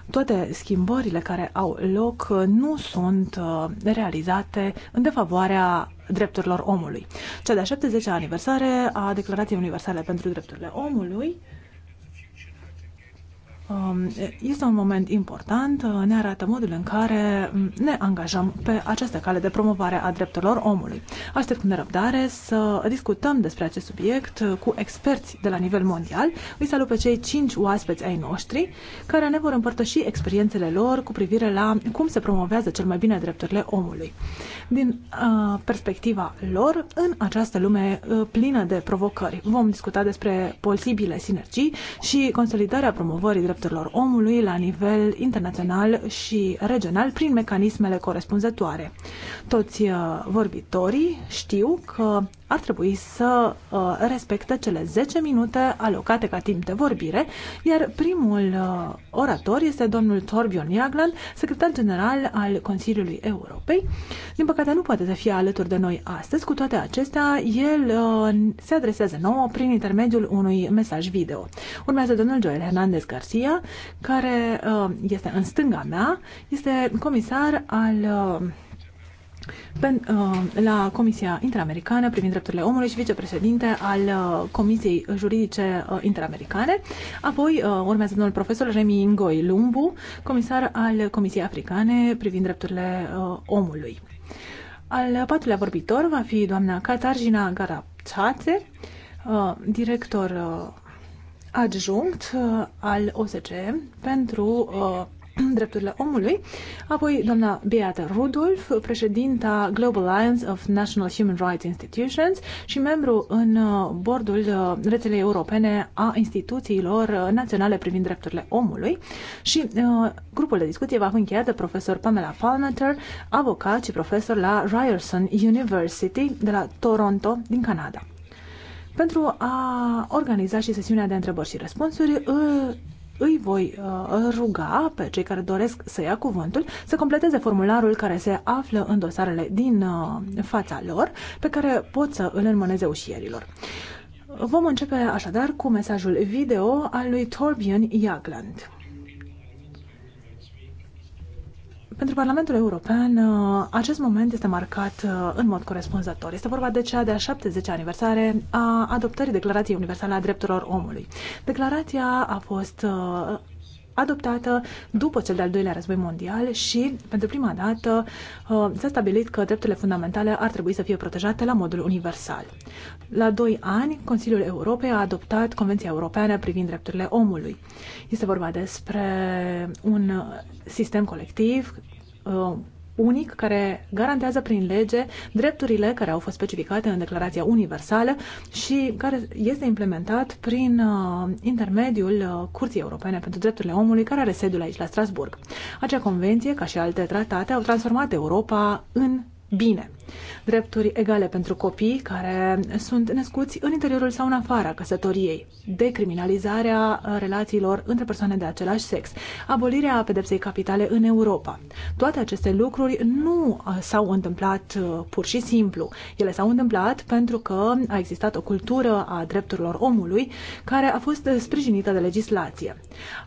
toate schimbările care au loc nu sunt realizate în defavoarea drepturilor omului. Cea de-a 70-a aniversare a Declarației Universale pentru Drepturile Omului Um, este un moment important, uh, ne arată modul în care mm, ne angajăm pe această cale de promovare a drepturilor omului. Aștept cu nerăbdare să discutăm despre acest subiect uh, cu experți de la nivel mondial. Îi salut pe cei cinci oaspeți ai noștri care ne vor împărtăși experiențele lor cu privire la cum se promovează cel mai bine drepturile omului. Din uh, perspectiva lor, în această lume uh, plină de provocări, vom discuta despre posibile sinergii și consolidarea promovării drepturilor drepturilor omului la nivel internațional și regional prin mecanismele corespunzătoare. Toți uh, vorbitorii știu că ar trebui să uh, respecte cele 10 minute alocate ca timp de vorbire, iar primul uh, orator este domnul Torbjorn Jagland, secretar general al Consiliului Europei. Din păcate nu poate să fie alături de noi astăzi, cu toate acestea, el uh, se adresează nouă prin intermediul unui mesaj video. Urmează domnul Joel Hernandez Garcia, care este în stânga mea, este comisar al Uh, la Comisia Interamericană privind drepturile omului și vicepreședinte al uh, Comisiei Juridice uh, Interamericane. Apoi urmează domnul profesor Remi Ngoi Lumbu, comisar al Comisiei Africane privind drepturile omului. Al patrulea vorbitor va fi doamna Catarina Garapțate, director adjunct al OSCE pentru drepturile omului, apoi doamna Beata Rudolf, președinta Global Alliance of National Human Rights Institutions și membru în uh, bordul uh, rețelei europene a instituțiilor uh, naționale privind drepturile omului și uh, grupul de discuție va fi încheiat de profesor Pamela Palmeter, avocat și profesor la Ryerson University de la Toronto din Canada. Pentru a organiza și sesiunea de întrebări și răspunsuri, îi voi uh, ruga pe cei care doresc să ia cuvântul să completeze formularul care se află în dosarele din uh, fața lor, pe care pot să îl înmâneze ușierilor. Vom începe așadar cu mesajul video al lui Torbjörn Jagland. Pentru Parlamentul European, uh, acest moment este marcat uh, în mod corespunzător. Este vorba de cea de-a 70 -a aniversare a adoptării Declarației Universale a Drepturilor Omului. Declarația a fost uh, adoptată după cel de-al doilea război mondial și, pentru prima dată, s-a stabilit că drepturile fundamentale ar trebui să fie protejate la modul universal. La doi ani, Consiliul Europei a adoptat Convenția Europeană privind drepturile omului. Este vorba despre un sistem colectiv uh, unic care garantează prin lege drepturile care au fost specificate în Declarația Universală și care este implementat prin uh, intermediul uh, Curții Europene pentru Drepturile Omului, care are sediul aici la Strasburg. Acea convenție, ca și alte tratate, au transformat Europa în bine drepturi egale pentru copii care sunt născuți în interiorul sau în afara căsătoriei, decriminalizarea relațiilor între persoane de același sex, abolirea pedepsei capitale în Europa. Toate aceste lucruri nu uh, s-au întâmplat uh, pur și simplu. Ele s-au întâmplat pentru că a existat o cultură a drepturilor omului care a fost uh, sprijinită de legislație.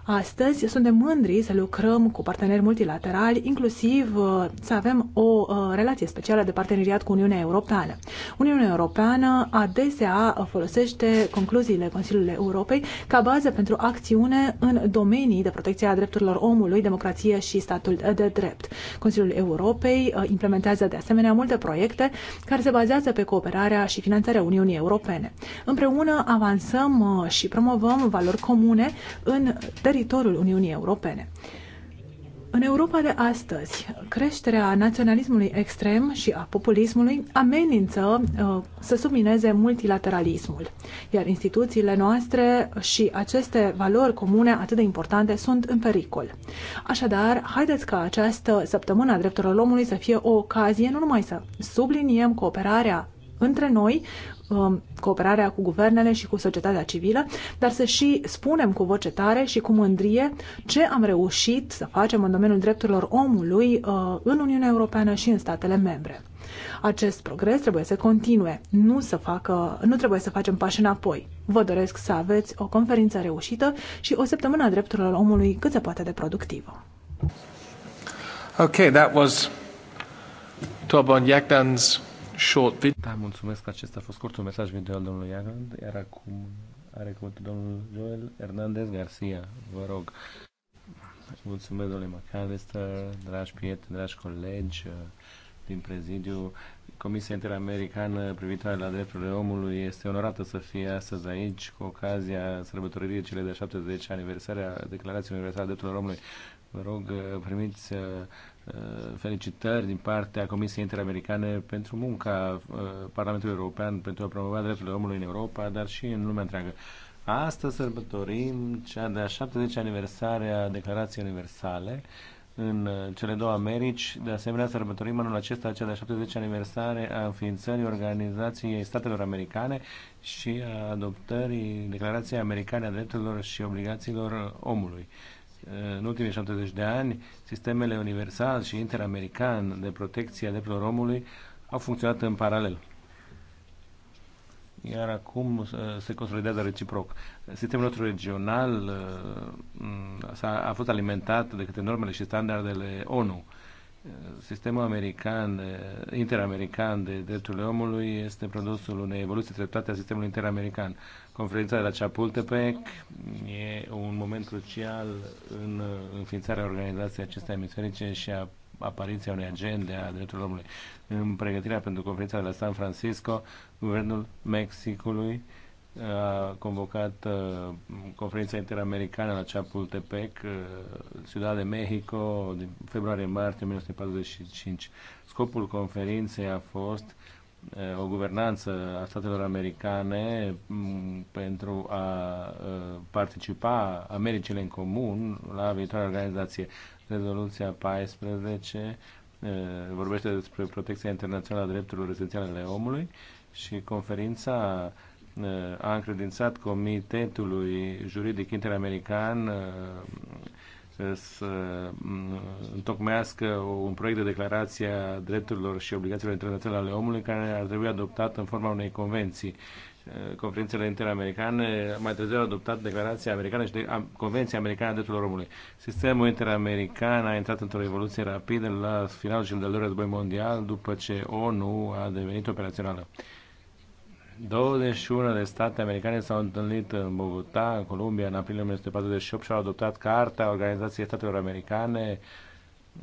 Astăzi suntem mândri să lucrăm cu parteneri multilaterali, inclusiv să avem o relație specială de parteneriat parteneriat cu Uniunea Europeană. Uniunea Europeană adesea folosește concluziile Consiliului Europei ca bază pentru acțiune în domenii de protecție a drepturilor omului, democrație și statul de drept. Consiliul Europei uh, implementează de asemenea multe proiecte care se bazează pe cooperarea și finanțarea Uniunii Europene. Împreună avansăm uh, și promovăm valori comune în teritoriul Uniunii Europene. În Europa de astăzi, creșterea naționalismului extrem și a populismului amenință uh, să submineze multilateralismul, iar instituțiile noastre și aceste valori comune atât de importante sunt în pericol. Așadar, haideți ca această săptămână a drepturilor omului să fie o ocazie nu numai să subliniem cooperarea între noi, Um, cooperarea cu guvernele și cu societatea civilă, dar să și spunem cu voce tare și cu mândrie ce am reușit să facem în domeniul drepturilor omului uh, în Uniunea Europeană și în statele membre. Acest progres trebuie să continue, nu, să facă, nu trebuie să facem pași înapoi. Vă doresc să aveți o conferință reușită și o săptămână a drepturilor omului cât se poate de productivă. Okay, that was Torbjörn Jagdans short video. Da, mulțumesc. că Acesta a fost scurtul mesaj video al domnului Iagland, iar acum are cuvântul domnul Joel Hernandez Garcia. Vă rog. Mulțumesc, domnule McAllister, dragi prieteni, dragi colegi uh, din prezidiu. Comisia Interamericană privitoare la drepturile omului este onorată să fie astăzi aici cu ocazia sărbătoririi cele de 70 aniversare a Declarației Universale a Drepturilor Omului. Vă rog, uh, primiți uh, Uh, felicitări din partea Comisiei Interamericane pentru munca uh, Parlamentului European pentru a promova drepturile omului în Europa, dar și în lumea întreagă. Astăzi sărbătorim cea de-a 70 aniversare a Declarației Universale în uh, cele două Americi. De asemenea, sărbătorim anul acesta cea de-a 70 aniversare a înființării Organizației Statelor Americane și a adoptării Declarației Americane a Drepturilor și Obligațiilor Omului. Uh, în ultimii 70 de ani, sistemele universal și interamerican de protecție a drepturilor omului au funcționat în paralel. Iar acum uh, se consolidează reciproc. Sistemul nostru regional uh, mm, a fost alimentat de către normele și standardele ONU. Uh, sistemul american, interamerican de drepturile omului este produsul unei evoluții treptate a sistemului interamerican. Conferința de la Chapultepec e un moment crucial în uh, înființarea organizației acestei emisferice și a apariția unei agende a drepturilor omului. În pregătirea pentru conferința de la San Francisco, guvernul Mexicului a convocat uh, conferința interamericană la Chapultepec, uh, Ciudad de Mexico, din februarie-martie 1945. Scopul conferinței a fost Eh, o guvernanță a statelor americane mm, pentru a eh, participa Americile în comun la viitoarea organizație. Rezoluția 14 eh, vorbește despre protecția internațională a drepturilor esențiale ale omului și conferința a încredințat Comitetului Juridic Interamerican să mm, întocmească un proiect de declarație a drepturilor și obligațiilor internaționale ale omului care ar trebui adoptat în forma unei convenții. Eh, Conferințele interamericane mai târziu au adoptat declarația americană și de, a, Convenția Americană a Drepturilor Omului. Sistemul interamerican a intrat într-o revoluție rapidă la finalul și de război mondial după ce ONU a devenit operațională. 21 de state americane s-au întâlnit în Bogotá, în Columbia, în aprilie 1948 și au adoptat Carta Organizației Statelor Americane,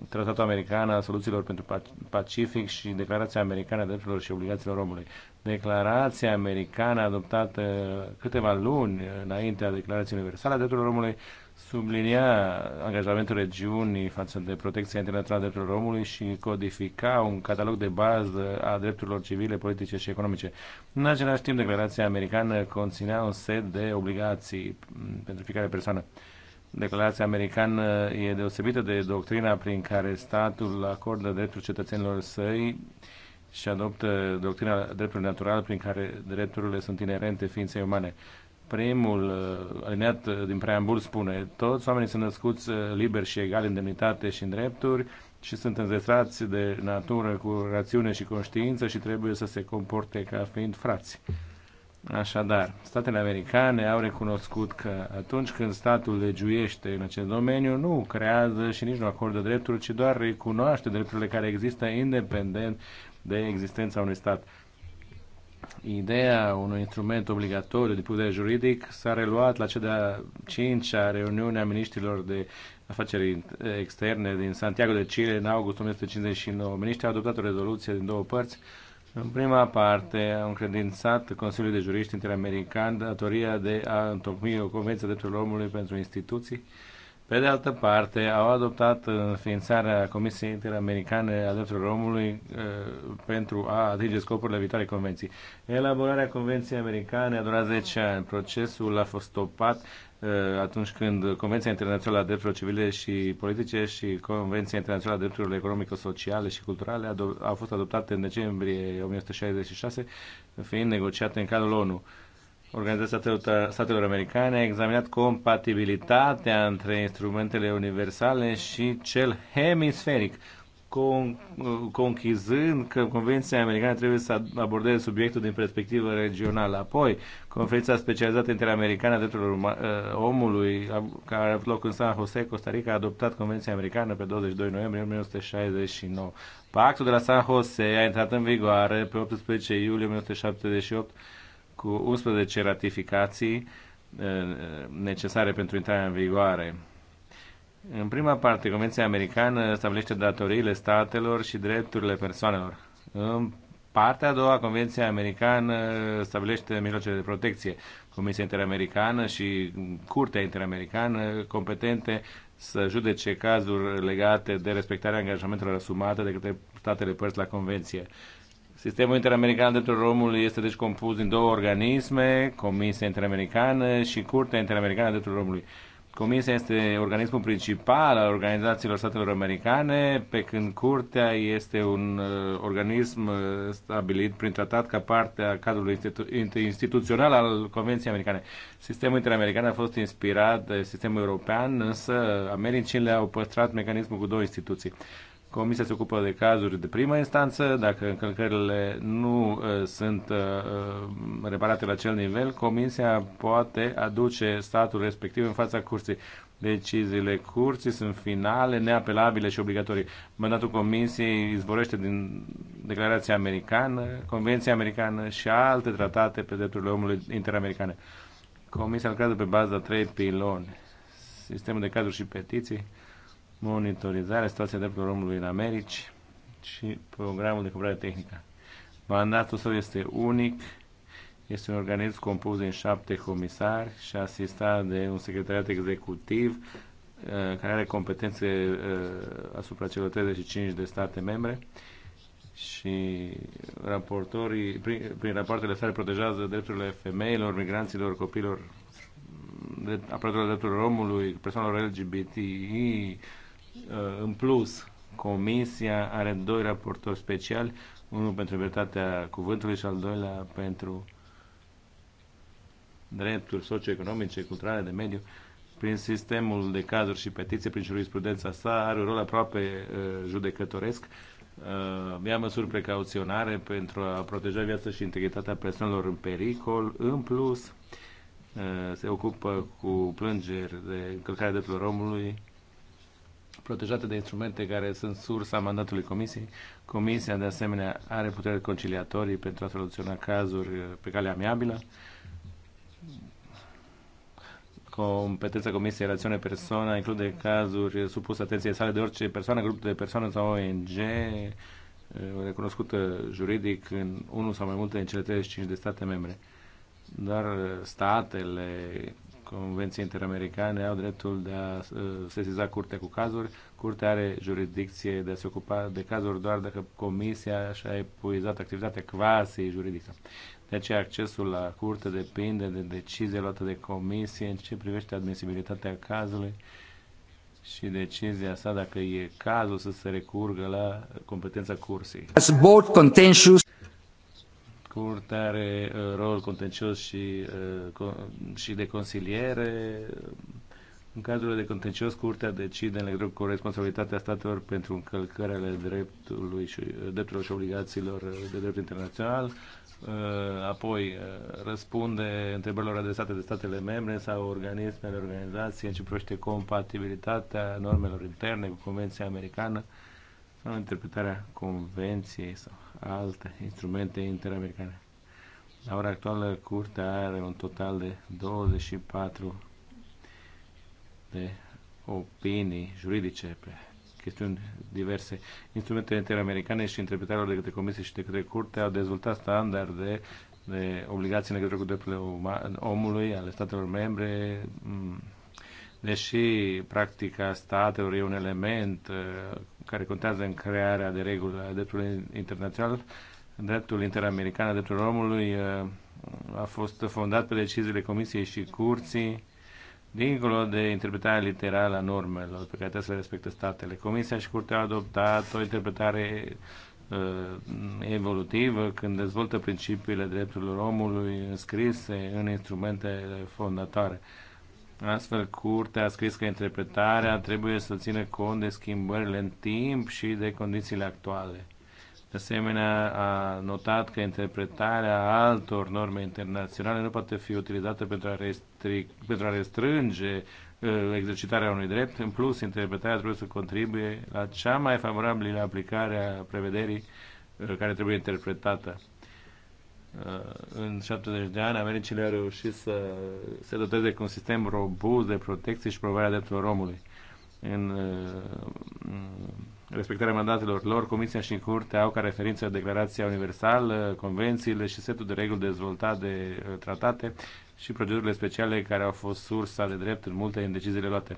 Tratatul American al Soluțiilor pentru Pacific și Declarația Americană a Drepturilor și Obligațiilor Omului. Declarația Americană adoptată uh, câteva luni înaintea Declarației Universale a Drepturilor Omului sublinia angajamentul regiunii față de protecția internațională a drepturilor omului și codifica un catalog de bază a drepturilor civile, politice și economice. În același timp, declarația americană conținea un set de obligații pentru fiecare persoană. Declarația americană e deosebită de doctrina prin care statul acordă dreptul cetățenilor săi și adoptă doctrina dreptului natural prin care drepturile sunt inerente ființei umane. Primul alineat uh, uh, din preambul spune toți oamenii sunt născuți uh, liberi și egali în demnitate și în drepturi și sunt înzestrați de natură cu rațiune și conștiință și trebuie să se comporte ca fiind frați. Așadar, statele americane au recunoscut că atunci când statul legiuiește în acest domeniu, nu creează și nici nu acordă drepturi, ci doar recunoaște drepturile care există independent de existența unui stat. Ideea unui instrument obligatoriu de putere juridic s-a reluat la cea de-a cincea reuniune a ministrilor de afaceri externe din Santiago de Chile în august 1959. Ministrii au adoptat o rezoluție din două părți. În prima parte au încredințat Consiliul de Juriști Interamerican datoria de a întocmi o convenție de drepturilor omului pentru instituții pe de altă parte, au adoptat înființarea Comisiei Interamericane a Drepturilor Omului uh, pentru a atinge scopurile viitoare convenții. Elaborarea Convenției Americane a durat 10 ani. Procesul a fost stopat uh, atunci când Convenția Internațională a Drepturilor Civile și Politice și Convenția Internațională a Drepturilor Economico-Sociale și Culturale au fost adoptate în decembrie 1966, fiind negociate în cadrul ONU. Organizația Statelor Americane a examinat compatibilitatea între instrumentele universale și cel hemisferic, con, conchizând că Convenția Americană trebuie să abordeze subiectul din perspectivă regională. Apoi, Conferința Specializată Interamericană a Drepturilor uh, Omului, care a avut loc în San Jose, Costa Rica, a adoptat Convenția Americană pe 22 noiembrie 1969. Pactul de la San Jose a intrat în vigoare pe 18 iulie 1978 cu 11 ratificații uh, uh, necesare pentru intrarea în vigoare. În prima parte, Convenția Americană stabilește datoriile statelor și drepturile persoanelor. În partea a doua, Convenția Americană stabilește mijloacele de protecție. Comisia Interamericană și Curtea Interamericană competente să judece cazuri legate de respectarea angajamentelor asumate de către statele părți la Convenție. Sistemul Interamerican al Drepturilor Omului este deci compus din două organisme, Comisia Interamericană și Curtea Interamericană a Drepturilor Omului. Comisia este organismul principal al organizațiilor statelor americane, pe când Curtea este un uh, organism uh, stabilit prin tratat ca parte a cadrului institu- instituțional al Convenției Americane. Sistemul interamerican a fost inspirat de sistemul european, însă americile au păstrat mecanismul cu două instituții. Comisia se ocupă de cazuri de primă instanță. Dacă încălcările nu uh, sunt uh, uh, reparate la acel nivel, Comisia poate aduce statul respectiv în fața curții. Deciziile curții sunt finale, neapelabile și obligatorii. Mandatul Comisiei izvorește din Declarația Americană, Convenția Americană și alte tratate pe drepturile omului interamericane. Comisia lucrează pe baza trei piloni. Sistemul de cazuri și petiții, monitorizarea situației drepturilor omului în Americi și programul de cooperare tehnică. Mandatul său este unic, este un organism compus din șapte comisari și asistat de un secretariat executiv uh, care are competențe uh, asupra celor 35 de state membre și raportorii, prin, prin rapoartele sale, protejează drepturile femeilor, migranților, copilor, apărătorilor drepturilor omului, persoanelor LGBTI, Uh, în plus, Comisia are doi raportori speciali, unul pentru libertatea cuvântului și al doilea pentru drepturi socioeconomice, culturale, de mediu. Prin sistemul de cazuri și petiții, prin jurisprudența sa, are un rol aproape uh, judecătoresc. Uh, ia măsuri precauționare pentru a proteja viața și integritatea persoanelor în pericol. În plus, uh, se ocupă cu plângeri de încălcare drepturilor omului, protejate de instrumente care sunt sursa mandatului Comisiei. Comisia, de asemenea, are putere conciliatorii pentru a soluționa cazuri pe cale amiabilă. Competența Comisiei Relațiune Persoană include cazuri supuse atenției sale de orice persoană, grup de persoane sau ONG, eh, recunoscută juridic în unul sau mai multe din cele 35 de state membre. Dar eh, statele Convenției interamericane au dreptul de a uh, sesiza curtea cu cazuri. Curtea are jurisdicție de a se ocupa de cazuri doar dacă comisia și-a epuizat activitatea quasi juridică. De aceea accesul la curte depinde de decizie luată de comisie în ce privește admisibilitatea cazului și decizia sa dacă e cazul să se recurgă la competența cursii. Curtea are uh, rol contencios și, uh, și de consiliere. În cazul de contencios, Curtea decide în legătură cu responsabilitatea statelor pentru încălcări ale dreptului și, uh, drepturilor și obligațiilor de drept internațional, apoi răspunde întrebărilor adresate de statele membre sau organismele organizației în ce privește compatibilitatea normelor interne cu Convenția Americană sau interpretarea convenției sau alte instrumente interamericane. La ora actuală, curtea are un total de 24 de opinii juridice pe chestiuni diverse. Instrumentele interamericane și interpretarea de către comisie și de către curte au dezvoltat standarde de obligații în legătură cu drepturile omului ale statelor membre, mm, deși practica statelor e un element uh, care contează în crearea de reguli a dreptului internațional, dreptul interamerican a drepturilor omului uh, a fost fondat pe deciziile Comisiei și Curții, dincolo de interpretarea literală a normelor pe care trebuie să le respecte statele. Comisia și Curtea au adoptat o interpretare uh, evolutivă când dezvoltă principiile drepturilor omului înscrise în instrumentele fondatoare. Astfel, curtea a scris că interpretarea trebuie să țină cont de schimbările în timp și de condițiile actuale. De asemenea, a notat că interpretarea altor norme internaționale nu poate fi utilizată pentru a, restric, pentru a restrânge uh, exercitarea unui drept. În plus, interpretarea trebuie să contribuie la cea mai favorabilă aplicare a prevederii uh, care trebuie interpretată. Uh, în 70 de ani Americile au reușit să se doteze cu un sistem robust de protecție și promovarea drepturilor omului. Uh, în respectarea mandatelor lor, Comisia și Curtea au ca referință Declarația Universală, convențiile și setul de reguli dezvoltate, de uh, tratate și procedurile speciale care au fost sursa de drept în multe din deciziile luate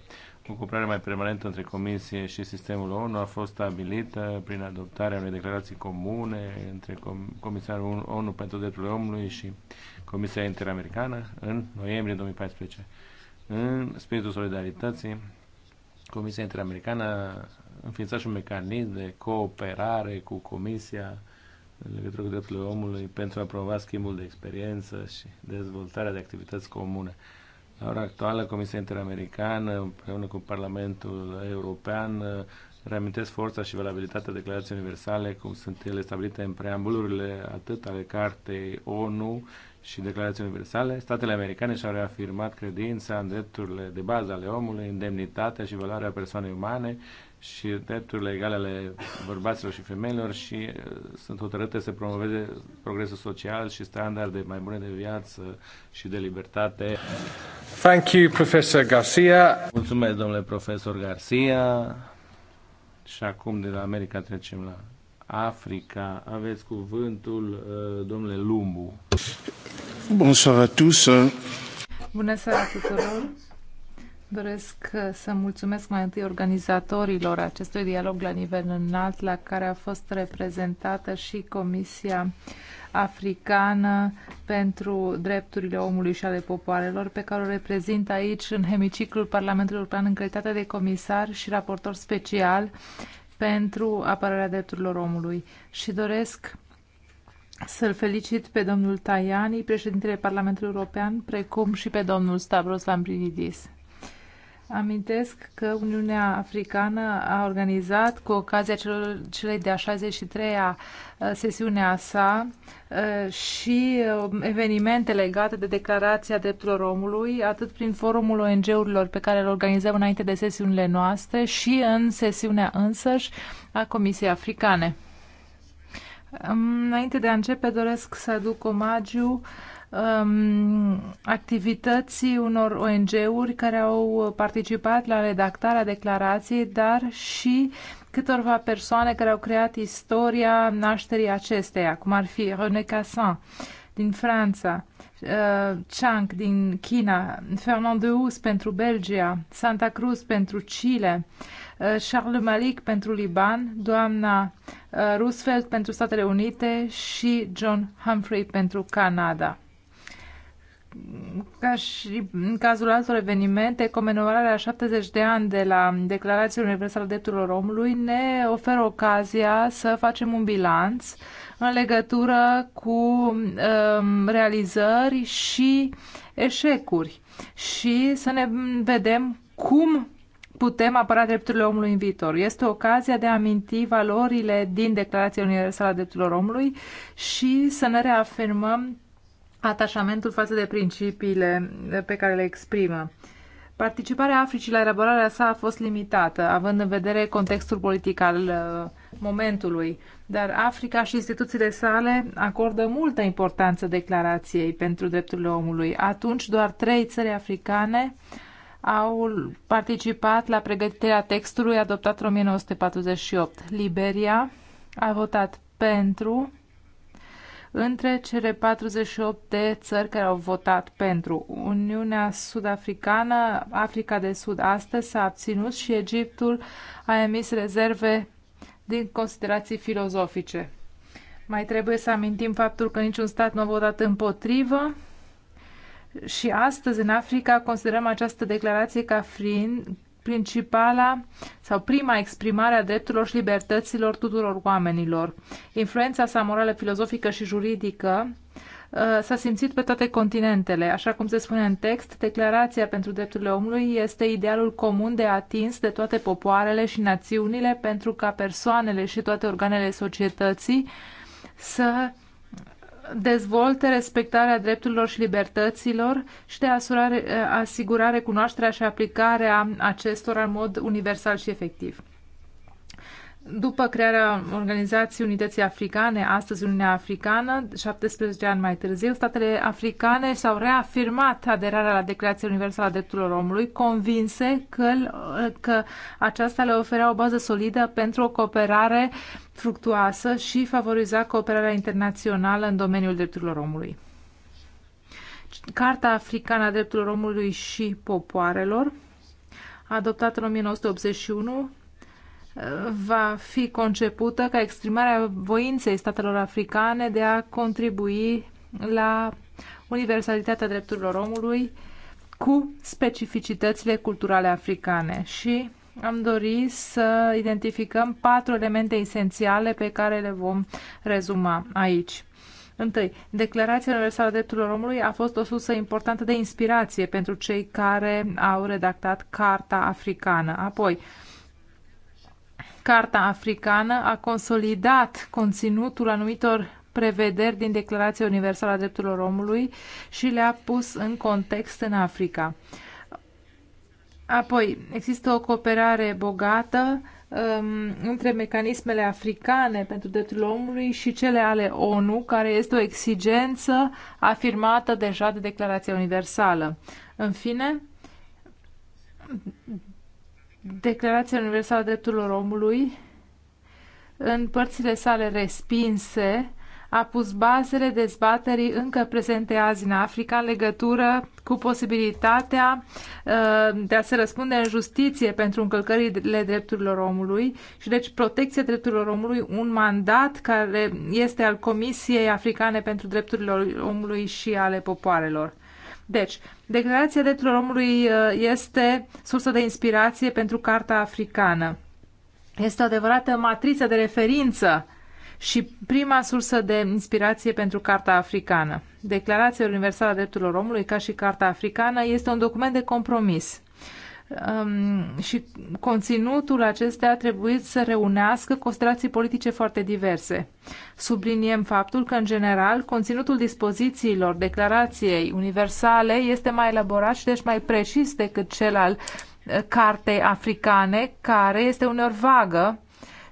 o cooperare mai permanentă între Comisie și sistemul ONU a fost stabilită prin adoptarea unei declarații comune între Comisarul ONU pentru Drepturile Omului și Comisia Interamericană în noiembrie 2014. În spiritul solidarității, Comisia Interamericană a înființat și un mecanism de cooperare cu Comisia în legătură cu drepturile omului pentru a promova schimbul de experiență și dezvoltarea de activități comune. La ora actuală, Comisia Interamericană, împreună cu Parlamentul European, reamintesc forța și valabilitatea declarației universale, cum sunt ele stabilite în preambulurile atât ale cartei ONU și declarației universale. Statele americane și-au reafirmat credința în drepturile de bază ale omului, în demnitatea și valoarea persoanei umane și drepturile egale ale bărbaților și femeilor și uh, sunt hotărâte să promoveze progresul social și standarde mai bune de viață și de libertate. Thank you, Professor Garcia. Mulțumesc, domnule profesor Garcia. Și acum de la America trecem la Africa. Aveți cuvântul, uh, domnule Lumbu. Bonsoir à tous. Bună seara tuturor. Doresc uh, să mulțumesc mai întâi organizatorilor acestui dialog la nivel înalt, la care a fost reprezentată și Comisia Africană pentru Drepturile Omului și ale Popoarelor, pe care o reprezint aici în hemiciclul Parlamentului European în calitate de comisar și raportor special pentru apărarea drepturilor omului. Și doresc să-l felicit pe domnul Tajani, președintele Parlamentului European, precum și pe domnul Stavros Lambrinidis. Amintesc că Uniunea Africană a organizat, cu ocazia celei de-a 63-a uh, sesiunea sa, uh, și uh, evenimente legate de declarația drepturilor omului, atât prin forumul ONG-urilor pe care îl organizăm înainte de sesiunile noastre și în sesiunea însăși a Comisiei Africane. Înainte de a începe, doresc să aduc omagiu uh, um, activității unor ONG-uri care au participat la redactarea declarației, dar și câtorva persoane care au creat istoria nașterii acesteia, cum ar fi René Cassin din Franța, uh, Chang din China, Fernand de Hus pentru Belgia, Santa Cruz pentru Chile, uh, Charles Malik pentru Liban, doamna uh, Roosevelt pentru Statele Unite și John Humphrey pentru Canada ca și în cazul altor evenimente, comemorarea 70 de ani de la Declarația Universală a Drepturilor Omului ne oferă ocazia să facem un bilanț în legătură cu um, realizări și eșecuri și să ne vedem cum putem apăra drepturile omului în viitor. Este ocazia de a aminti valorile din Declarația Universală a Drepturilor Omului și să ne reafirmăm atașamentul față de principiile pe care le exprimă. Participarea Africii la elaborarea sa a fost limitată, având în vedere contextul politic al uh, momentului, dar Africa și instituțiile sale acordă multă importanță declarației pentru drepturile omului. Atunci, doar trei țări africane au participat la pregătirea textului adoptat în 1948. Liberia a votat pentru între cele 48 de țări care au votat pentru. Uniunea Sud-Africană, Africa de Sud astăzi s-a abținut și Egiptul a emis rezerve din considerații filozofice. Mai trebuie să amintim faptul că niciun stat nu a votat împotrivă și astăzi în Africa considerăm această declarație ca fiind, principala sau prima exprimare a drepturilor și libertăților tuturor oamenilor. Influența sa morală, filozofică și juridică uh, s-a simțit pe toate continentele. Așa cum se spune în text, Declarația pentru Drepturile Omului este idealul comun de atins de toate popoarele și națiunile pentru ca persoanele și toate organele societății să dezvolte respectarea drepturilor și libertăților și de asigura recunoașterea și aplicarea acestora în mod universal și efectiv. După crearea Organizației Unității Africane, astăzi Uniunea Africană, 17 ani mai târziu, statele africane s-au reafirmat aderarea la Declarația Universală a Drepturilor Omului, convinse că, că aceasta le oferea o bază solidă pentru o cooperare fructuoasă și favoriza cooperarea internațională în domeniul drepturilor omului. Carta Africană a Drepturilor Omului și Popoarelor, adoptată în 1981, va fi concepută ca exprimarea voinței statelor africane de a contribui la universalitatea drepturilor omului cu specificitățile culturale africane și am dorit să identificăm patru elemente esențiale pe care le vom rezuma aici. Întâi, Declarația Universală a Drepturilor Omului a fost o sursă importantă de inspirație pentru cei care au redactat Carta Africană. Apoi, uh, Carta Africană a consolidat conținutul anumitor prevederi din Declarația Universală a Drepturilor Omului și le-a pus în context în Africa. Apoi, există o cooperare bogată um, între mecanismele africane pentru drepturile omului și cele ale ONU, care este o exigență afirmată deja de Declarația Universală. În fine, Declarația Universală a Drepturilor Omului, în părțile sale respinse, a pus bazele dezbaterii încă prezente azi în Africa în legătură cu posibilitatea uh, de a se răspunde în justiție pentru încălcările drepturilor omului și deci protecția drepturilor omului, un mandat care este al Comisiei Africane pentru Drepturile Omului și ale Popoarelor. Deci, Declarația Drepturilor Omului uh, este sursă de inspirație pentru Carta Africană. Este o adevărată matriță de referință și prima sursă de inspirație pentru Carta Africană. Declarația Universală a Drepturilor Omului, ca și Carta Africană, este un document de compromis um, și conținutul acestea a trebuit să reunească considerații politice foarte diverse. Subliniem faptul că, în general, conținutul dispozițiilor declarației universale este mai elaborat și deci mai precis decât cel al uh, cartei africane, care este uneori vagă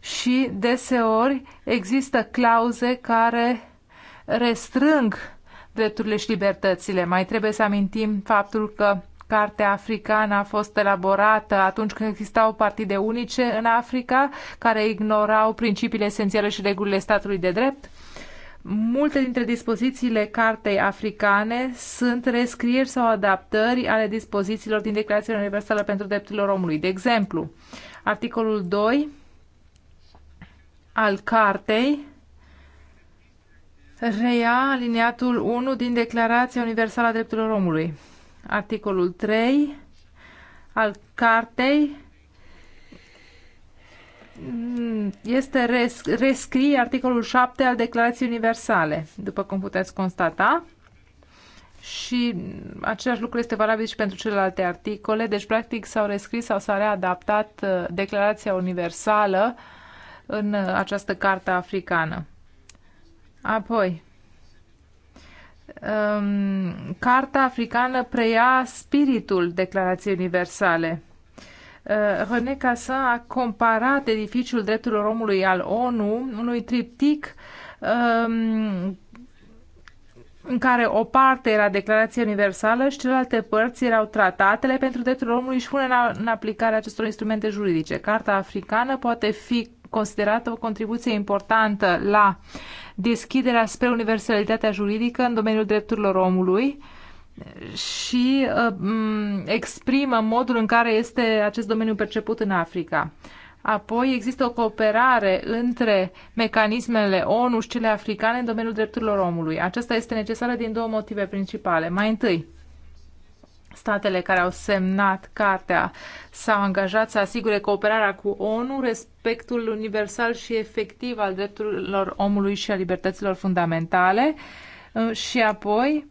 și deseori există clauze care restrâng drepturile și libertățile. Mai trebuie să amintim faptul că cartea africană a fost elaborată atunci când existau partide unice în Africa, care ignorau principiile esențiale și regulile statului de drept? Multe dintre dispozițiile cartei africane sunt rescrieri sau adaptări ale dispozițiilor din Declarația Universală pentru Drepturile Omului. De exemplu, articolul 2 al cartei reia aliniatul 1 din Declarația Universală a Drepturilor Omului articolul 3 al cartei mm, este res, rescrie articolul 7 al Declarației Universale, după cum puteți constata. Și același lucru este valabil și pentru celelalte articole, deci practic s-au rescris sau s-a readaptat uh, Declarația Universală în uh, această carte africană. Apoi, um, Carta Africană preia spiritul Declarației Universale. Uh, René Cassin a comparat edificiul drepturilor omului al ONU unui triptic um, în care o parte era Declarația Universală și celelalte părți erau tratatele pentru drepturile omului și punerea în aplicare acestor instrumente juridice. Carta africană poate fi considerată o contribuție importantă la deschiderea spre universalitatea juridică în domeniul drepturilor omului și uh, exprimă modul în care este acest domeniu perceput în Africa. Apoi există o cooperare între mecanismele ONU și cele africane în domeniul drepturilor omului. Aceasta este necesară din două motive principale. Mai întâi, statele care au semnat cartea s-au angajat să asigure cooperarea cu ONU, respectul universal și efectiv al drepturilor omului și a libertăților fundamentale uh, și apoi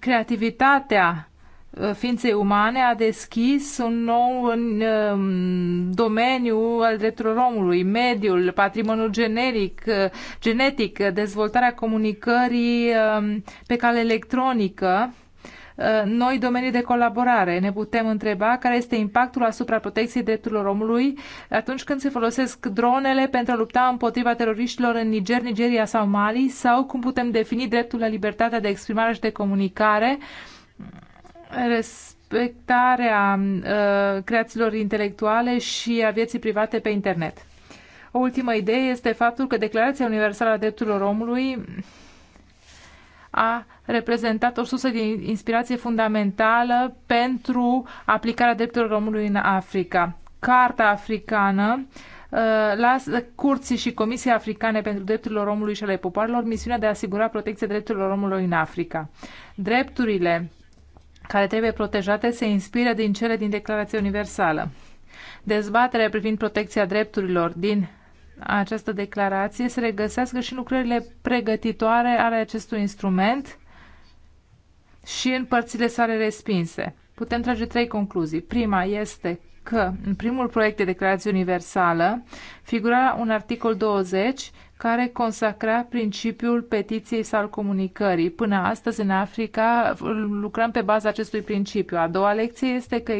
creativitatea uh, ființei umane a deschis un nou în, um, domeniu al drepturilor omului, mediul, patrimoniul generic, uh, genetic, dezvoltarea comunicării um, pe cale electronică Uh, noi domenii de colaborare. Ne putem întreba care este impactul asupra protecției drepturilor omului atunci când se folosesc dronele pentru a lupta împotriva teroriștilor în Niger, Nigeria sau Mali sau cum putem defini dreptul la libertatea de exprimare și de comunicare respectarea uh, creațiilor intelectuale și a vieții private pe internet. O ultimă idee este faptul că Declarația Universală a Drepturilor Omului a reprezentat o sursă de inspirație fundamentală pentru aplicarea drepturilor omului în Africa. Carta africană uh, la Curții și Comisia Africane pentru Drepturile Omului și ale Popoarelor misiunea de a asigura protecția drepturilor omului în Africa. Drepturile care trebuie protejate se inspiră din cele din Declarația Universală. Dezbaterea privind protecția drepturilor din această declarație se regăsească și lucrările pregătitoare ale acestui instrument și în părțile sale respinse. Putem trage trei concluzii. Prima este că în primul proiect de declarație universală figura un articol 20 care consacra principiul petiției sau comunicării. Până astăzi, în Africa, lucrăm pe baza acestui principiu. A doua lecție este că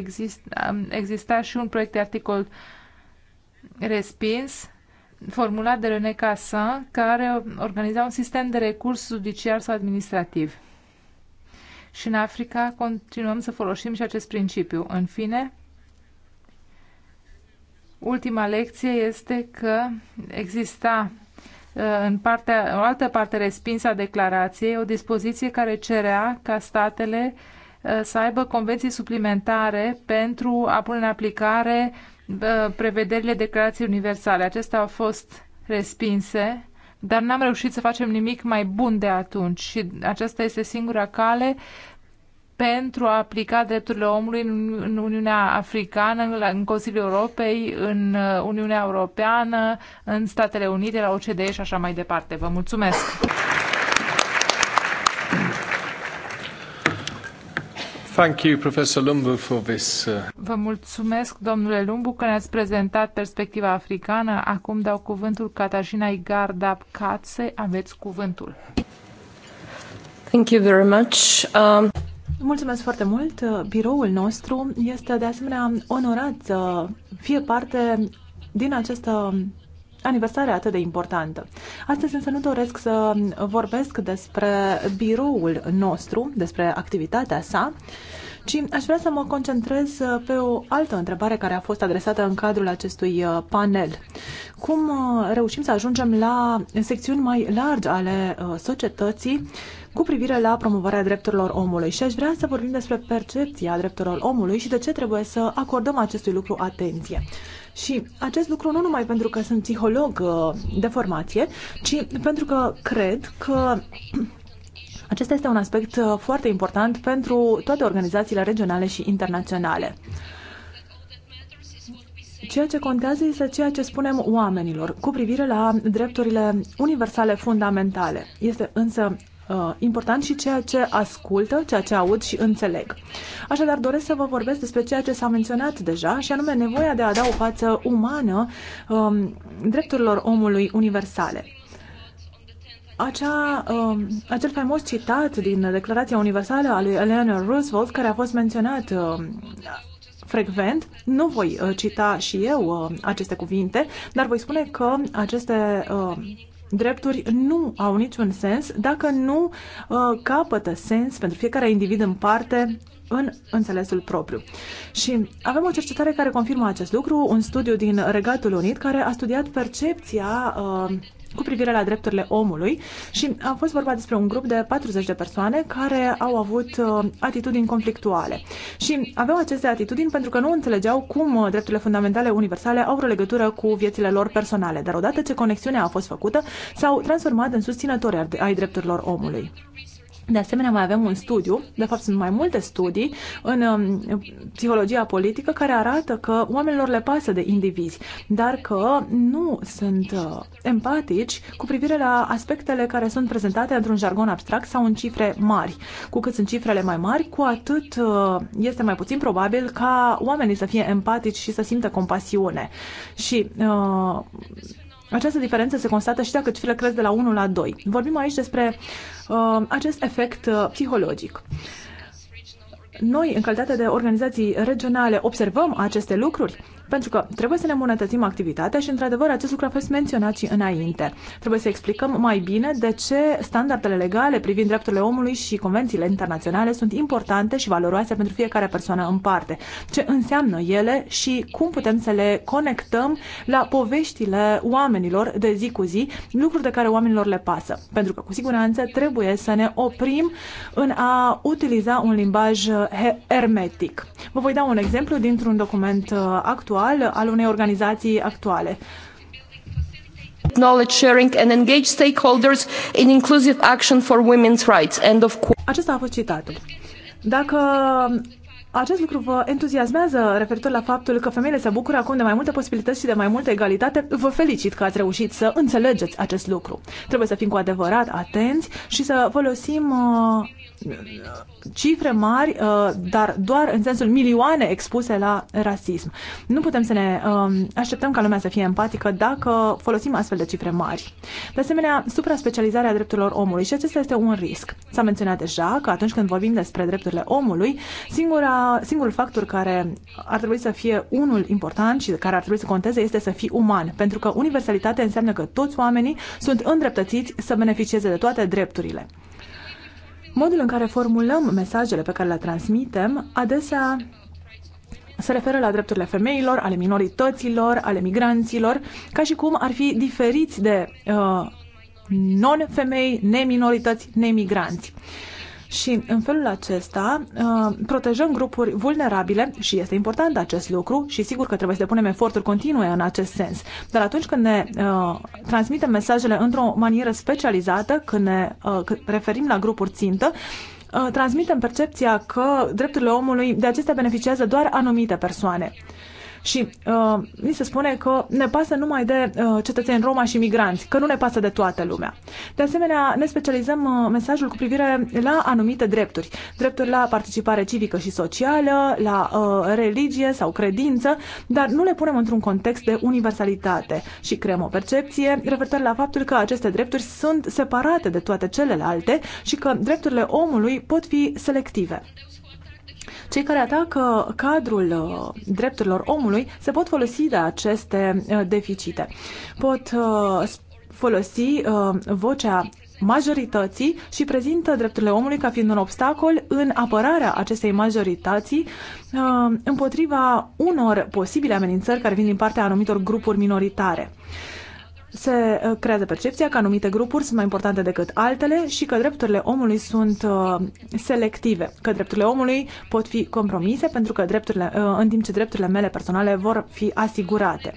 exista și un proiect de articol respins formulat de René Cassin, care organiza un sistem de recurs judiciar sau administrativ. Și în Africa continuăm să folosim și acest principiu. În fine, ultima lecție este că exista uh, în partea, o altă parte respinsă a declarației, o dispoziție care cerea ca statele uh, să aibă convenții suplimentare pentru a pune în aplicare uh, prevederile declarației universale. Acestea au fost respinse, dar n-am reușit să facem nimic mai bun de atunci și aceasta este singura cale pentru a aplica drepturile omului în Uniunea Africană, în Consiliul Europei, în uh, Uniunea Europeană, în Statele Unite, la OCDE și așa mai departe. Vă mulțumesc! Thank you, Professor Lumbu, for this. Uh, Vă mulțumesc, domnule Lumbu, că ne-ați prezentat perspectiva africană. Acum dau cuvântul Catarina Igarda Catse. Aveți cuvântul. Thank you very much. Um... Mulțumesc foarte mult. Biroul nostru este de asemenea onorat să fie parte din această aniversare atât de importantă. Astăzi însă nu doresc să vorbesc despre biroul nostru, despre activitatea sa, ci aș vrea să mă concentrez uh, pe o altă întrebare care a fost adresată în cadrul acestui uh, panel. Cum uh, reușim să ajungem la secțiuni mai largi ale societății cu privire la promovarea drepturilor omului și aș vrea să vorbim despre percepția drepturilor omului și de ce trebuie să acordăm acestui lucru atenție. Și acest lucru nu numai pentru că sunt psiholog de formație, ci pentru că cred că acesta este un aspect uh, foarte important pentru toate organizațiile regionale și internaționale. Ceea ce contează este ceea ce spunem oamenilor cu privire la drepturile universale fundamentale. Este însă uh, important și ceea ce ascultă, ceea ce aud și înțeleg. Așadar, doresc să vă vorbesc despre ceea ce s-a menționat deja, și anume nevoia de a da o față umană um, drepturilor omului universale acea, uh, acel faimos citat din Declarația Universală a lui Eleanor Roosevelt, care a fost menționat uh, frecvent, nu voi uh, cita și eu uh, aceste cuvinte, dar voi spune că aceste uh, drepturi nu au niciun sens dacă nu uh, capătă sens pentru fiecare individ în parte în înțelesul propriu. Și avem o cercetare care confirmă acest lucru, un studiu din Regatul Unit care a studiat percepția uh, cu privire la drepturile omului și a fost vorba despre un grup de 40 de persoane care au avut uh, atitudini conflictuale. Și aveau aceste atitudini pentru că nu înțelegeau cum uh, drepturile fundamentale universale au o legătură cu viețile lor personale, dar odată ce conexiunea a fost făcută, s-au transformat în susținători ai drepturilor omului. De asemenea, mai avem un studiu, de fapt sunt mai multe studii în um, psihologia politică care arată că oamenilor le pasă de indivizi, dar că nu sunt uh, empatici cu privire la aspectele care sunt prezentate într-un jargon abstract sau în cifre mari. Cu cât sunt cifrele mai mari, cu atât uh, este mai puțin probabil ca oamenii să fie empatici și să simtă compasiune. Și uh, această diferență se constată și dacă cifrele cresc de la 1 la 2. Vorbim aici despre uh, acest efect uh, psihologic. Noi, în calitate de organizații regionale, observăm aceste lucruri pentru că trebuie să ne îmbunătățim activitatea și, într-adevăr, acest lucru a fost menționat și înainte. Trebuie să explicăm mai bine de ce standardele legale privind drepturile omului și convențiile internaționale sunt importante și valoroase pentru fiecare persoană în parte, ce înseamnă ele și cum putem să le conectăm la poveștile oamenilor de zi cu zi, lucruri de care oamenilor le pasă. Pentru că, cu siguranță, trebuie să ne oprim în a utiliza un limbaj hermetic. Vă voi da un exemplu dintr-un document uh, actual actual al unei organizații actuale. Knowledge sharing and engage stakeholders in inclusive action for women's rights. End of Acesta a fost citatul. Dacă acest lucru vă entuziasmează referitor la faptul că femeile se bucură acum de mai multe posibilități și de mai multă egalitate. Vă felicit că ați reușit să înțelegeți acest lucru. Trebuie să fim cu adevărat atenți și să folosim uh, cifre mari, uh, dar doar în sensul milioane expuse la rasism. Nu putem să ne um, așteptăm ca lumea să fie empatică dacă folosim astfel de cifre mari. De asemenea, supra-specializarea drepturilor omului și acesta este un risc. S-a menționat deja că atunci când vorbim despre drepturile omului, singura, singurul factor care ar trebui să fie unul important și care ar trebui să conteze este să fii uman, pentru că universalitatea înseamnă că toți oamenii sunt îndreptățiți să beneficieze de toate drepturile modul în care formulăm mesajele pe care le transmitem adesea se referă la drepturile femeilor, ale minorităților, ale migranților, ca și cum ar fi diferiți de uh, non-femei, neminorități, nemigranți. Uh, și în felul acesta uh, protejăm grupuri vulnerabile și este important acest lucru și sigur că trebuie să depunem eforturi continue în acest sens. Dar atunci când ne uh, transmitem mesajele într-o manieră specializată, când ne uh, referim la grupuri țintă, transmitem percepția că drepturile omului de acestea beneficiază doar anumite persoane. Și uh, se spune că ne pasă numai de uh, cetățeni Roma și migranți, că nu ne pasă de toată lumea. De asemenea, ne specializăm uh, mesajul cu privire la anumite drepturi. Drepturi la participare civică și socială, la uh, religie sau credință, dar nu le punem într-un context de universalitate și creăm o percepție referitor la faptul că aceste drepturi sunt separate de toate celelalte și că drepturile omului pot fi selective. Cei care atacă cadrul uh, drepturilor omului se pot folosi de aceste uh, deficite. Pot uh, folosi vocea majorității și prezintă drepturile omului ca fiind un obstacol în apărarea acestei majorității împotriva unor posibile amenințări care vin din partea anumitor grupuri minoritare se uh, creează percepția că anumite grupuri sunt mai importante decât altele și că drepturile omului sunt uh, selective, că drepturile omului pot fi compromise pentru că drepturile, uh, în timp ce drepturile mele personale vor fi asigurate.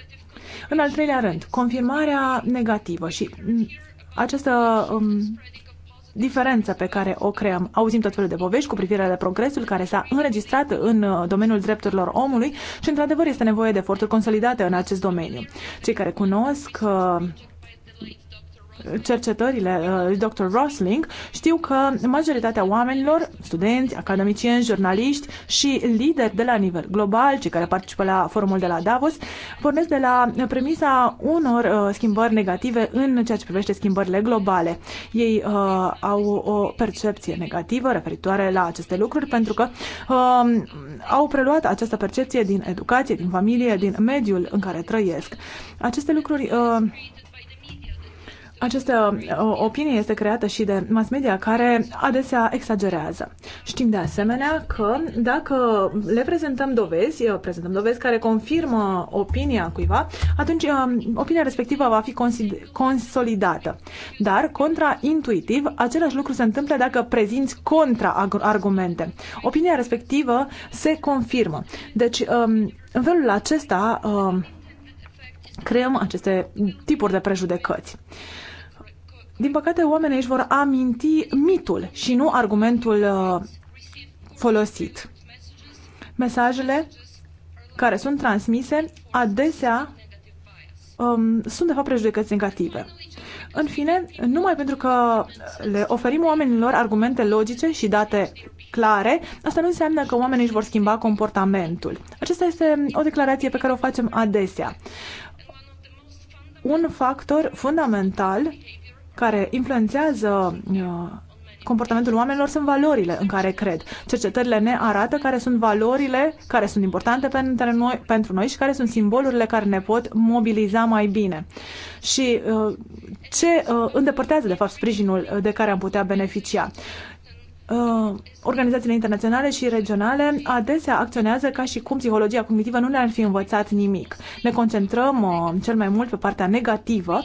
În al treilea rând, confirmarea negativă și mm, această um, diferență pe care o creăm. Auzim tot felul de povești cu privire la progresul care s-a înregistrat în uh, domeniul drepturilor omului și, într-adevăr, este nevoie de eforturi consolidate în acest domeniu. Cei care cunosc uh, cercetările uh, Dr. Rosling, știu că majoritatea oamenilor, studenți, academicieni, jurnaliști și lideri de la nivel global, cei care participă la forumul de la Davos, pornesc de la premisa unor uh, schimbări negative în ceea ce privește schimbările globale. Ei uh, au o percepție negativă referitoare la aceste lucruri pentru că uh, au preluat această percepție din educație, din familie, din mediul în care trăiesc. Aceste lucruri uh, această opinie este creată și de mass media care adesea exagerează. Știm de asemenea că dacă le prezentăm dovezi, uh, prezentăm dovezi care confirmă opinia cuiva, atunci uh, opinia respectivă va fi consolidată. Dar, contraintuitiv, același lucru se întâmplă dacă prezinți contraargumente. Opinia respectivă se confirmă. Deci, um, în felul acesta, um, creăm aceste tipuri de prejudecăți din păcate, oamenii își vor aminti mitul și nu argumentul uh, folosit. Mesajele care sunt transmise adesea um, sunt, de fapt, prejudecăți negative. În fine, numai pentru că le oferim oamenilor argumente logice și date clare, asta nu înseamnă că oamenii își vor schimba comportamentul. Acesta este o declarație pe care o facem adesea. Un factor fundamental care influențează uh, comportamentul oamenilor sunt valorile în care cred. Cercetările ne arată care sunt valorile care sunt importante pentru noi, pentru noi și care sunt simbolurile care ne pot mobiliza mai bine. Și uh, ce uh, îndepărtează, de fapt, sprijinul de care am putea beneficia organizațiile internaționale și regionale adesea acționează ca și cum psihologia cognitivă nu ne-ar fi învățat nimic. Ne concentrăm cel mai mult pe partea negativă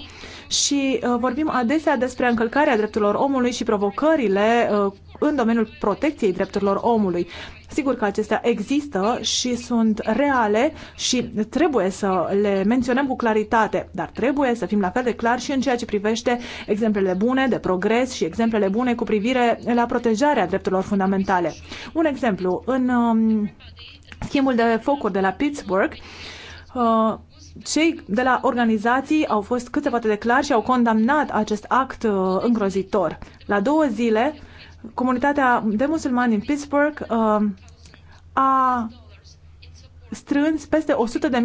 și uh, vorbim adesea despre încălcarea drepturilor omului și provocările uh, în domeniul protecției drepturilor omului. Sigur că acestea există și sunt reale și trebuie să le menționăm cu claritate, dar trebuie să fim la fel de clar și în ceea ce privește exemplele bune de progres și exemplele bune cu privire la protejarea drepturilor fundamentale. Un exemplu, în um, schimbul de focuri de la Pittsburgh, uh, cei de la organizații au fost cât se poate de clar și au condamnat acest act uh, îngrozitor. La două zile, comunitatea de musulmani din Pittsburgh uh, a strâns peste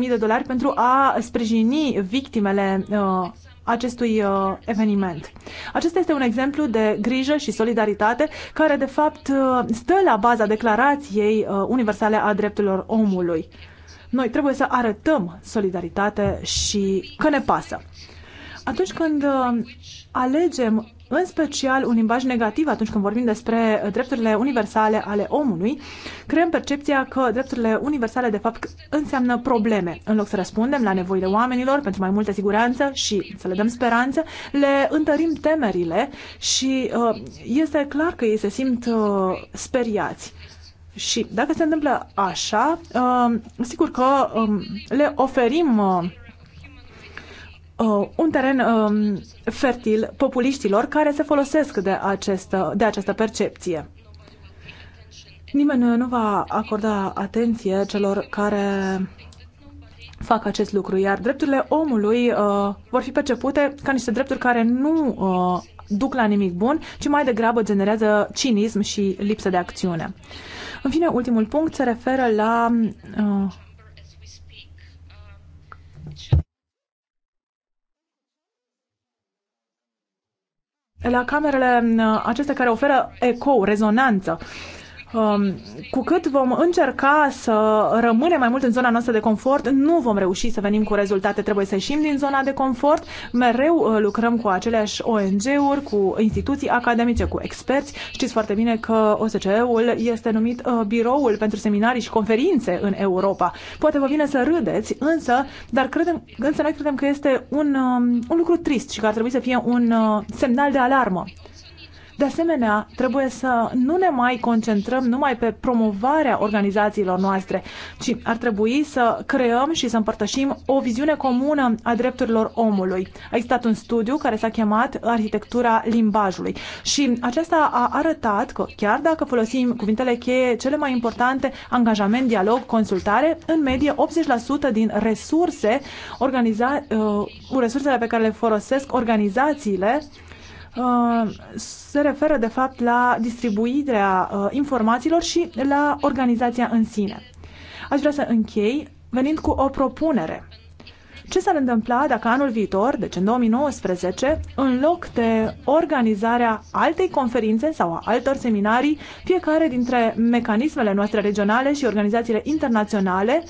100.000 de dolari pentru a sprijini victimele uh, acestui uh, eveniment. Acesta este un exemplu de grijă și solidaritate care, de fapt, uh, stă la baza Declarației uh, Universale a Drepturilor Omului. Noi trebuie să arătăm solidaritate și că ne pasă. Atunci când uh, alegem în special un limbaj negativ atunci când vorbim despre drepturile universale ale omului, creăm percepția că drepturile universale de fapt înseamnă probleme. În loc să răspundem la nevoile oamenilor pentru mai multă siguranță și să le dăm speranță, le întărim temerile și uh, este clar că ei se simt uh, speriați. Și dacă se întâmplă așa, um, sigur că um, le oferim uh, uh, un teren um, fertil populiștilor care se folosesc de această, uh, de această percepție. Nimeni nu va acorda atenție celor care fac acest lucru, iar drepturile omului uh, vor fi percepute ca niște drepturi care nu uh, duc la nimic bun, ci mai degrabă generează cinism și lipsă de acțiune. În fine, ultimul punct se referă la uh, la camerele uh, acestea care oferă ecou, rezonanță. Uh, Um, cu cât vom încerca să rămânem mai mult în zona noastră de confort, nu vom reuși să venim cu rezultate. Trebuie să ieșim din zona de confort. Mereu uh, lucrăm cu aceleași ONG-uri, cu instituții academice, cu experți. Știți foarte bine că OSCE-ul este numit uh, biroul pentru seminarii și conferințe în Europa. Poate vă vine să râdeți, însă, dar credem, însă noi credem că este un, um, un lucru trist și că ar trebui să fie un uh, semnal de alarmă. De asemenea, trebuie să nu ne mai concentrăm numai pe promovarea organizațiilor noastre, ci ar trebui să creăm și să împărtășim o viziune comună a drepturilor omului. A existat un studiu care s-a chemat Arhitectura limbajului și acesta a arătat că chiar dacă folosim cuvintele cheie cele mai importante, angajament, dialog, consultare, în medie 80% din resurse, organiza, uh, resursele pe care le folosesc organizațiile Uh, se referă de fapt la distribuirea uh, informațiilor și la organizația în sine. Aș vrea să închei venind cu o propunere. Ce s-ar întâmpla dacă anul viitor, deci în 2019, în loc de organizarea altei conferințe sau a altor seminarii, fiecare dintre mecanismele noastre regionale și organizațiile internaționale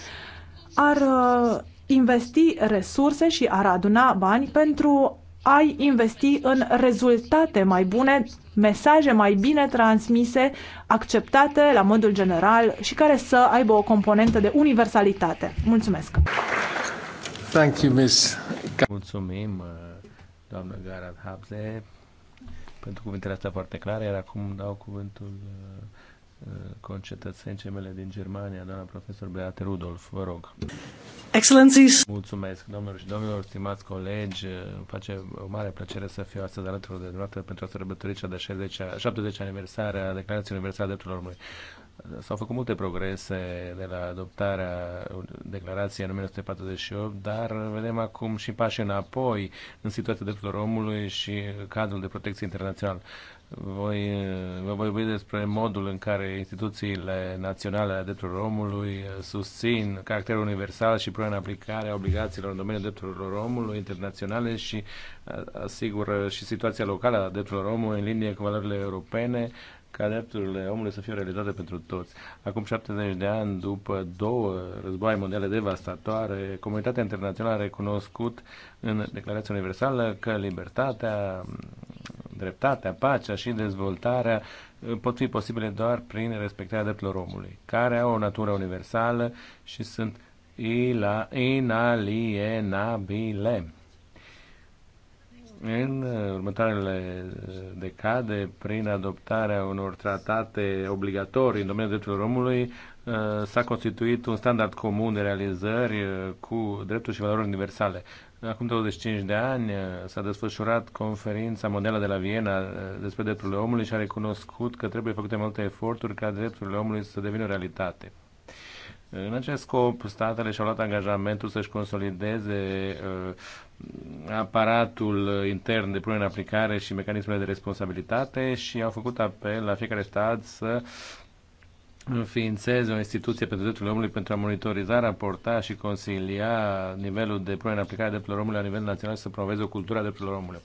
ar uh, investi resurse și ar aduna bani pentru ai investi în rezultate mai bune, mesaje mai bine transmise, acceptate la modul general și care să aibă o componentă de universalitate. Mulțumesc! Thank you, Ms. Mulțumim, uh, doamnă Garat Hable, pentru cuvintele astea foarte clare, iar acum dau cuvântul uh, concetățencei mele din Germania, doamna profesor Beate Rudolf, vă rog. Excellencies! Mulțumesc, domnilor și domnilor, stimați colegi, îmi face o mare plăcere să fiu astăzi alături de dumneavoastră pentru a sărbători cea de 60, 70 aniversare a Declarației Universale a Drepturilor Omului. S-au făcut multe progrese de la adoptarea declarației în 1948, dar vedem acum și pași înapoi în situația drepturilor omului și cadrul de protecție internațional voi, eh, vă voi vorbi despre modul în care instituțiile naționale ale drepturilor omului eh, susțin caracterul universal și pune în aplicare a obligațiilor în domeniul drepturilor omului internaționale și eh, asigură și situația locală a drepturilor omului în linie cu valorile europene, ca drepturile omului să fie realizate pentru toți. Acum 70 de ani, după două războaie mondiale devastatoare, comunitatea internațională a recunoscut în Declarația Universală că libertatea, dreptatea, pacea și dezvoltarea uh, pot fi posibile doar prin respectarea drepturilor omului, care au o natură universală și sunt inalienabile în următoarele uh, decade, prin adoptarea unor tratate obligatorii în domeniul drepturilor omului, uh, s-a constituit un standard comun de realizări uh, cu drepturi și valori universale. Acum 25 de ani s-a desfășurat conferința mondială de la Viena despre drepturile omului și a recunoscut că trebuie făcute multe eforturi ca drepturile omului să devină realitate. În acest scop, statele și-au luat angajamentul să-și consolideze uh, aparatul intern de punere în aplicare și mecanismele de responsabilitate și au făcut apel la fiecare stat să înființeze o instituție pentru drepturile omului pentru a monitoriza, raporta și consilia nivelul de punere în aplicare a drepturilor omului la nivel național și să promoveze o cultură a drepturilor omului.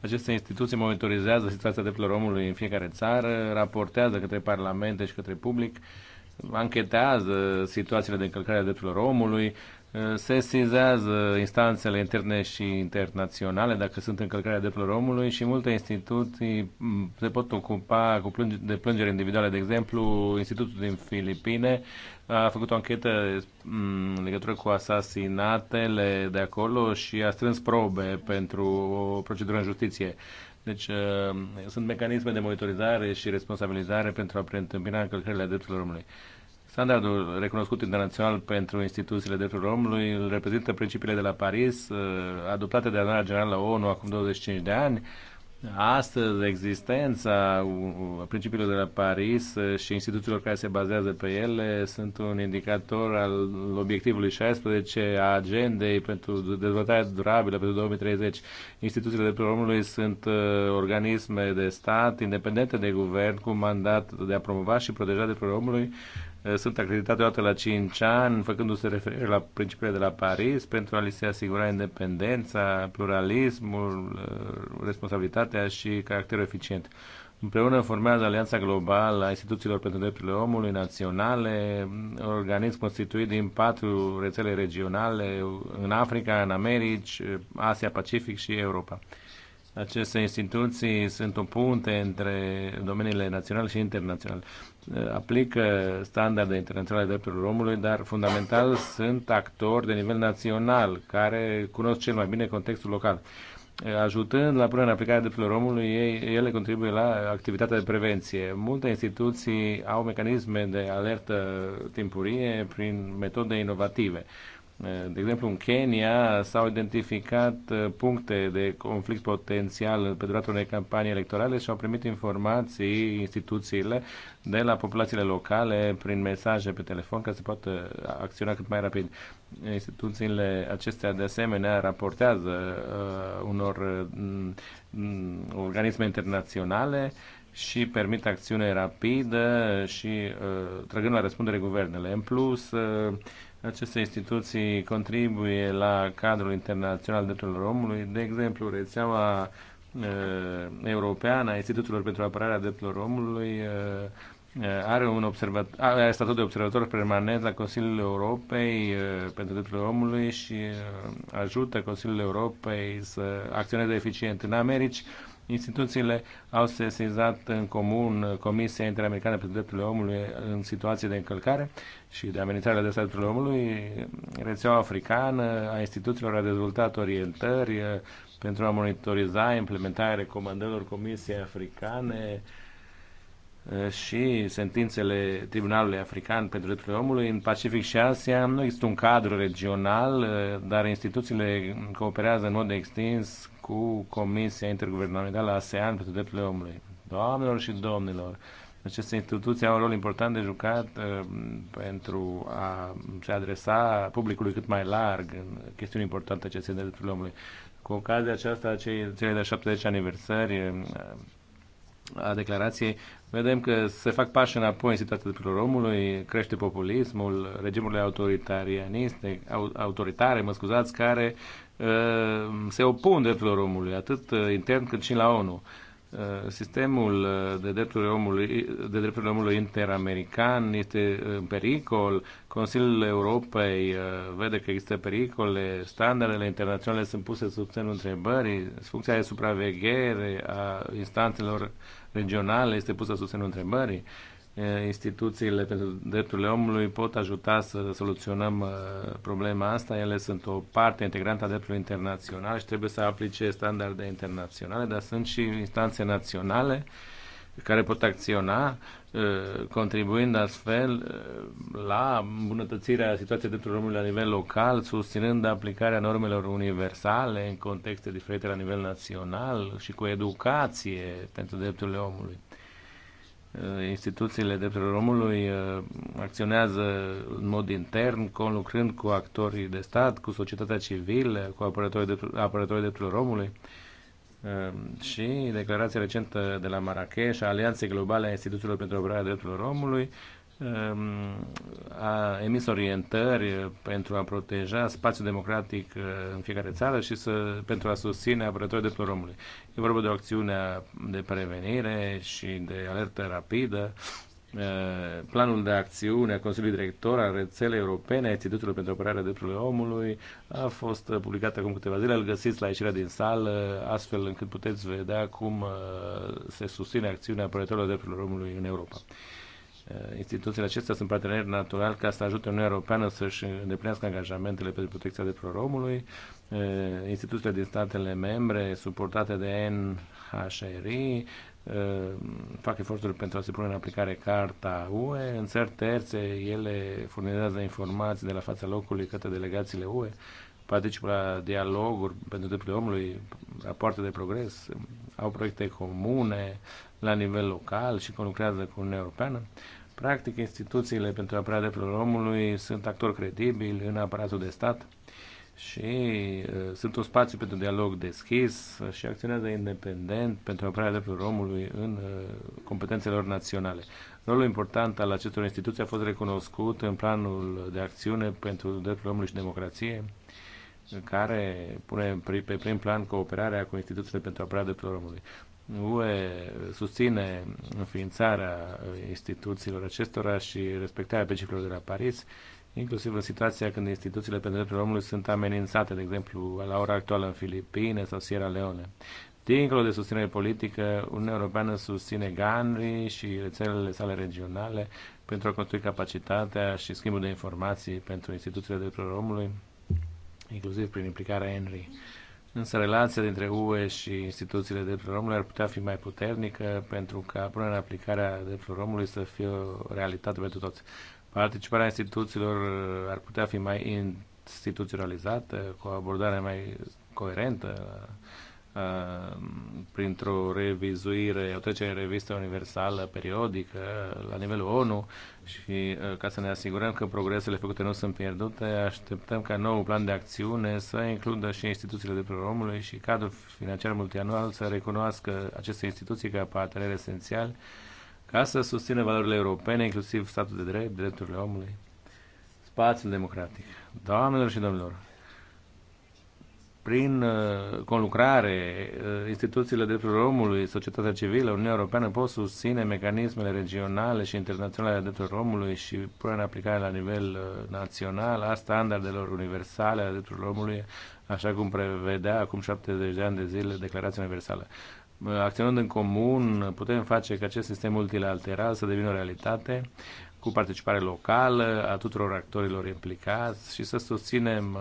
Aceste instituții monitorizează situația drepturilor omului în fiecare țară, raportează către parlamente și către public, anchetează situațiile de încălcare a drepturilor omului, sesizează instanțele interne și internaționale dacă sunt încălcarea drepturilor omului și multe instituții se pot ocupa cu plânge, de plângeri individuale. De exemplu, Institutul din Filipine a făcut o anchetă mm, în legătură cu asasinatele de acolo și a strâns probe pentru o procedură în justiție. Deci uh, sunt mecanisme de monitorizare și responsabilizare pentru a preîntâmpina încălcările drepturilor omului. Uh, Standardul recunoscut internațional pentru instituțiile drepturilor omului îl reprezintă principiile de la Paris, uh, adoptate de adunarea generală la ONU acum 25 de ani. Astăzi, existența principiilor de la Paris uh, și instituțiilor care se bazează pe ele sunt un indicator al obiectivului 16 a agendei pentru dezvoltarea durabilă pentru 2030. Instituțiile de omului sunt uh, organisme de stat independente de guvern cu mandat de a promova și proteja drepturile omului Eh, sunt acreditate odată la 5 ani, făcându-se referire la principiile de la Paris, pentru a li se asigura independența, pluralismul, eh, responsabilitatea și caracterul eficient. Împreună formează Alianța Globală a Instituțiilor pentru Drepturile Omului Naționale, organism constituit din patru rețele regionale în Africa, în Americi, Asia, Pacific și Europa aceste instituții sunt o punte între domeniile naționale și internaționale. Aplică standarde internaționale de drepturilor omului, dar fundamental sunt actori de nivel național care cunosc cel mai bine contextul local. Ajutând la punerea în aplicare drepturilor omului, ei, ele contribuie la activitatea de prevenție. Multe instituții au mecanisme de alertă timpurie prin metode inovative Eh, de exemplu, în Kenya s-au identificat eh, puncte de conflict potențial pe durata unei campanii electorale și au primit informații instituțiile de la populațiile locale prin mesaje pe telefon ca să poată acționa cât mai rapid. Instituțiile acestea de asemenea raportează uh, unor uh, organisme internaționale și permit acțiune rapidă și uh, trăgând la răspundere guvernele. În plus, uh, aceste instituții contribuie la cadrul internațional al drepturilor omului, de exemplu, rețeaua uh, europeană a instituțiilor pentru Apărarea Drepturilor Omului uh, uh, are un observator, are statut de observator permanent la Consiliul Europei pentru drepturile omului și ajută Consiliul Europei să acționeze eficient în Americi. Instituțiile au sesizat în comun Comisia Interamericană pentru Drepturile Omului în situații de încălcare și de amenințare de drepturile omului. Rețeaua africană a instituțiilor a dezvoltat orientări pentru a monitoriza implementarea recomandărilor Comisiei Africane și sentințele Tribunalului African pentru Drepturile Omului. În Pacific și Asia nu există un cadru regional, dar instituțiile cooperează în mod extins cu Comisia Interguvernamentală ASEAN pentru drepturile omului. Doamnelor și domnilor, aceste instituții au un rol important de jucat uh, pentru a se adresa publicului cât mai larg în chestiuni importante de drepturile omului. Cu ocazia aceasta, cei, cele de 70 aniversări uh, a declarației, vedem că se fac pași înapoi în situația drepturilor omului, crește populismul, regimurile autoritarianiste, autoritare, mă scuzați, care Ehm, se opun drepturilor omului, atât eh, intern cât și la ONU. Eh, sistemul eh, de drepturile omului, de drepturile omului interamerican este în pericol, Consiliul Europei vede că există pericole, standardele internaționale sunt puse sub semnul întrebării, funcția de supraveghere a instanțelor regionale este pusă sub semnul întrebării instituțiile pentru drepturile omului pot ajuta să soluționăm problema asta. Ele sunt o parte integrantă a dreptului internațional și trebuie să aplice standarde internaționale, dar sunt și instanțe naționale care pot acționa, contribuind astfel la îmbunătățirea situației drepturilor omului la nivel local, susținând aplicarea normelor universale în contexte diferite la nivel național și cu educație pentru drepturile omului. Eh, instituțiile drepturilor omului eh, acționează în mod intern, conlucrând cu actorii de stat, cu societatea civilă, cu apărătorii, de, apărătorii drepturilor omului eh, și declarația recentă de la Marrakesh Alianței Globale a Instituțiilor pentru Apărarea Drepturilor Omului Um, a emis orientări pentru a proteja spațiul democratic uh, în fiecare țară și să, pentru a susține apărătorii de omului. E vorba de o acțiune de prevenire și de alertă rapidă. Uh, planul de acțiune a Consiliului Director al Rețelei Europene a Institutului pentru Apărarea Drepturilor Omului a fost uh, publicat acum câteva zile. Îl găsiți la ieșirea din sală, astfel încât puteți vedea cum se susține acțiunea apărătorilor drepturilor omului în Europa. Eh, instituțiile acestea sunt parteneri natural ca să ajute Uniunea Europeană să-și îndeplinească angajamentele pentru protecția drepturilor omului. Eh, instituțiile din statele membre, suportate de NHRI, eh, fac eforturi pentru a se pune în aplicare Carta UE. În țări terțe, ele furnizează informații de la fața locului către delegațiile UE, participă la dialoguri pentru drepturile omului, rapoarte de progres, au proiecte comune la nivel local și conlucrează cu Uniunea Europeană. Uh, Practic, instituțiile pentru apărarea drepturilor omului sunt actori credibili în aparatul de stat și uh, sunt un spațiu pentru dialog deschis și acționează independent pentru apărarea drepturilor omului în uh, competențelor naționale. Rolul important al acestor instituții a fost recunoscut în planul de acțiune pentru drepturile omului și democrație, care pune pe prim plan cooperarea cu instituțiile pentru apărarea drepturilor omului. UE susține înființarea instituțiilor acestora și respectarea principiilor de la Paris, inclusiv în situația când instituțiile pentru drepturile omului sunt amenințate, de exemplu, la ora actuală în Filipine sau Sierra Leone. Dincolo de susținere politică, Uniunea Europeană susține GANRI și rețelele sale regionale pentru a construi capacitatea și schimbul de informații pentru instituțiile drepturilor omului, inclusiv prin implicarea ENRI. Însă relația dintre UE și instituțiile drepturilor omului ar putea fi mai puternică pentru ca punerea în aplicare a drepturilor omului să fie o realitate pentru toți. Participarea instituțiilor uh, ar putea fi mai instituționalizată, cu o abordare mai coerentă Ehm, printr-o revizuire, o trecere în revistă universală periodică la nivelul ONU și eh, ca să ne asigurăm că progresele făcute nu sunt pierdute, așteptăm ca nouul plan de acțiune să includă și instituțiile de omului și cadrul financiar multianual să recunoască aceste instituții ca parteneri esențiali ca să susțină valorile europene, inclusiv statul de drept, drepturile omului, spațiul democratic. Doamnelor și domnilor, prin uh, conlucrare, uh, instituțiile drepturilor omului, societatea civilă, Uniunea Europeană pot susține mecanismele regionale și internaționale ale drepturilor omului și pune în aplicare la nivel uh, național a standardelor universale ale drepturilor omului, așa cum prevedea acum 70 de ani de zile Declarația Universală. Acționând în comun, putem face ca acest sistem multilateral să devină o realitate cu participare locală a tuturor actorilor implicați și să susținem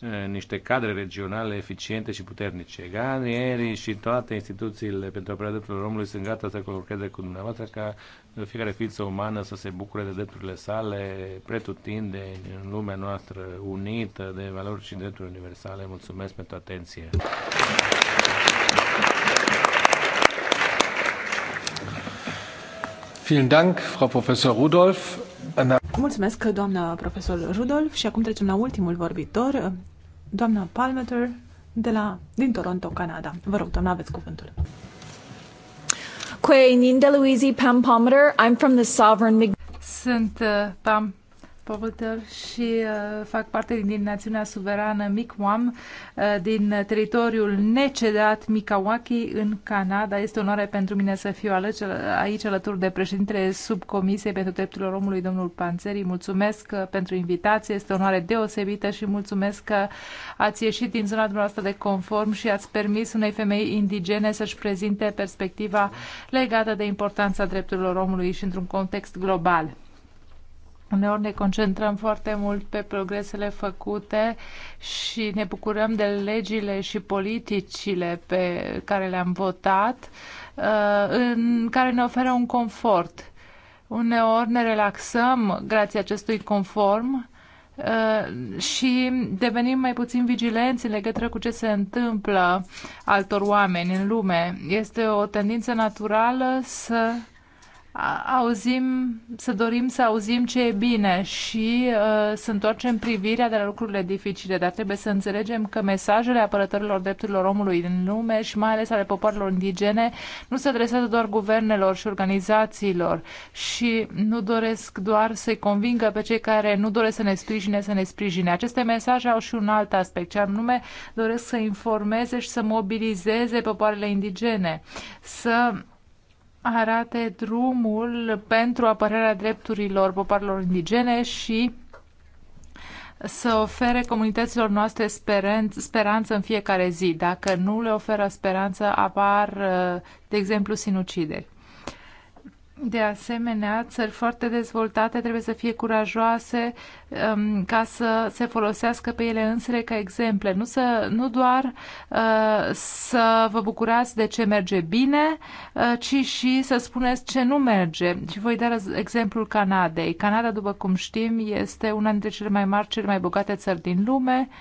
uh, uh, niște cadre regionale eficiente și puternice. Ganieri și toate instituțiile pentru apărarea drepturilor omului sunt gata să colocheze cu dumneavoastră ca fiecare ființă umană să se bucure de drepturile sale pretutinde în lumea noastră unită de valori și drepturi universale. Mulțumesc pentru atenție! Vielen Dank, Frau Professor Rudolf. Mulțumesc, doamna profesor Rudolf. Și acum trecem la ultimul vorbitor, doamna Palmeter de la, din Toronto, Canada. Vă rog, doamna, aveți cuvântul. Quay Nindeluizi Pam Palmeter. I'm from the Sovereign Sunt uh, Pam Poveltăr și uh, fac parte din națiunea suverană Mi'kmaq uh, din teritoriul necedat Mikawaki în Canada. Este onoare pentru mine să fiu alăci, aici alături de președintele subcomisiei pentru drepturile omului, domnul Panțeri. Mulțumesc uh, pentru invitație, este onoare deosebită și mulțumesc că ați ieșit din zona dumneavoastră de conform și ați permis unei femei indigene să-și prezinte perspectiva legată de importanța drepturilor omului și într-un context global. Uneori ne concentrăm foarte mult pe progresele făcute și ne bucurăm de legile și politicile pe care le-am votat, uh, în care ne oferă un confort. Uneori ne relaxăm grație acestui conform uh, și devenim mai puțin vigilenți în legătură cu ce se întâmplă altor oameni în lume. Este o tendință naturală să auzim, să dorim să auzim ce e bine și uh, să întoarcem privirea de la lucrurile dificile, dar trebuie să înțelegem că mesajele apărătorilor drepturilor omului în lume și mai ales ale popoarelor indigene nu se adresează doar guvernelor și organizațiilor și nu doresc doar să-i convingă pe cei care nu doresc să ne sprijine, să ne sprijine. Aceste mesaje au și un alt aspect, ce anume doresc să informeze și să mobilizeze popoarele indigene, să arate drumul pentru apărarea drepturilor popoarelor indigene și să ofere comunităților noastre speranță în fiecare zi. Dacă nu le oferă speranță, apar, uh, de exemplu, sinucideri. De asemenea, țări foarte dezvoltate trebuie să fie curajoase um, ca să se folosească pe ele însele ca exemple. Nu, să, nu doar uh, să vă bucurați de ce merge bine, uh, ci și să spuneți ce nu merge. Și voi da exemplul Canadei. Canada, după cum știm, este una dintre cele mai mari, cele mai bogate țări din lume. Uh,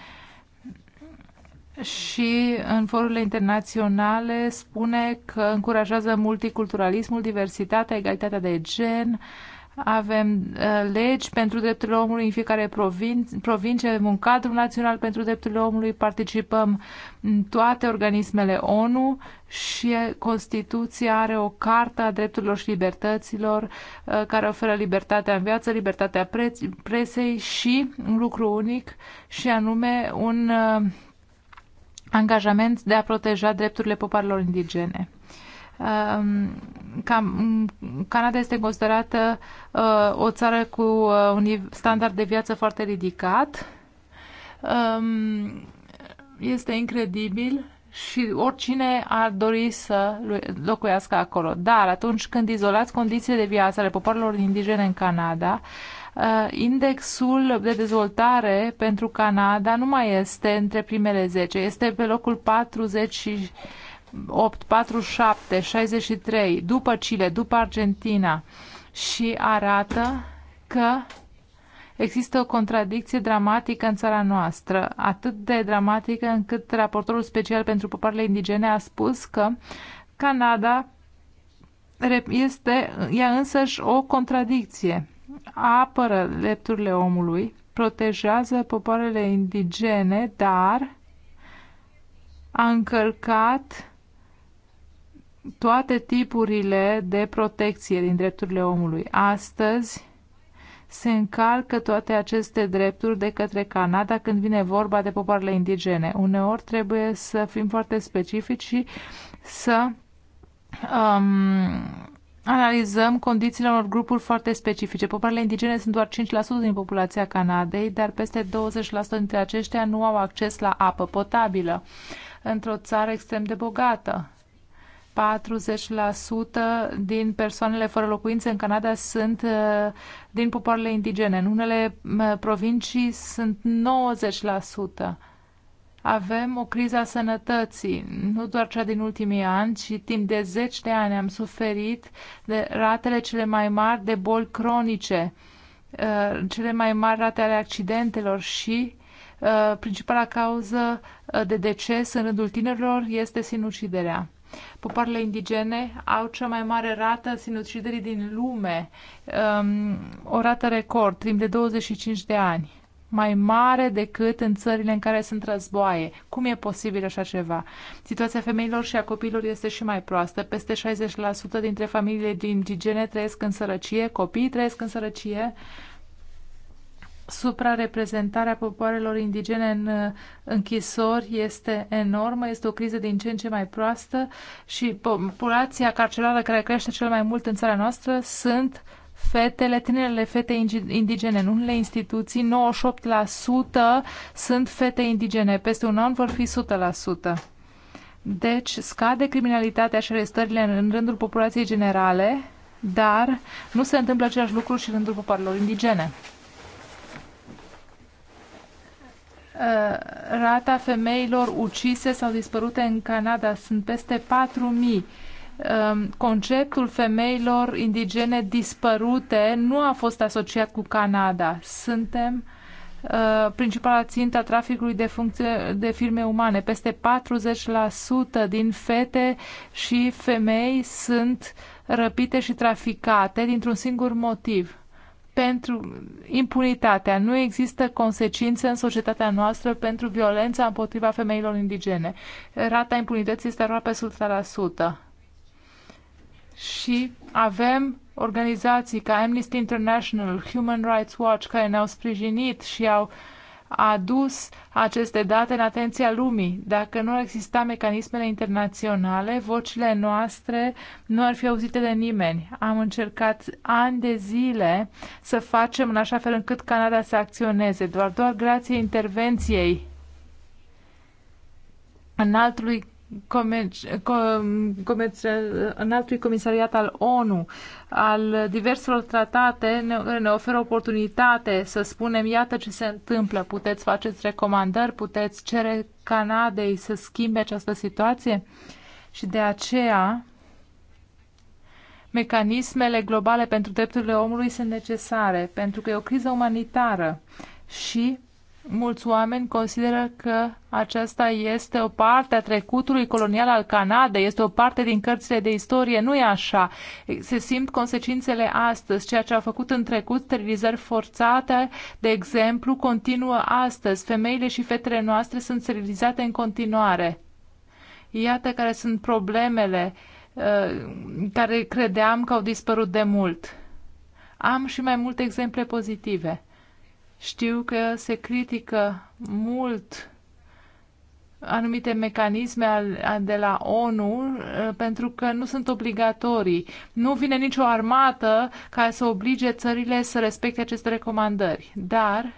și în forurile internaționale spune că încurajează multiculturalismul, diversitatea, egalitatea de gen, avem uh, legi pentru drepturile omului în fiecare provincie, provincie, avem un cadru național pentru drepturile omului, participăm în toate organismele ONU și Constituția are o carta a drepturilor și libertăților uh, care oferă libertatea în viață, libertatea pre presei și un lucru unic și anume un uh, angajament de a proteja drepturile popoarelor indigene. Um, Canada este considerată uh, o țară cu uh, un standard de viață foarte ridicat. Um, este incredibil și oricine ar dori să locuiască acolo. Dar atunci când izolați condițiile de viață ale popoarelor indigene în Canada, Uh, indexul de dezvoltare pentru Canada nu mai este între primele 10, este pe locul 48, 47, 63, după Chile, după Argentina și arată că există o contradicție dramatică în țara noastră, atât de dramatică încât raportorul special pentru popoarele indigene a spus că Canada este ea însăși o contradicție apără drepturile omului, protejează popoarele indigene, dar a încălcat toate tipurile de protecție din drepturile omului. Astăzi se încalcă toate aceste drepturi de către Canada când vine vorba de popoarele indigene. Uneori trebuie să fim foarte specifici și să um, analizăm condițiile unor grupuri foarte specifice. Popoarele indigene sunt doar 5% din populația Canadei, dar peste 20% dintre aceștia nu au acces la apă potabilă într-o țară extrem de bogată. 40% din persoanele fără locuințe în Canada sunt uh, din popoarele indigene. În unele uh, provincii sunt 90% avem o criză a sănătății, nu doar cea din ultimii ani, ci timp de zeci de ani am suferit de ratele cele mai mari de boli cronice, uh, cele mai mari rate ale accidentelor și uh, principala cauză uh, de deces în rândul tinerilor este sinuciderea. Popoarele indigene au cea mai mare rată sinuciderii din lume, um, o rată record, timp de 25 de ani mai mare decât în țările în care sunt războaie. Cum e posibil așa ceva? Situația femeilor și a copiilor este și mai proastă. Peste 60% dintre familiile indigene trăiesc în sărăcie, copiii trăiesc în sărăcie. Suprareprezentarea popoarelor indigene în uh, închisori este enormă, este o criză din ce în ce mai proastă și populația carcerară care crește cel mai mult în țara noastră sunt fetele, tinerele fete indigene. În unele instituții, 98% sunt fete indigene. Peste un an vor fi 100%. Deci scade criminalitatea și arestările în rândul populației generale, dar nu se întâmplă același lucru și în rândul popoarelor indigene. Uh, rata femeilor ucise sau dispărute în Canada sunt peste 4000 Um, conceptul femeilor indigene dispărute nu a fost asociat cu Canada. Suntem uh, principala țintă a traficului de, funcție, de firme umane. Peste 40% din fete și femei sunt răpite și traficate dintr-un singur motiv. Pentru impunitatea. Nu există consecințe în societatea noastră pentru violența împotriva femeilor indigene. Rata impunității este aproape 100% și avem organizații ca Amnesty International, Human Rights Watch, care ne-au sprijinit și au adus aceste date în atenția lumii. Dacă nu exista mecanismele internaționale, vocile noastre nu ar fi auzite de nimeni. Am încercat ani de zile să facem în așa fel încât Canada să acționeze, doar, doar grație intervenției înaltului comerț, comerț, înaltui comisariat al ONU, al diverselor tratate, ne, ne oferă oportunitate să spunem iată ce se întâmplă, puteți faceți recomandări, puteți cere Canadei să schimbe această situație și de aceea mecanismele globale pentru drepturile omului sunt necesare, pentru că e o criză umanitară și mulți oameni consideră că aceasta este o parte a trecutului colonial al Canadei, este o parte din cărțile de istorie. Nu e așa. Se simt consecințele astăzi. Ceea ce au făcut în trecut, sterilizări forțate, de exemplu, continuă astăzi. Femeile și fetele noastre sunt sterilizate în continuare. Iată care sunt problemele uh, care credeam că au dispărut de mult. Am și mai multe exemple pozitive știu că se critică mult anumite mecanisme de la ONU uh, pentru că nu sunt obligatorii. Nu vine nicio armată care să oblige țările să respecte aceste recomandări. Dar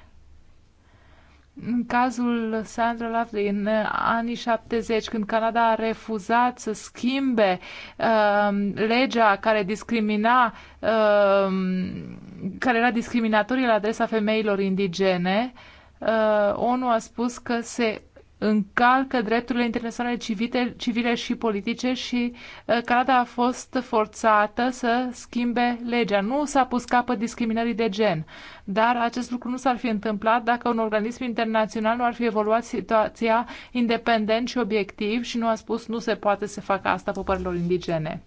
în cazul Sandra Lovely în uh, anii 70, când Canada a refuzat să schimbe uh, legea care discrimina uh, care era discriminatorie la adresa femeilor indigene, uh, ONU a spus că se încalcă drepturile internaționale civile, civile și politice și uh, Canada a fost forțată să schimbe legea. Nu s-a pus capăt discriminării de gen, dar acest lucru nu s-ar fi întâmplat dacă un organism internațional nu ar fi evoluat situația independent și obiectiv și nu a spus nu se poate să facă asta popoarelor indigene.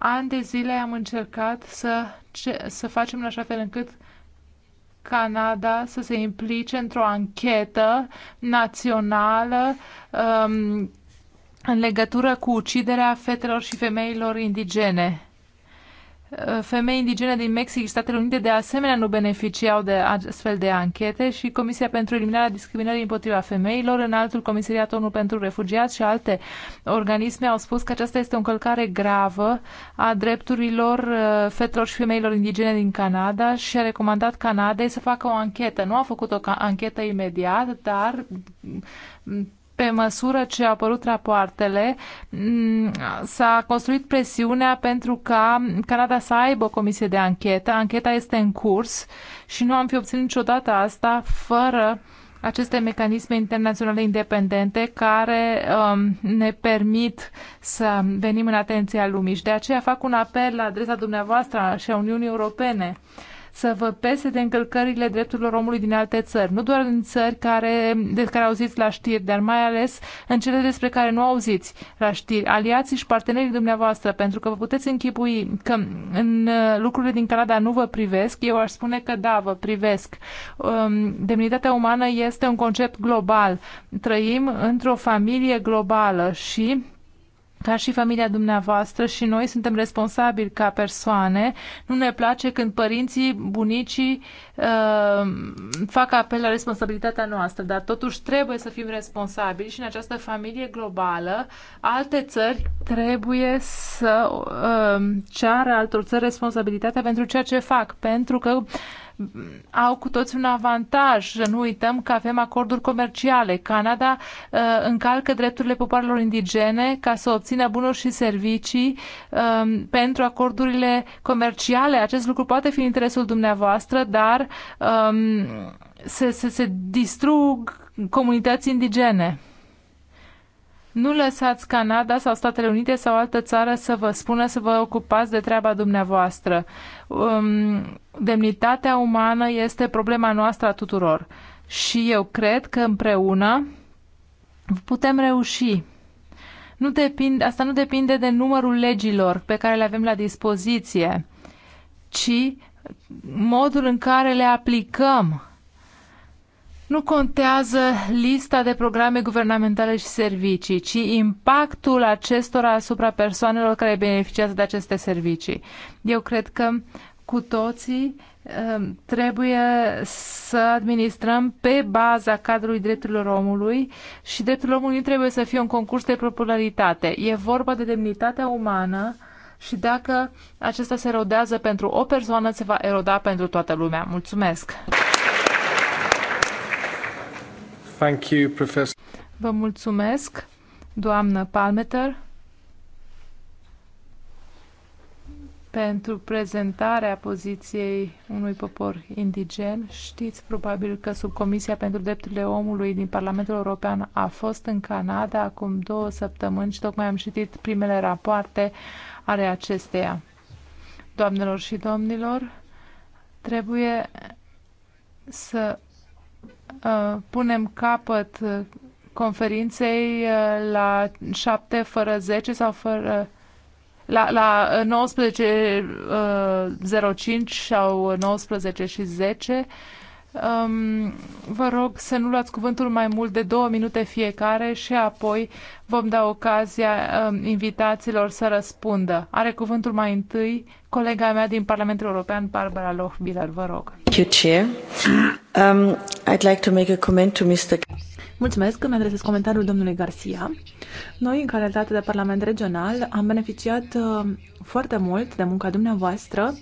Ani de zile am încercat să, ce, să facem în așa fel încât Canada să se implice într-o anchetă națională um, în legătură cu uciderea fetelor și femeilor indigene. Uh, femei indigene din Mexic și Statele Unite de asemenea nu beneficiau de astfel de anchete și Comisia pentru Eliminarea Discriminării împotriva Femeilor, în altul Comisariat ONU pentru Refugiați și alte organisme au spus că aceasta este o încălcare gravă a drepturilor uh, fetelor și femeilor indigene din Canada și a recomandat Canadei să facă o anchetă. Nu a făcut o anchetă imediat, dar pe măsură ce au apărut rapoartele, s-a construit presiunea pentru ca Canada să aibă o comisie de anchetă. Ancheta este în curs și nu am fi obținut niciodată asta fără aceste mecanisme internaționale independente care um, ne permit să venim în atenția lumii. Și de aceea fac un apel la adresa dumneavoastră și a Uniunii Europene. Uh, să vă pese de încălcările drepturilor omului din alte țări, nu doar în țări care, de care auziți la știri, dar mai ales în cele despre care nu auziți la știri, aliații și partenerii dumneavoastră, pentru că vă puteți închipui că în uh, lucrurile din Canada nu vă privesc, eu aș spune că da, vă privesc. Um, demnitatea umană este un concept global. Trăim într-o familie globală și ca și familia dumneavoastră și noi suntem responsabili ca persoane. Nu ne place când părinții, bunicii uh, fac apel la responsabilitatea noastră, dar totuși trebuie să fim responsabili și în această familie globală alte țări trebuie să uh, ceară altor țări responsabilitatea pentru ceea ce fac, pentru că uh, au cu toți un avantaj. Să nu uităm că avem acorduri comerciale. Canada uh, încalcă drepturile popoarelor indigene ca să obțină bunuri și servicii uh, pentru acordurile comerciale. Acest lucru poate fi în interesul dumneavoastră, dar um, se, se, se distrug comunități indigene. Nu lăsați Canada sau Statele Unite sau altă țară să vă spună să vă ocupați de treaba dumneavoastră. Uh, um, demnitatea umană este problema noastră a tuturor. Și eu cred că împreună putem reuși. Nu depind, asta nu depinde de numărul legilor pe care le avem la dispoziție, ci modul în care le aplicăm nu contează lista de programe guvernamentale și servicii, ci impactul acestora asupra persoanelor care beneficiază de aceste servicii. Eu cred că cu toții um, trebuie să administrăm pe baza cadrului drepturilor omului și dreptul omului trebuie să fie un concurs de popularitate. E vorba de demnitatea umană și dacă acesta se erodează pentru o persoană, se va eroda pentru toată lumea. Mulțumesc! Thank you, professor. Vă mulțumesc, doamnă Palmeter, pentru prezentarea poziției unui popor indigen. Știți probabil că subcomisia pentru drepturile omului din Parlamentul European a fost în Canada acum două săptămâni și tocmai am citit primele rapoarte ale acesteia. Doamnelor și domnilor, trebuie să Uh, punem capăt uh, conferinței uh, la 7 fără 10 sau fără la, la 19.05 sau 19 și 10. Um, vă rog să nu luați cuvântul mai mult de două minute fiecare și apoi vom da ocazia um, invitațiilor să răspundă. Are cuvântul mai întâi Colega mea din Parlamentul European, Barbara Lochbiller, vă rog. You, Chair. Um, I'd like to make a comment to Mr. Mulțumesc, îmi adresez comentariul domnului Garcia. Noi, în calitate de Parlament Regional, am beneficiat uh, foarte mult de munca dumneavoastră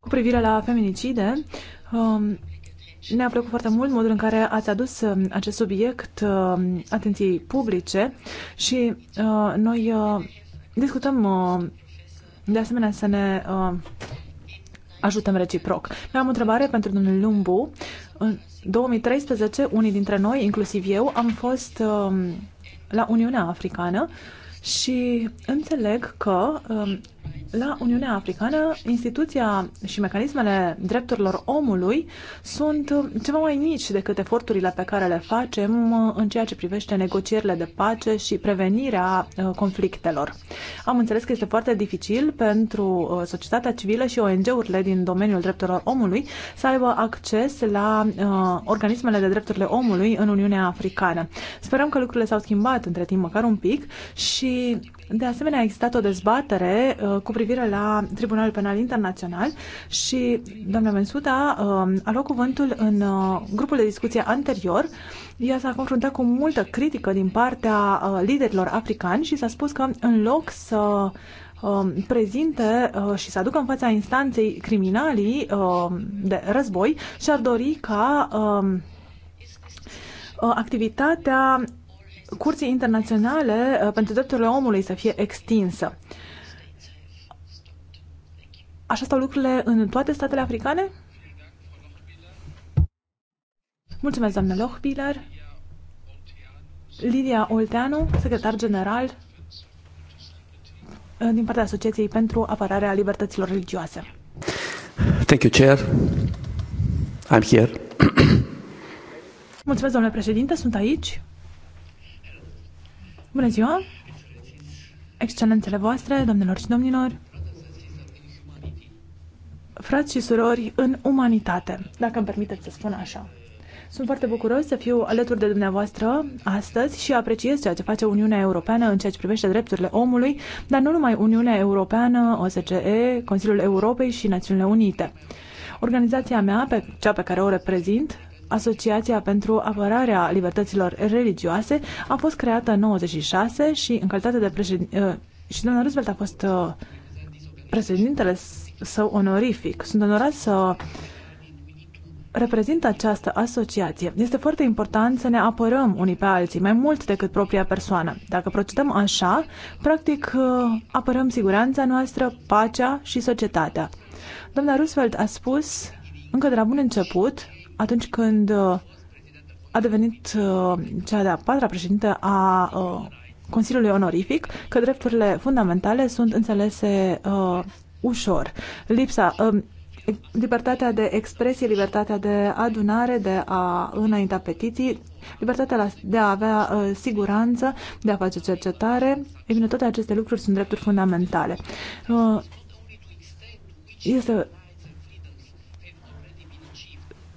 cu privire la feminicide. Um, ne-a plăcut foarte mult modul în care ați adus uh, acest subiect uh, atenției publice și uh, noi uh, discutăm uh, de asemenea să ne uh, ajutăm reciproc. Mi-am o întrebare pentru domnul Lumbu. În 2013, unii dintre noi, inclusiv eu, am fost uh, la Uniunea Africană și înțeleg că uh, la Uniunea Africană, instituția și mecanismele drepturilor omului sunt ceva mai mici decât eforturile pe care le facem uh, în ceea ce privește negocierile de pace și prevenirea uh, conflictelor. Am înțeles că este foarte dificil pentru uh, societatea civilă și ONG-urile din domeniul drepturilor omului să aibă acces la organismele de drepturile omului în Uniunea Africană. Sperăm că lucrurile s-au schimbat între timp măcar un pic și de asemenea, a existat o dezbatere uh, cu privire la Tribunalul Penal Internațional și doamna Mensuda uh, a luat cuvântul în uh, grupul de discuție anterior. Ea s-a confruntat cu multă critică din partea uh, liderilor africani și s-a spus că în loc să um, prezinte uh, și să aducă în fața instanței criminalii um, de război și ar dori ca um, uh, activitatea Curții Internaționale uh, pentru Drepturile Omului să fie extinsă. Așa stau lucrurile în toate statele africane? Mulțumesc, doamnă Lochbiller. Lidia Olteanu, secretar general uh, din partea Asociației pentru apărarea libertăților religioase. Thank you, Chair. I'm here. Mulțumesc, domnule președinte, sunt aici. Bună ziua! Excelențele voastre, domnilor și domnilor, frați și surori în umanitate, dacă îmi permiteți să spun așa. Sunt foarte bucuros să fiu alături de dumneavoastră astăzi și apreciez ceea ce face Uniunea Europeană în ceea ce privește drepturile omului, dar nu numai Uniunea Europeană, OSCE, Consiliul Europei și Națiunile Unite. Organizația mea, pe cea pe care o reprezint, Asociația pentru apărarea libertăților religioase a fost creată în 96 și în calitate de președinte uh, și domnul Roosevelt a fost uh, președintele său onorific. Sunt onorat să reprezintă această asociație. Este foarte important să ne apărăm unii pe alții, mai mult decât propria persoană. Dacă procedăm așa, practic uh, apărăm siguranța noastră, pacea și societatea. Doamna Roosevelt a spus, încă de la bun început, atunci când uh, a devenit uh, cea de-a patra președinte a uh, Consiliului Onorific, că drepturile fundamentale sunt înțelese ușor. Lipsa, um, libertatea de expresie, libertatea de adunare, de a înainta petiții, libertatea de a avea uh, siguranță, de a face cercetare, e bine, toate aceste lucruri sunt drepturi fundamentale. Uh, este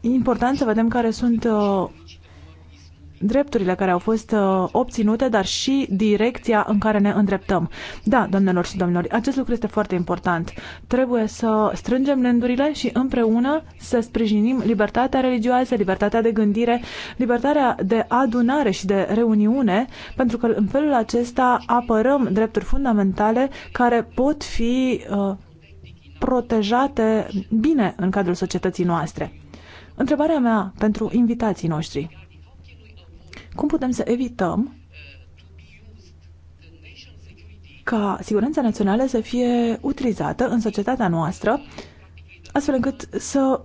important să vedem care sunt uh, drepturile care au fost uh, obținute, dar și direcția în care ne îndreptăm. Da, domnilor și domnilor, acest lucru este foarte important. Trebuie să strângem lendurile și împreună să sprijinim libertatea religioasă, libertatea de gândire, libertatea de adunare și de reuniune, pentru că în felul acesta apărăm drepturi fundamentale care pot fi uh, protejate bine în cadrul societății noastre. Întrebarea mea pentru invitații noștri. Cum putem să evităm ca siguranța națională să fie utilizată în societatea noastră astfel încât să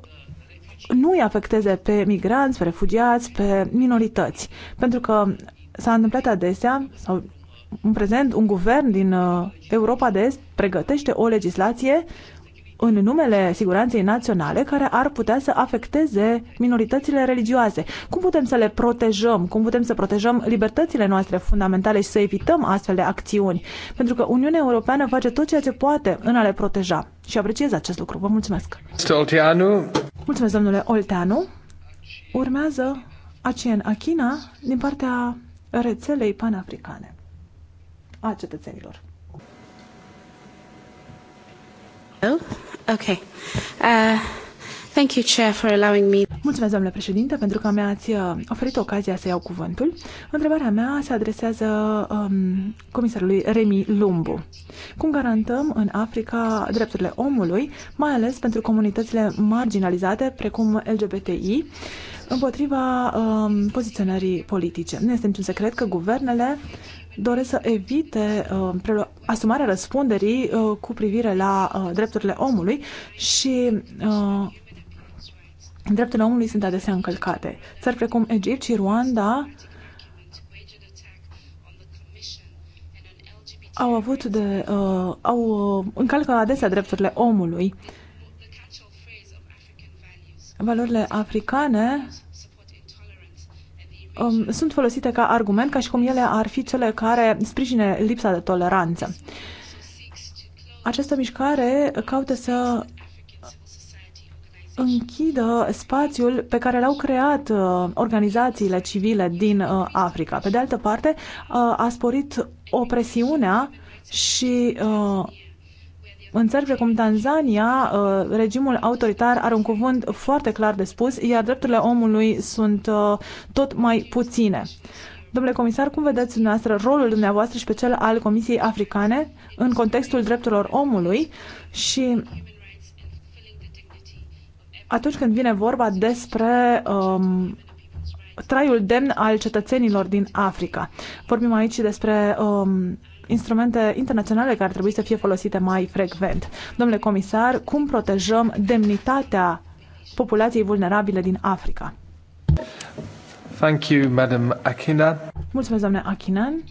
nu îi afecteze pe migranți, pe refugiați, pe minorități. Pentru că s-a întâmplat adesea, sau în prezent, un guvern din uh, Europa de Est pregătește o legislație în numele siguranței naționale care ar putea să afecteze minoritățile religioase. Cum putem să le protejăm? Cum putem să protejăm libertățile noastre fundamentale și să evităm astfel de acțiuni? Pentru că Uniunea Europeană face tot ceea ce poate în a le proteja. Și apreciez acest lucru. Vă mulțumesc. Stolteanu. Mulțumesc, domnule Olteanu. Urmează Acien Achina din partea rețelei panafricane a cetățenilor. Uh, thank you, Chair, for allowing me. Mulțumesc, doamnă președinte, pentru că mi-ați uh, oferit ocazia să iau cuvântul. Întrebarea mea se adresează um, comisarului Remi Lumbu. Cum garantăm în Africa drepturile omului, mai ales pentru comunitățile marginalizate, precum LGBTI, împotriva um, poziționării politice? Nu este niciun secret că guvernele doresc să evite uh, asumarea răspunderii uh, cu privire la uh, drepturile omului și uh, drepturile omului sunt adesea încălcate. Țări precum Egipt și Rwanda au avut de uh, au uh, încălcă adesea drepturile omului. Valorile africane um, sunt folosite ca argument, ca și cum ele ar fi cele care sprijine lipsa de toleranță. Această mișcare caută să închidă spațiul pe care l-au creat uh, organizațiile civile din uh, Africa. Pe de altă parte, uh, a sporit opresiunea și uh, în țări precum Tanzania, uh, regimul autoritar are un cuvânt foarte clar de spus, iar drepturile omului sunt uh, tot mai puține. Domnule comisar, cum vedeți dumneavoastră rolul dumneavoastră și pe cel al Comisiei Africane în contextul drepturilor omului și atunci când vine vorba despre um, traiul demn al cetățenilor din Africa? Vorbim aici despre um, instrumente internaționale care ar trebui să fie folosite mai frecvent. Domnule comisar, cum protejăm demnitatea populației vulnerabile din Africa? Thank you, Madam Akinan. Mulțumesc, doamne Akinan.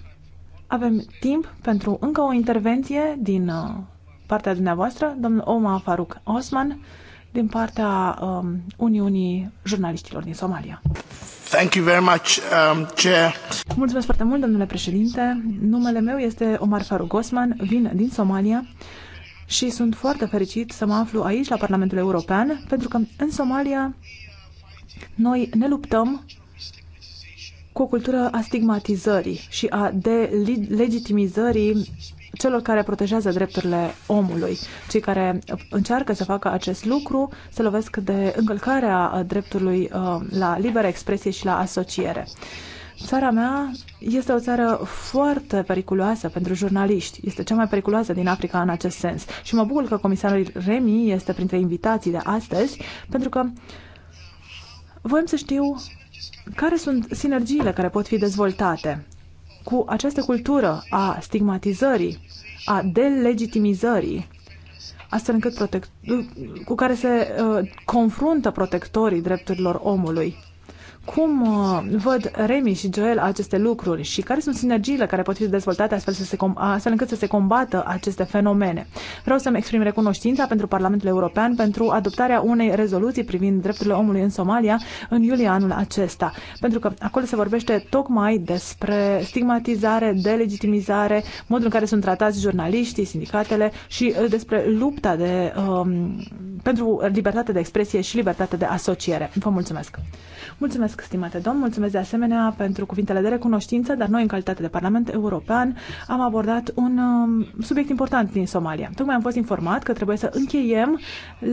Avem timp pentru încă o intervenție din uh, partea dumneavoastră, domnul Oma Faruk Osman din partea um, Uniunii Jurnaliștilor din Somalia. Thank you very much, um, Chair. Mulțumesc foarte mult, domnule președinte. Numele meu este Omar Faru Gosman, vin din Somalia și sunt foarte fericit să mă aflu aici, la Parlamentul European, pentru că în Somalia noi ne luptăm cu o cultură a stigmatizării și a delegitimizării celor care protejează drepturile omului. Cei care încearcă să facă acest lucru se lovesc de încălcarea dreptului uh, la liberă expresie și la asociere. Țara mea este o țară foarte periculoasă pentru jurnaliști. Este cea mai periculoasă din Africa în acest sens. Și mă bucur că comisarul Remi este printre invitații de astăzi, pentru că voiam să știu care sunt sinergiile care pot fi dezvoltate cu această cultură a stigmatizării, a delegitimizării, astfel încât protect- cu care se uh, confruntă protectorii drepturilor omului. Cum uh, văd Remi și Joel aceste lucruri și care sunt sinergiile care pot fi dezvoltate astfel, să se, astfel încât să se combată aceste fenomene? Vreau să-mi exprim recunoștința pentru Parlamentul European pentru adoptarea unei rezoluții privind drepturile omului în Somalia în iulie anul acesta, pentru că acolo se vorbește tocmai despre stigmatizare, delegitimizare, modul în care sunt tratați jurnaliștii, sindicatele și uh, despre lupta de, um, pentru libertate de expresie și libertate de asociere. Vă mulțumesc! Mulțumesc! Mulțumesc, stimate domn, mulțumesc de asemenea pentru cuvintele de recunoștință, dar noi, în calitate de Parlament European, am abordat un um, subiect important din Somalia. Tocmai am fost informat că trebuie să încheiem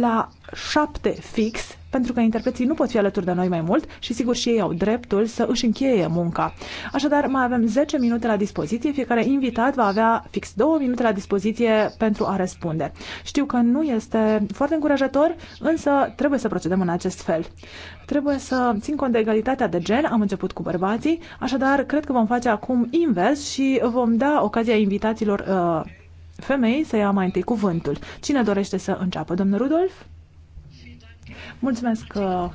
la șapte fix pentru că interpreții nu pot fi alături de noi mai mult și sigur și ei au dreptul să își încheie munca. Așadar, mai avem 10 minute la dispoziție, fiecare invitat va avea fix 2 minute la dispoziție pentru a răspunde. Știu că nu este foarte încurajator, însă trebuie să procedăm în acest fel. Trebuie să țin cont de egalitatea de gen, am început cu bărbații, așadar cred că vom face acum invers și vom da ocazia invitaților uh, femei să ia mai întâi cuvântul. Cine dorește să înceapă, domnul Rudolf? Mulțumesc! Uh,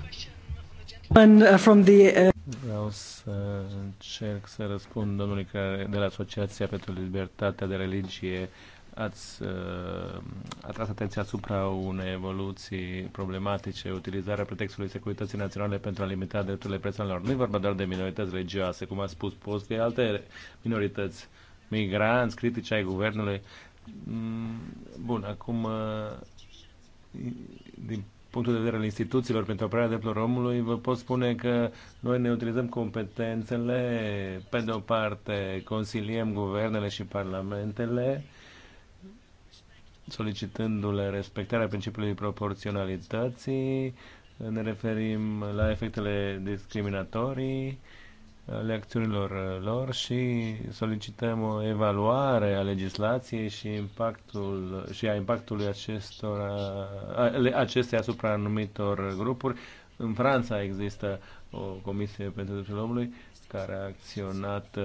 uh, uh, Vreau să încerc să răspund domnului care, de la Asociația pentru Libertatea de Religie ați uh, atras atenția asupra unei evoluții problematice, utilizarea pretextului securității naționale pentru a limita drepturile persoanelor. Nu e vorba doar de minorități religioase, cum a spus post, de alte minorități, migranți, critici ai guvernului. Mm, bun, acum, din punctul de vedere al instituțiilor pentru apărarea drepturilor omului, vă pot spune că noi ne utilizăm competențele, pe de o parte consiliem guvernele și parlamentele, solicitându-le respectarea principiului proporționalității, ne referim la efectele discriminatorii, ale acțiunilor uh, lor și solicităm o evaluare a legislației și, impactul, și a impactului acestor, acestei asupra anumitor grupuri. În Franța există o comisie pentru drepturile omului care a acționat uh,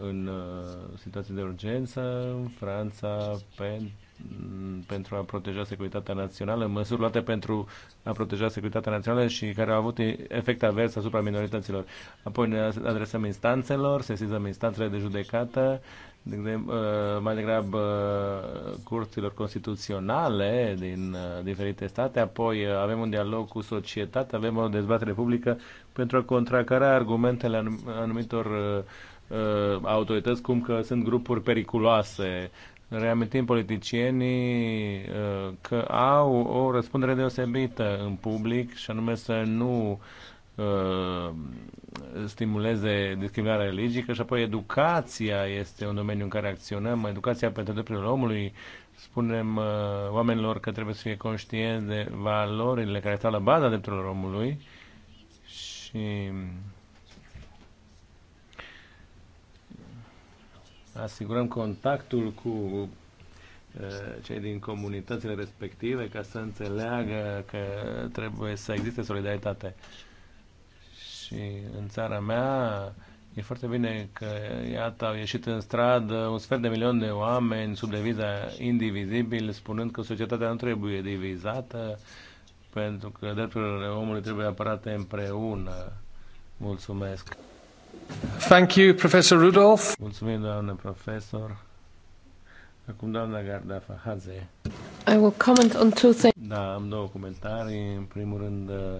în uh, situații de urgență în Franța pentru Mm, pentru a proteja securitatea națională, măsuri luate pentru a proteja securitatea națională și care au avut efect avers asupra minorităților. Apoi ne adresăm instanțelor, sesizăm instanțele de judecată, de, uh, mai degrabă curților constituționale din uh, diferite state, apoi uh, avem un dialog cu societatea, avem o dezbatere publică pentru a contracara argumentele anumitor autorități cum că sunt grupuri periculoase reamintim politicienii uh, că au o răspundere deosebită în public și anume să nu uh, stimuleze discriminarea religică și apoi educația este un domeniu în care acționăm, educația pentru drepturile omului, spunem uh, oamenilor că trebuie să fie conștienți de valorile care stau la baza drepturilor omului și asigurăm contactul cu eh, cei din comunitățile respective ca să înțeleagă că trebuie să existe solidaritate. Și în țara mea e foarte bine că, iată, au ieșit în stradă un sfert de milion de oameni sub deviza indivizibil, spunând că societatea nu trebuie divizată, pentru că drepturile omului trebuie apărate împreună. Mulțumesc! Thank you, Professor Rudolph. Mulțumim, doamnă profesor. Acum, doamna Garda Fahaze. I will comment on two things. Da, am două comentarii. În primul rând, uh,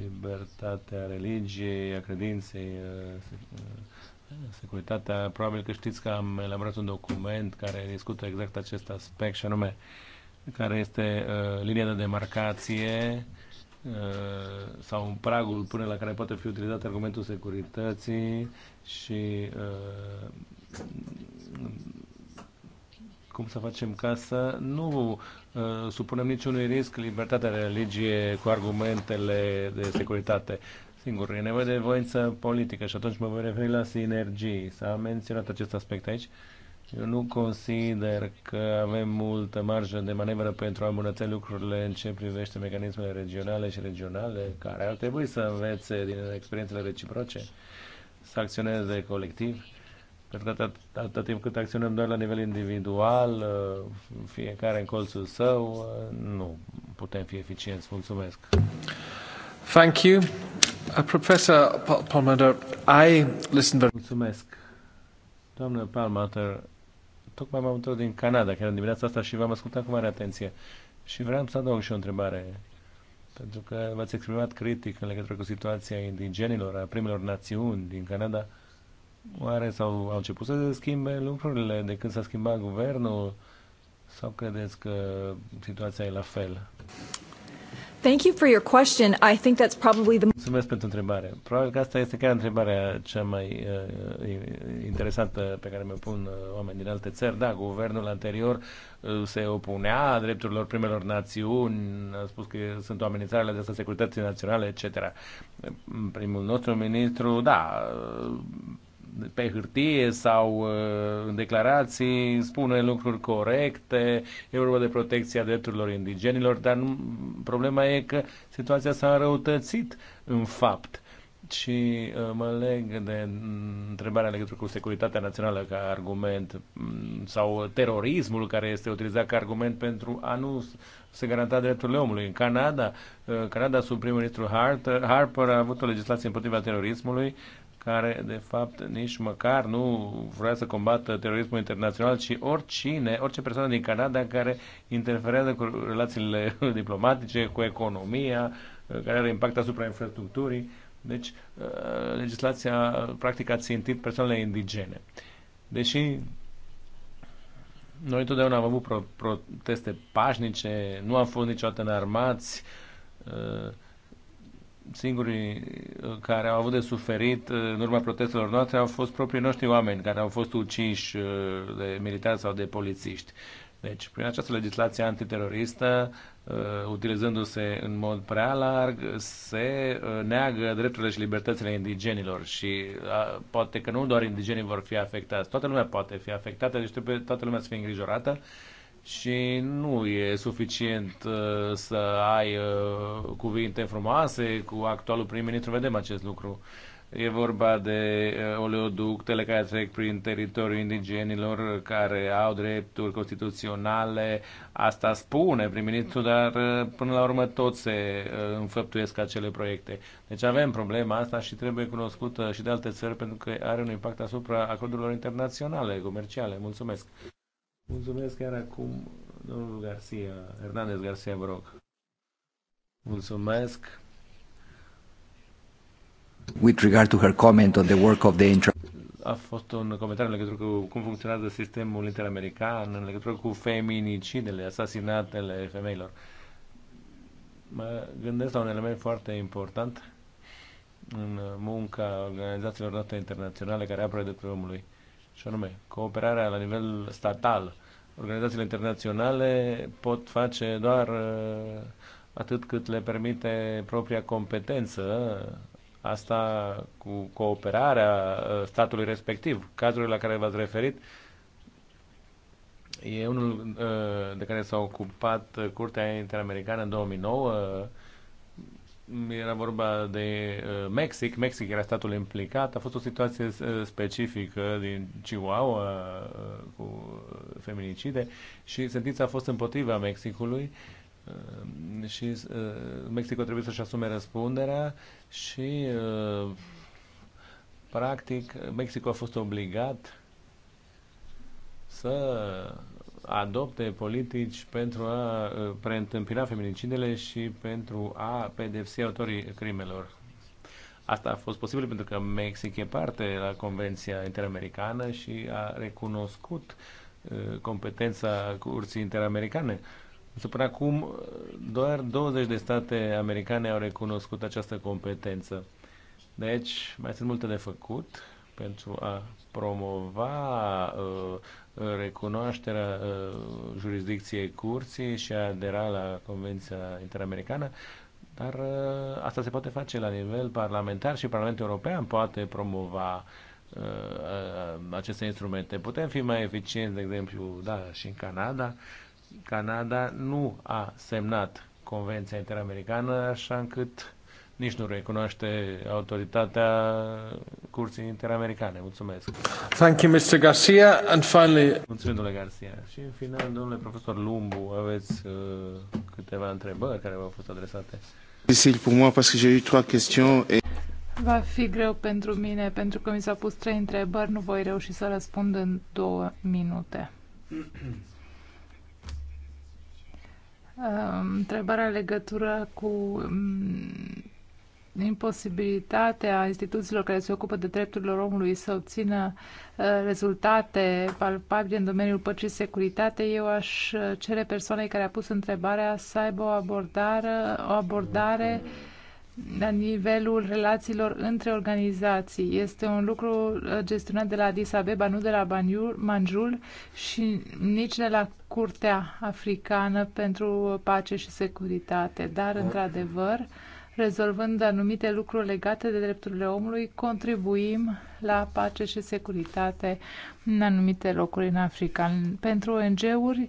libertatea religiei, a credinței, uh, uh, securitatea. Probabil că știți că am elaborat un document care discută exact acest aspect și anume care este linia de demarcație Uh, sau un pragul până la care poate fi utilizat argumentul securității și uh, cum să facem ca să nu uh, supunem niciunui risc libertatea de religie cu argumentele de securitate. Singur, e nevoie de voință politică și atunci mă voi referi la sinergii. S-a menționat acest aspect aici. Uh, eu nu consider că avem multă marjă de manevră pentru a îmbunătăți lucrurile în ce privește mecanismele regionale și regionale, care ar trebui să învețe din experiențele reciproce, să acționeze colectiv. Pentru că atât, timp cât acționăm doar la nivel individual, uh, fiecare în colțul său, uh, nu putem fi eficienți. Mulțumesc. Thank you. Uh, Professor Palmer, I listened very... Mulțumesc. Doamnă Palmater, Tocmai m-am întors din Canada, chiar în dimineața asta și v-am ascultat cu mare atenție. Și vreau să adaug și o întrebare, pentru că v-ați exprimat critic în legătură cu situația indigenilor, a primelor națiuni din Canada. Oare s-au, au început să se schimbe lucrurile de când s-a schimbat guvernul? Sau credeți că situația e la fel? Thank you for your question. I think that's probably the... Mulțumesc pentru întrebare. Probabil că asta este chiar întrebarea cea mai uh, interesantă pe care mi-o pun uh, oameni din alte țări. Da, guvernul anterior uh, se opunea drepturilor primelor națiuni, a spus că sunt o amenințare la adresa securității naționale, etc. Primul nostru ministru, da, pe hârtie sau uh, în declarații spune lucruri corecte, e vorba de protecția drepturilor indigenilor, dar nu, problema e că situația s-a răutățit în fapt. Și uh, mă leg de întrebarea legătură cu securitatea națională ca argument mm, sau terorismul care este utilizat ca argument pentru a nu se garanta drepturile omului. În Canada, uh, Canada sub prim-ministru Harper a avut o legislație împotriva terorismului care de fapt nici măcar nu vrea să combată terorismul internațional, ci oricine, orice persoană din Canada care interferează cu relațiile diplomatice, cu economia, uh, care are impact asupra infrastructurii. Deci, uh, legislația practic a țintit persoanele indigene. Deși noi totdeauna am avut pro- proteste pașnice, nu am fost niciodată înarmați, uh, singurii uh, care au avut de suferit uh, în urma protestelor noastre au fost proprii noștri oameni care au fost uciși uh, de militari sau de polițiști. Deci, prin această legislație antiteroristă, utilizându-se în mod prea larg, se neagă drepturile și libertățile indigenilor și poate că nu doar indigenii vor fi afectați, toată lumea poate fi afectată, deci trebuie toată lumea să fie îngrijorată și nu e suficient uh, să ai uh, cuvinte frumoase cu actualul prim-ministru, vedem acest lucru. E vorba de uh, oleoductele care trec prin teritoriul indigenilor care au drepturi constituționale. Asta spune prim-ministru, dar uh, până la urmă tot se uh, înfăptuiesc acele proiecte. Deci avem problema asta și trebuie cunoscută și de alte țări pentru că are un impact asupra acordurilor internaționale, comerciale. Mulțumesc! Mulțumesc chiar acum domnul Garcia, Hernandez Garcia, vă rog. Mulțumesc. With regard to her comment on the work of the a fost un comentariu în legătură cu cum funcționează sistemul interamerican, în legătură cu feminicidele, asasinatele femeilor. Mă gândesc la un element foarte important în munca organizațiilor noastre internaționale care apără drepturile omului și anume cooperarea la nivel statal. Organizațiile internaționale pot face doar uh, atât cât le permite propria competență, asta cu cooperarea uh, statului respectiv. Cazurile la care v-ați referit e unul uh, de care s-a ocupat Curtea Interamericană în 2009 era vorba de uh, Mexic, Mexic era statul implicat, a fost o situație uh, specifică din Chihuahua uh, cu feminicide și sentința a fost împotriva Mexicului și Mexicul trebuie să-și asume răspunderea și practic Mexicul a fost obligat să adopte politici pentru a uh, preîntâmpina feminicidele și pentru a pedepsi autorii crimelor. Asta a fost posibil pentru că Mexic e parte la Convenția Interamericană și a recunoscut uh, competența Curții Interamericane. Însă până acum uh, doar 20 de state americane au recunoscut această competență. Deci mai sunt multe de făcut pentru a promova uh, recunoașterea uh, jurisdicției curții și a adera la Convenția Interamericană, dar uh, asta se poate face la nivel parlamentar și Parlamentul European poate promova uh, aceste instrumente. Putem fi mai eficienți, de exemplu, da, și în Canada. Canada nu a semnat Convenția Interamericană, așa încât nici nu recunoaște autoritatea Curții Interamericane. Mulțumesc. Thank you, Mr. Garcia. And finally... Mulțumesc, domnule Garcia. Și în final, domnule profesor Lumbu, aveți uh, câteva întrebări care v-au fost adresate. Dificil pentru mine, pentru că j'ai eu trei Va fi greu pentru mine, pentru că mi s-au pus trei întrebări, nu voi reuși să răspund în două minute. Uh, întrebarea legătură cu mm, imposibilitatea instituțiilor care se ocupă de drepturile omului să obțină uh, rezultate palpabile în domeniul păcii și securitate, eu aș uh, cere persoanei care a pus întrebarea să aibă o abordare, o abordare la nivelul relațiilor între organizații. Este un lucru uh, gestionat de la Addis Abeba, nu de la Banjul și nici de la Curtea Africană pentru Pace și Securitate. Dar, într-adevăr, rezolvând anumite lucruri legate de drepturile omului, contribuim la pace și securitate în anumite locuri în Africa. Pentru ONG-uri,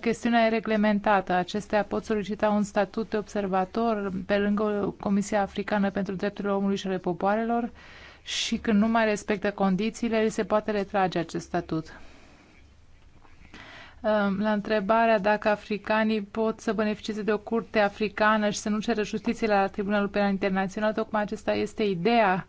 chestiunea e reglementată. Acestea pot solicita un statut de observator pe lângă Comisia Africană pentru Drepturile Omului și ale Popoarelor și când nu mai respectă condițiile, se poate retrage acest statut. Ehm, la întrebarea dacă africanii pot să beneficieze de o curte africană și să nu ceră justiție la Tribunalul Penal Internațional. Tocmai acesta este ideea.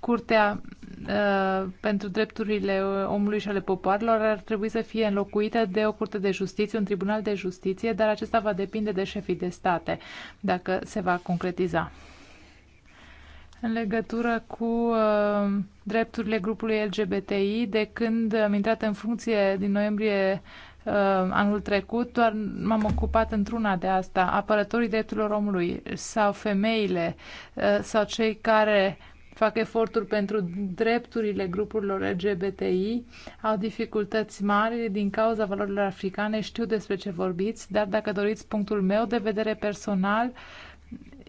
Curtea uh, pentru drepturile omului și ale popoarelor ar trebui să fie înlocuită de o curte de justiție, un tribunal de justiție, dar acesta va depinde de șefii de state, dacă se va concretiza în legătură cu uh, drepturile grupului LGBTI de când am intrat în funcție din noiembrie Uh, anul trecut, doar m-am ocupat într-una de asta. Apărătorii drepturilor omului sau femeile uh, sau cei care fac eforturi pentru drepturile grupurilor LGBTI, au dificultăți mari din cauza valorilor africane, știu despre ce vorbiți, dar dacă doriți punctul meu de vedere personal,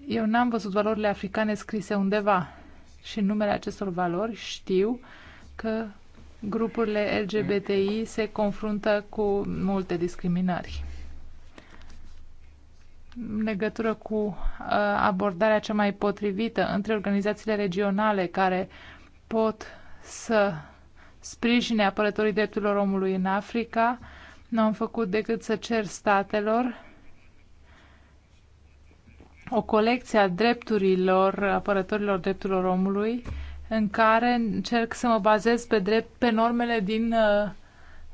eu n-am văzut valorile africane scrise undeva. Și în numele acestor valori știu că grupurile LGBTI se confruntă cu multe discriminări. În legătură cu uh, abordarea cea mai potrivită între organizațiile regionale care pot să sprijine apărătorii drepturilor omului în Africa, nu am făcut decât să cer statelor o colecție a drepturilor apărătorilor drepturilor omului în care încerc să mă bazez pe, drept, pe normele din uh,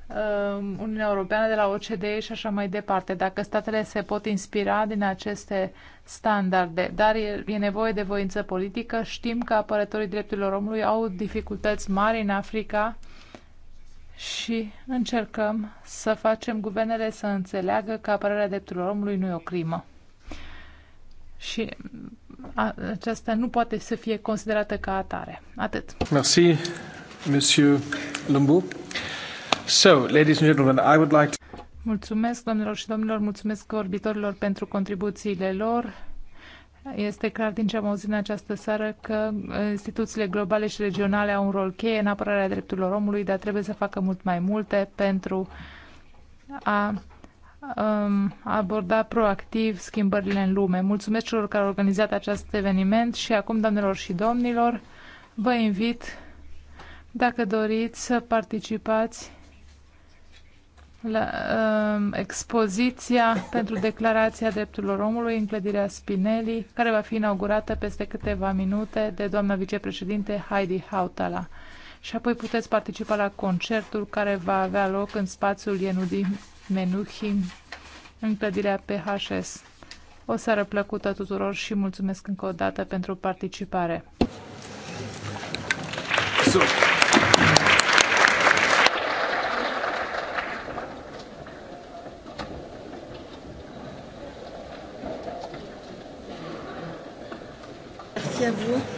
uh Uniunea Europeană, de la OCDE și așa mai departe, dacă statele se pot inspira din aceste standarde. Dar e, e nevoie de voință politică. Știm că apărătorii drepturilor omului au dificultăți mari în Africa și încercăm să facem guvernele să înțeleagă că apărarea drepturilor omului nu e o crimă. Și aceasta nu poate să fie considerată ca atare. Atât. Merci, Monsieur Lumbu. So, ladies and gentlemen, I would like to... Mulțumesc, domnilor și domnilor, mulțumesc orbitorilor pentru contribuțiile lor. Este clar din ce am auzit în această seară că uh, instituțiile globale și regionale au un rol cheie în apărarea drepturilor omului, dar trebuie să facă mult mai multe pentru a um, aborda proactiv schimbările în lume. Mulțumesc celor care au organizat acest eveniment și acum, doamnelor și domnilor, vă invit, dacă doriți, să participați la uh, expoziția pentru declarația drepturilor omului în clădirea Spinelli, care va fi inaugurată peste câteva minute de doamna vicepreședinte Heidi Hautala. Și apoi puteți participa la concertul care va avea loc în spațiul Ienudim Menuhin în clădirea PHS. O seară plăcută tuturor și mulțumesc încă o dată pentru participare. So. Merci à vous.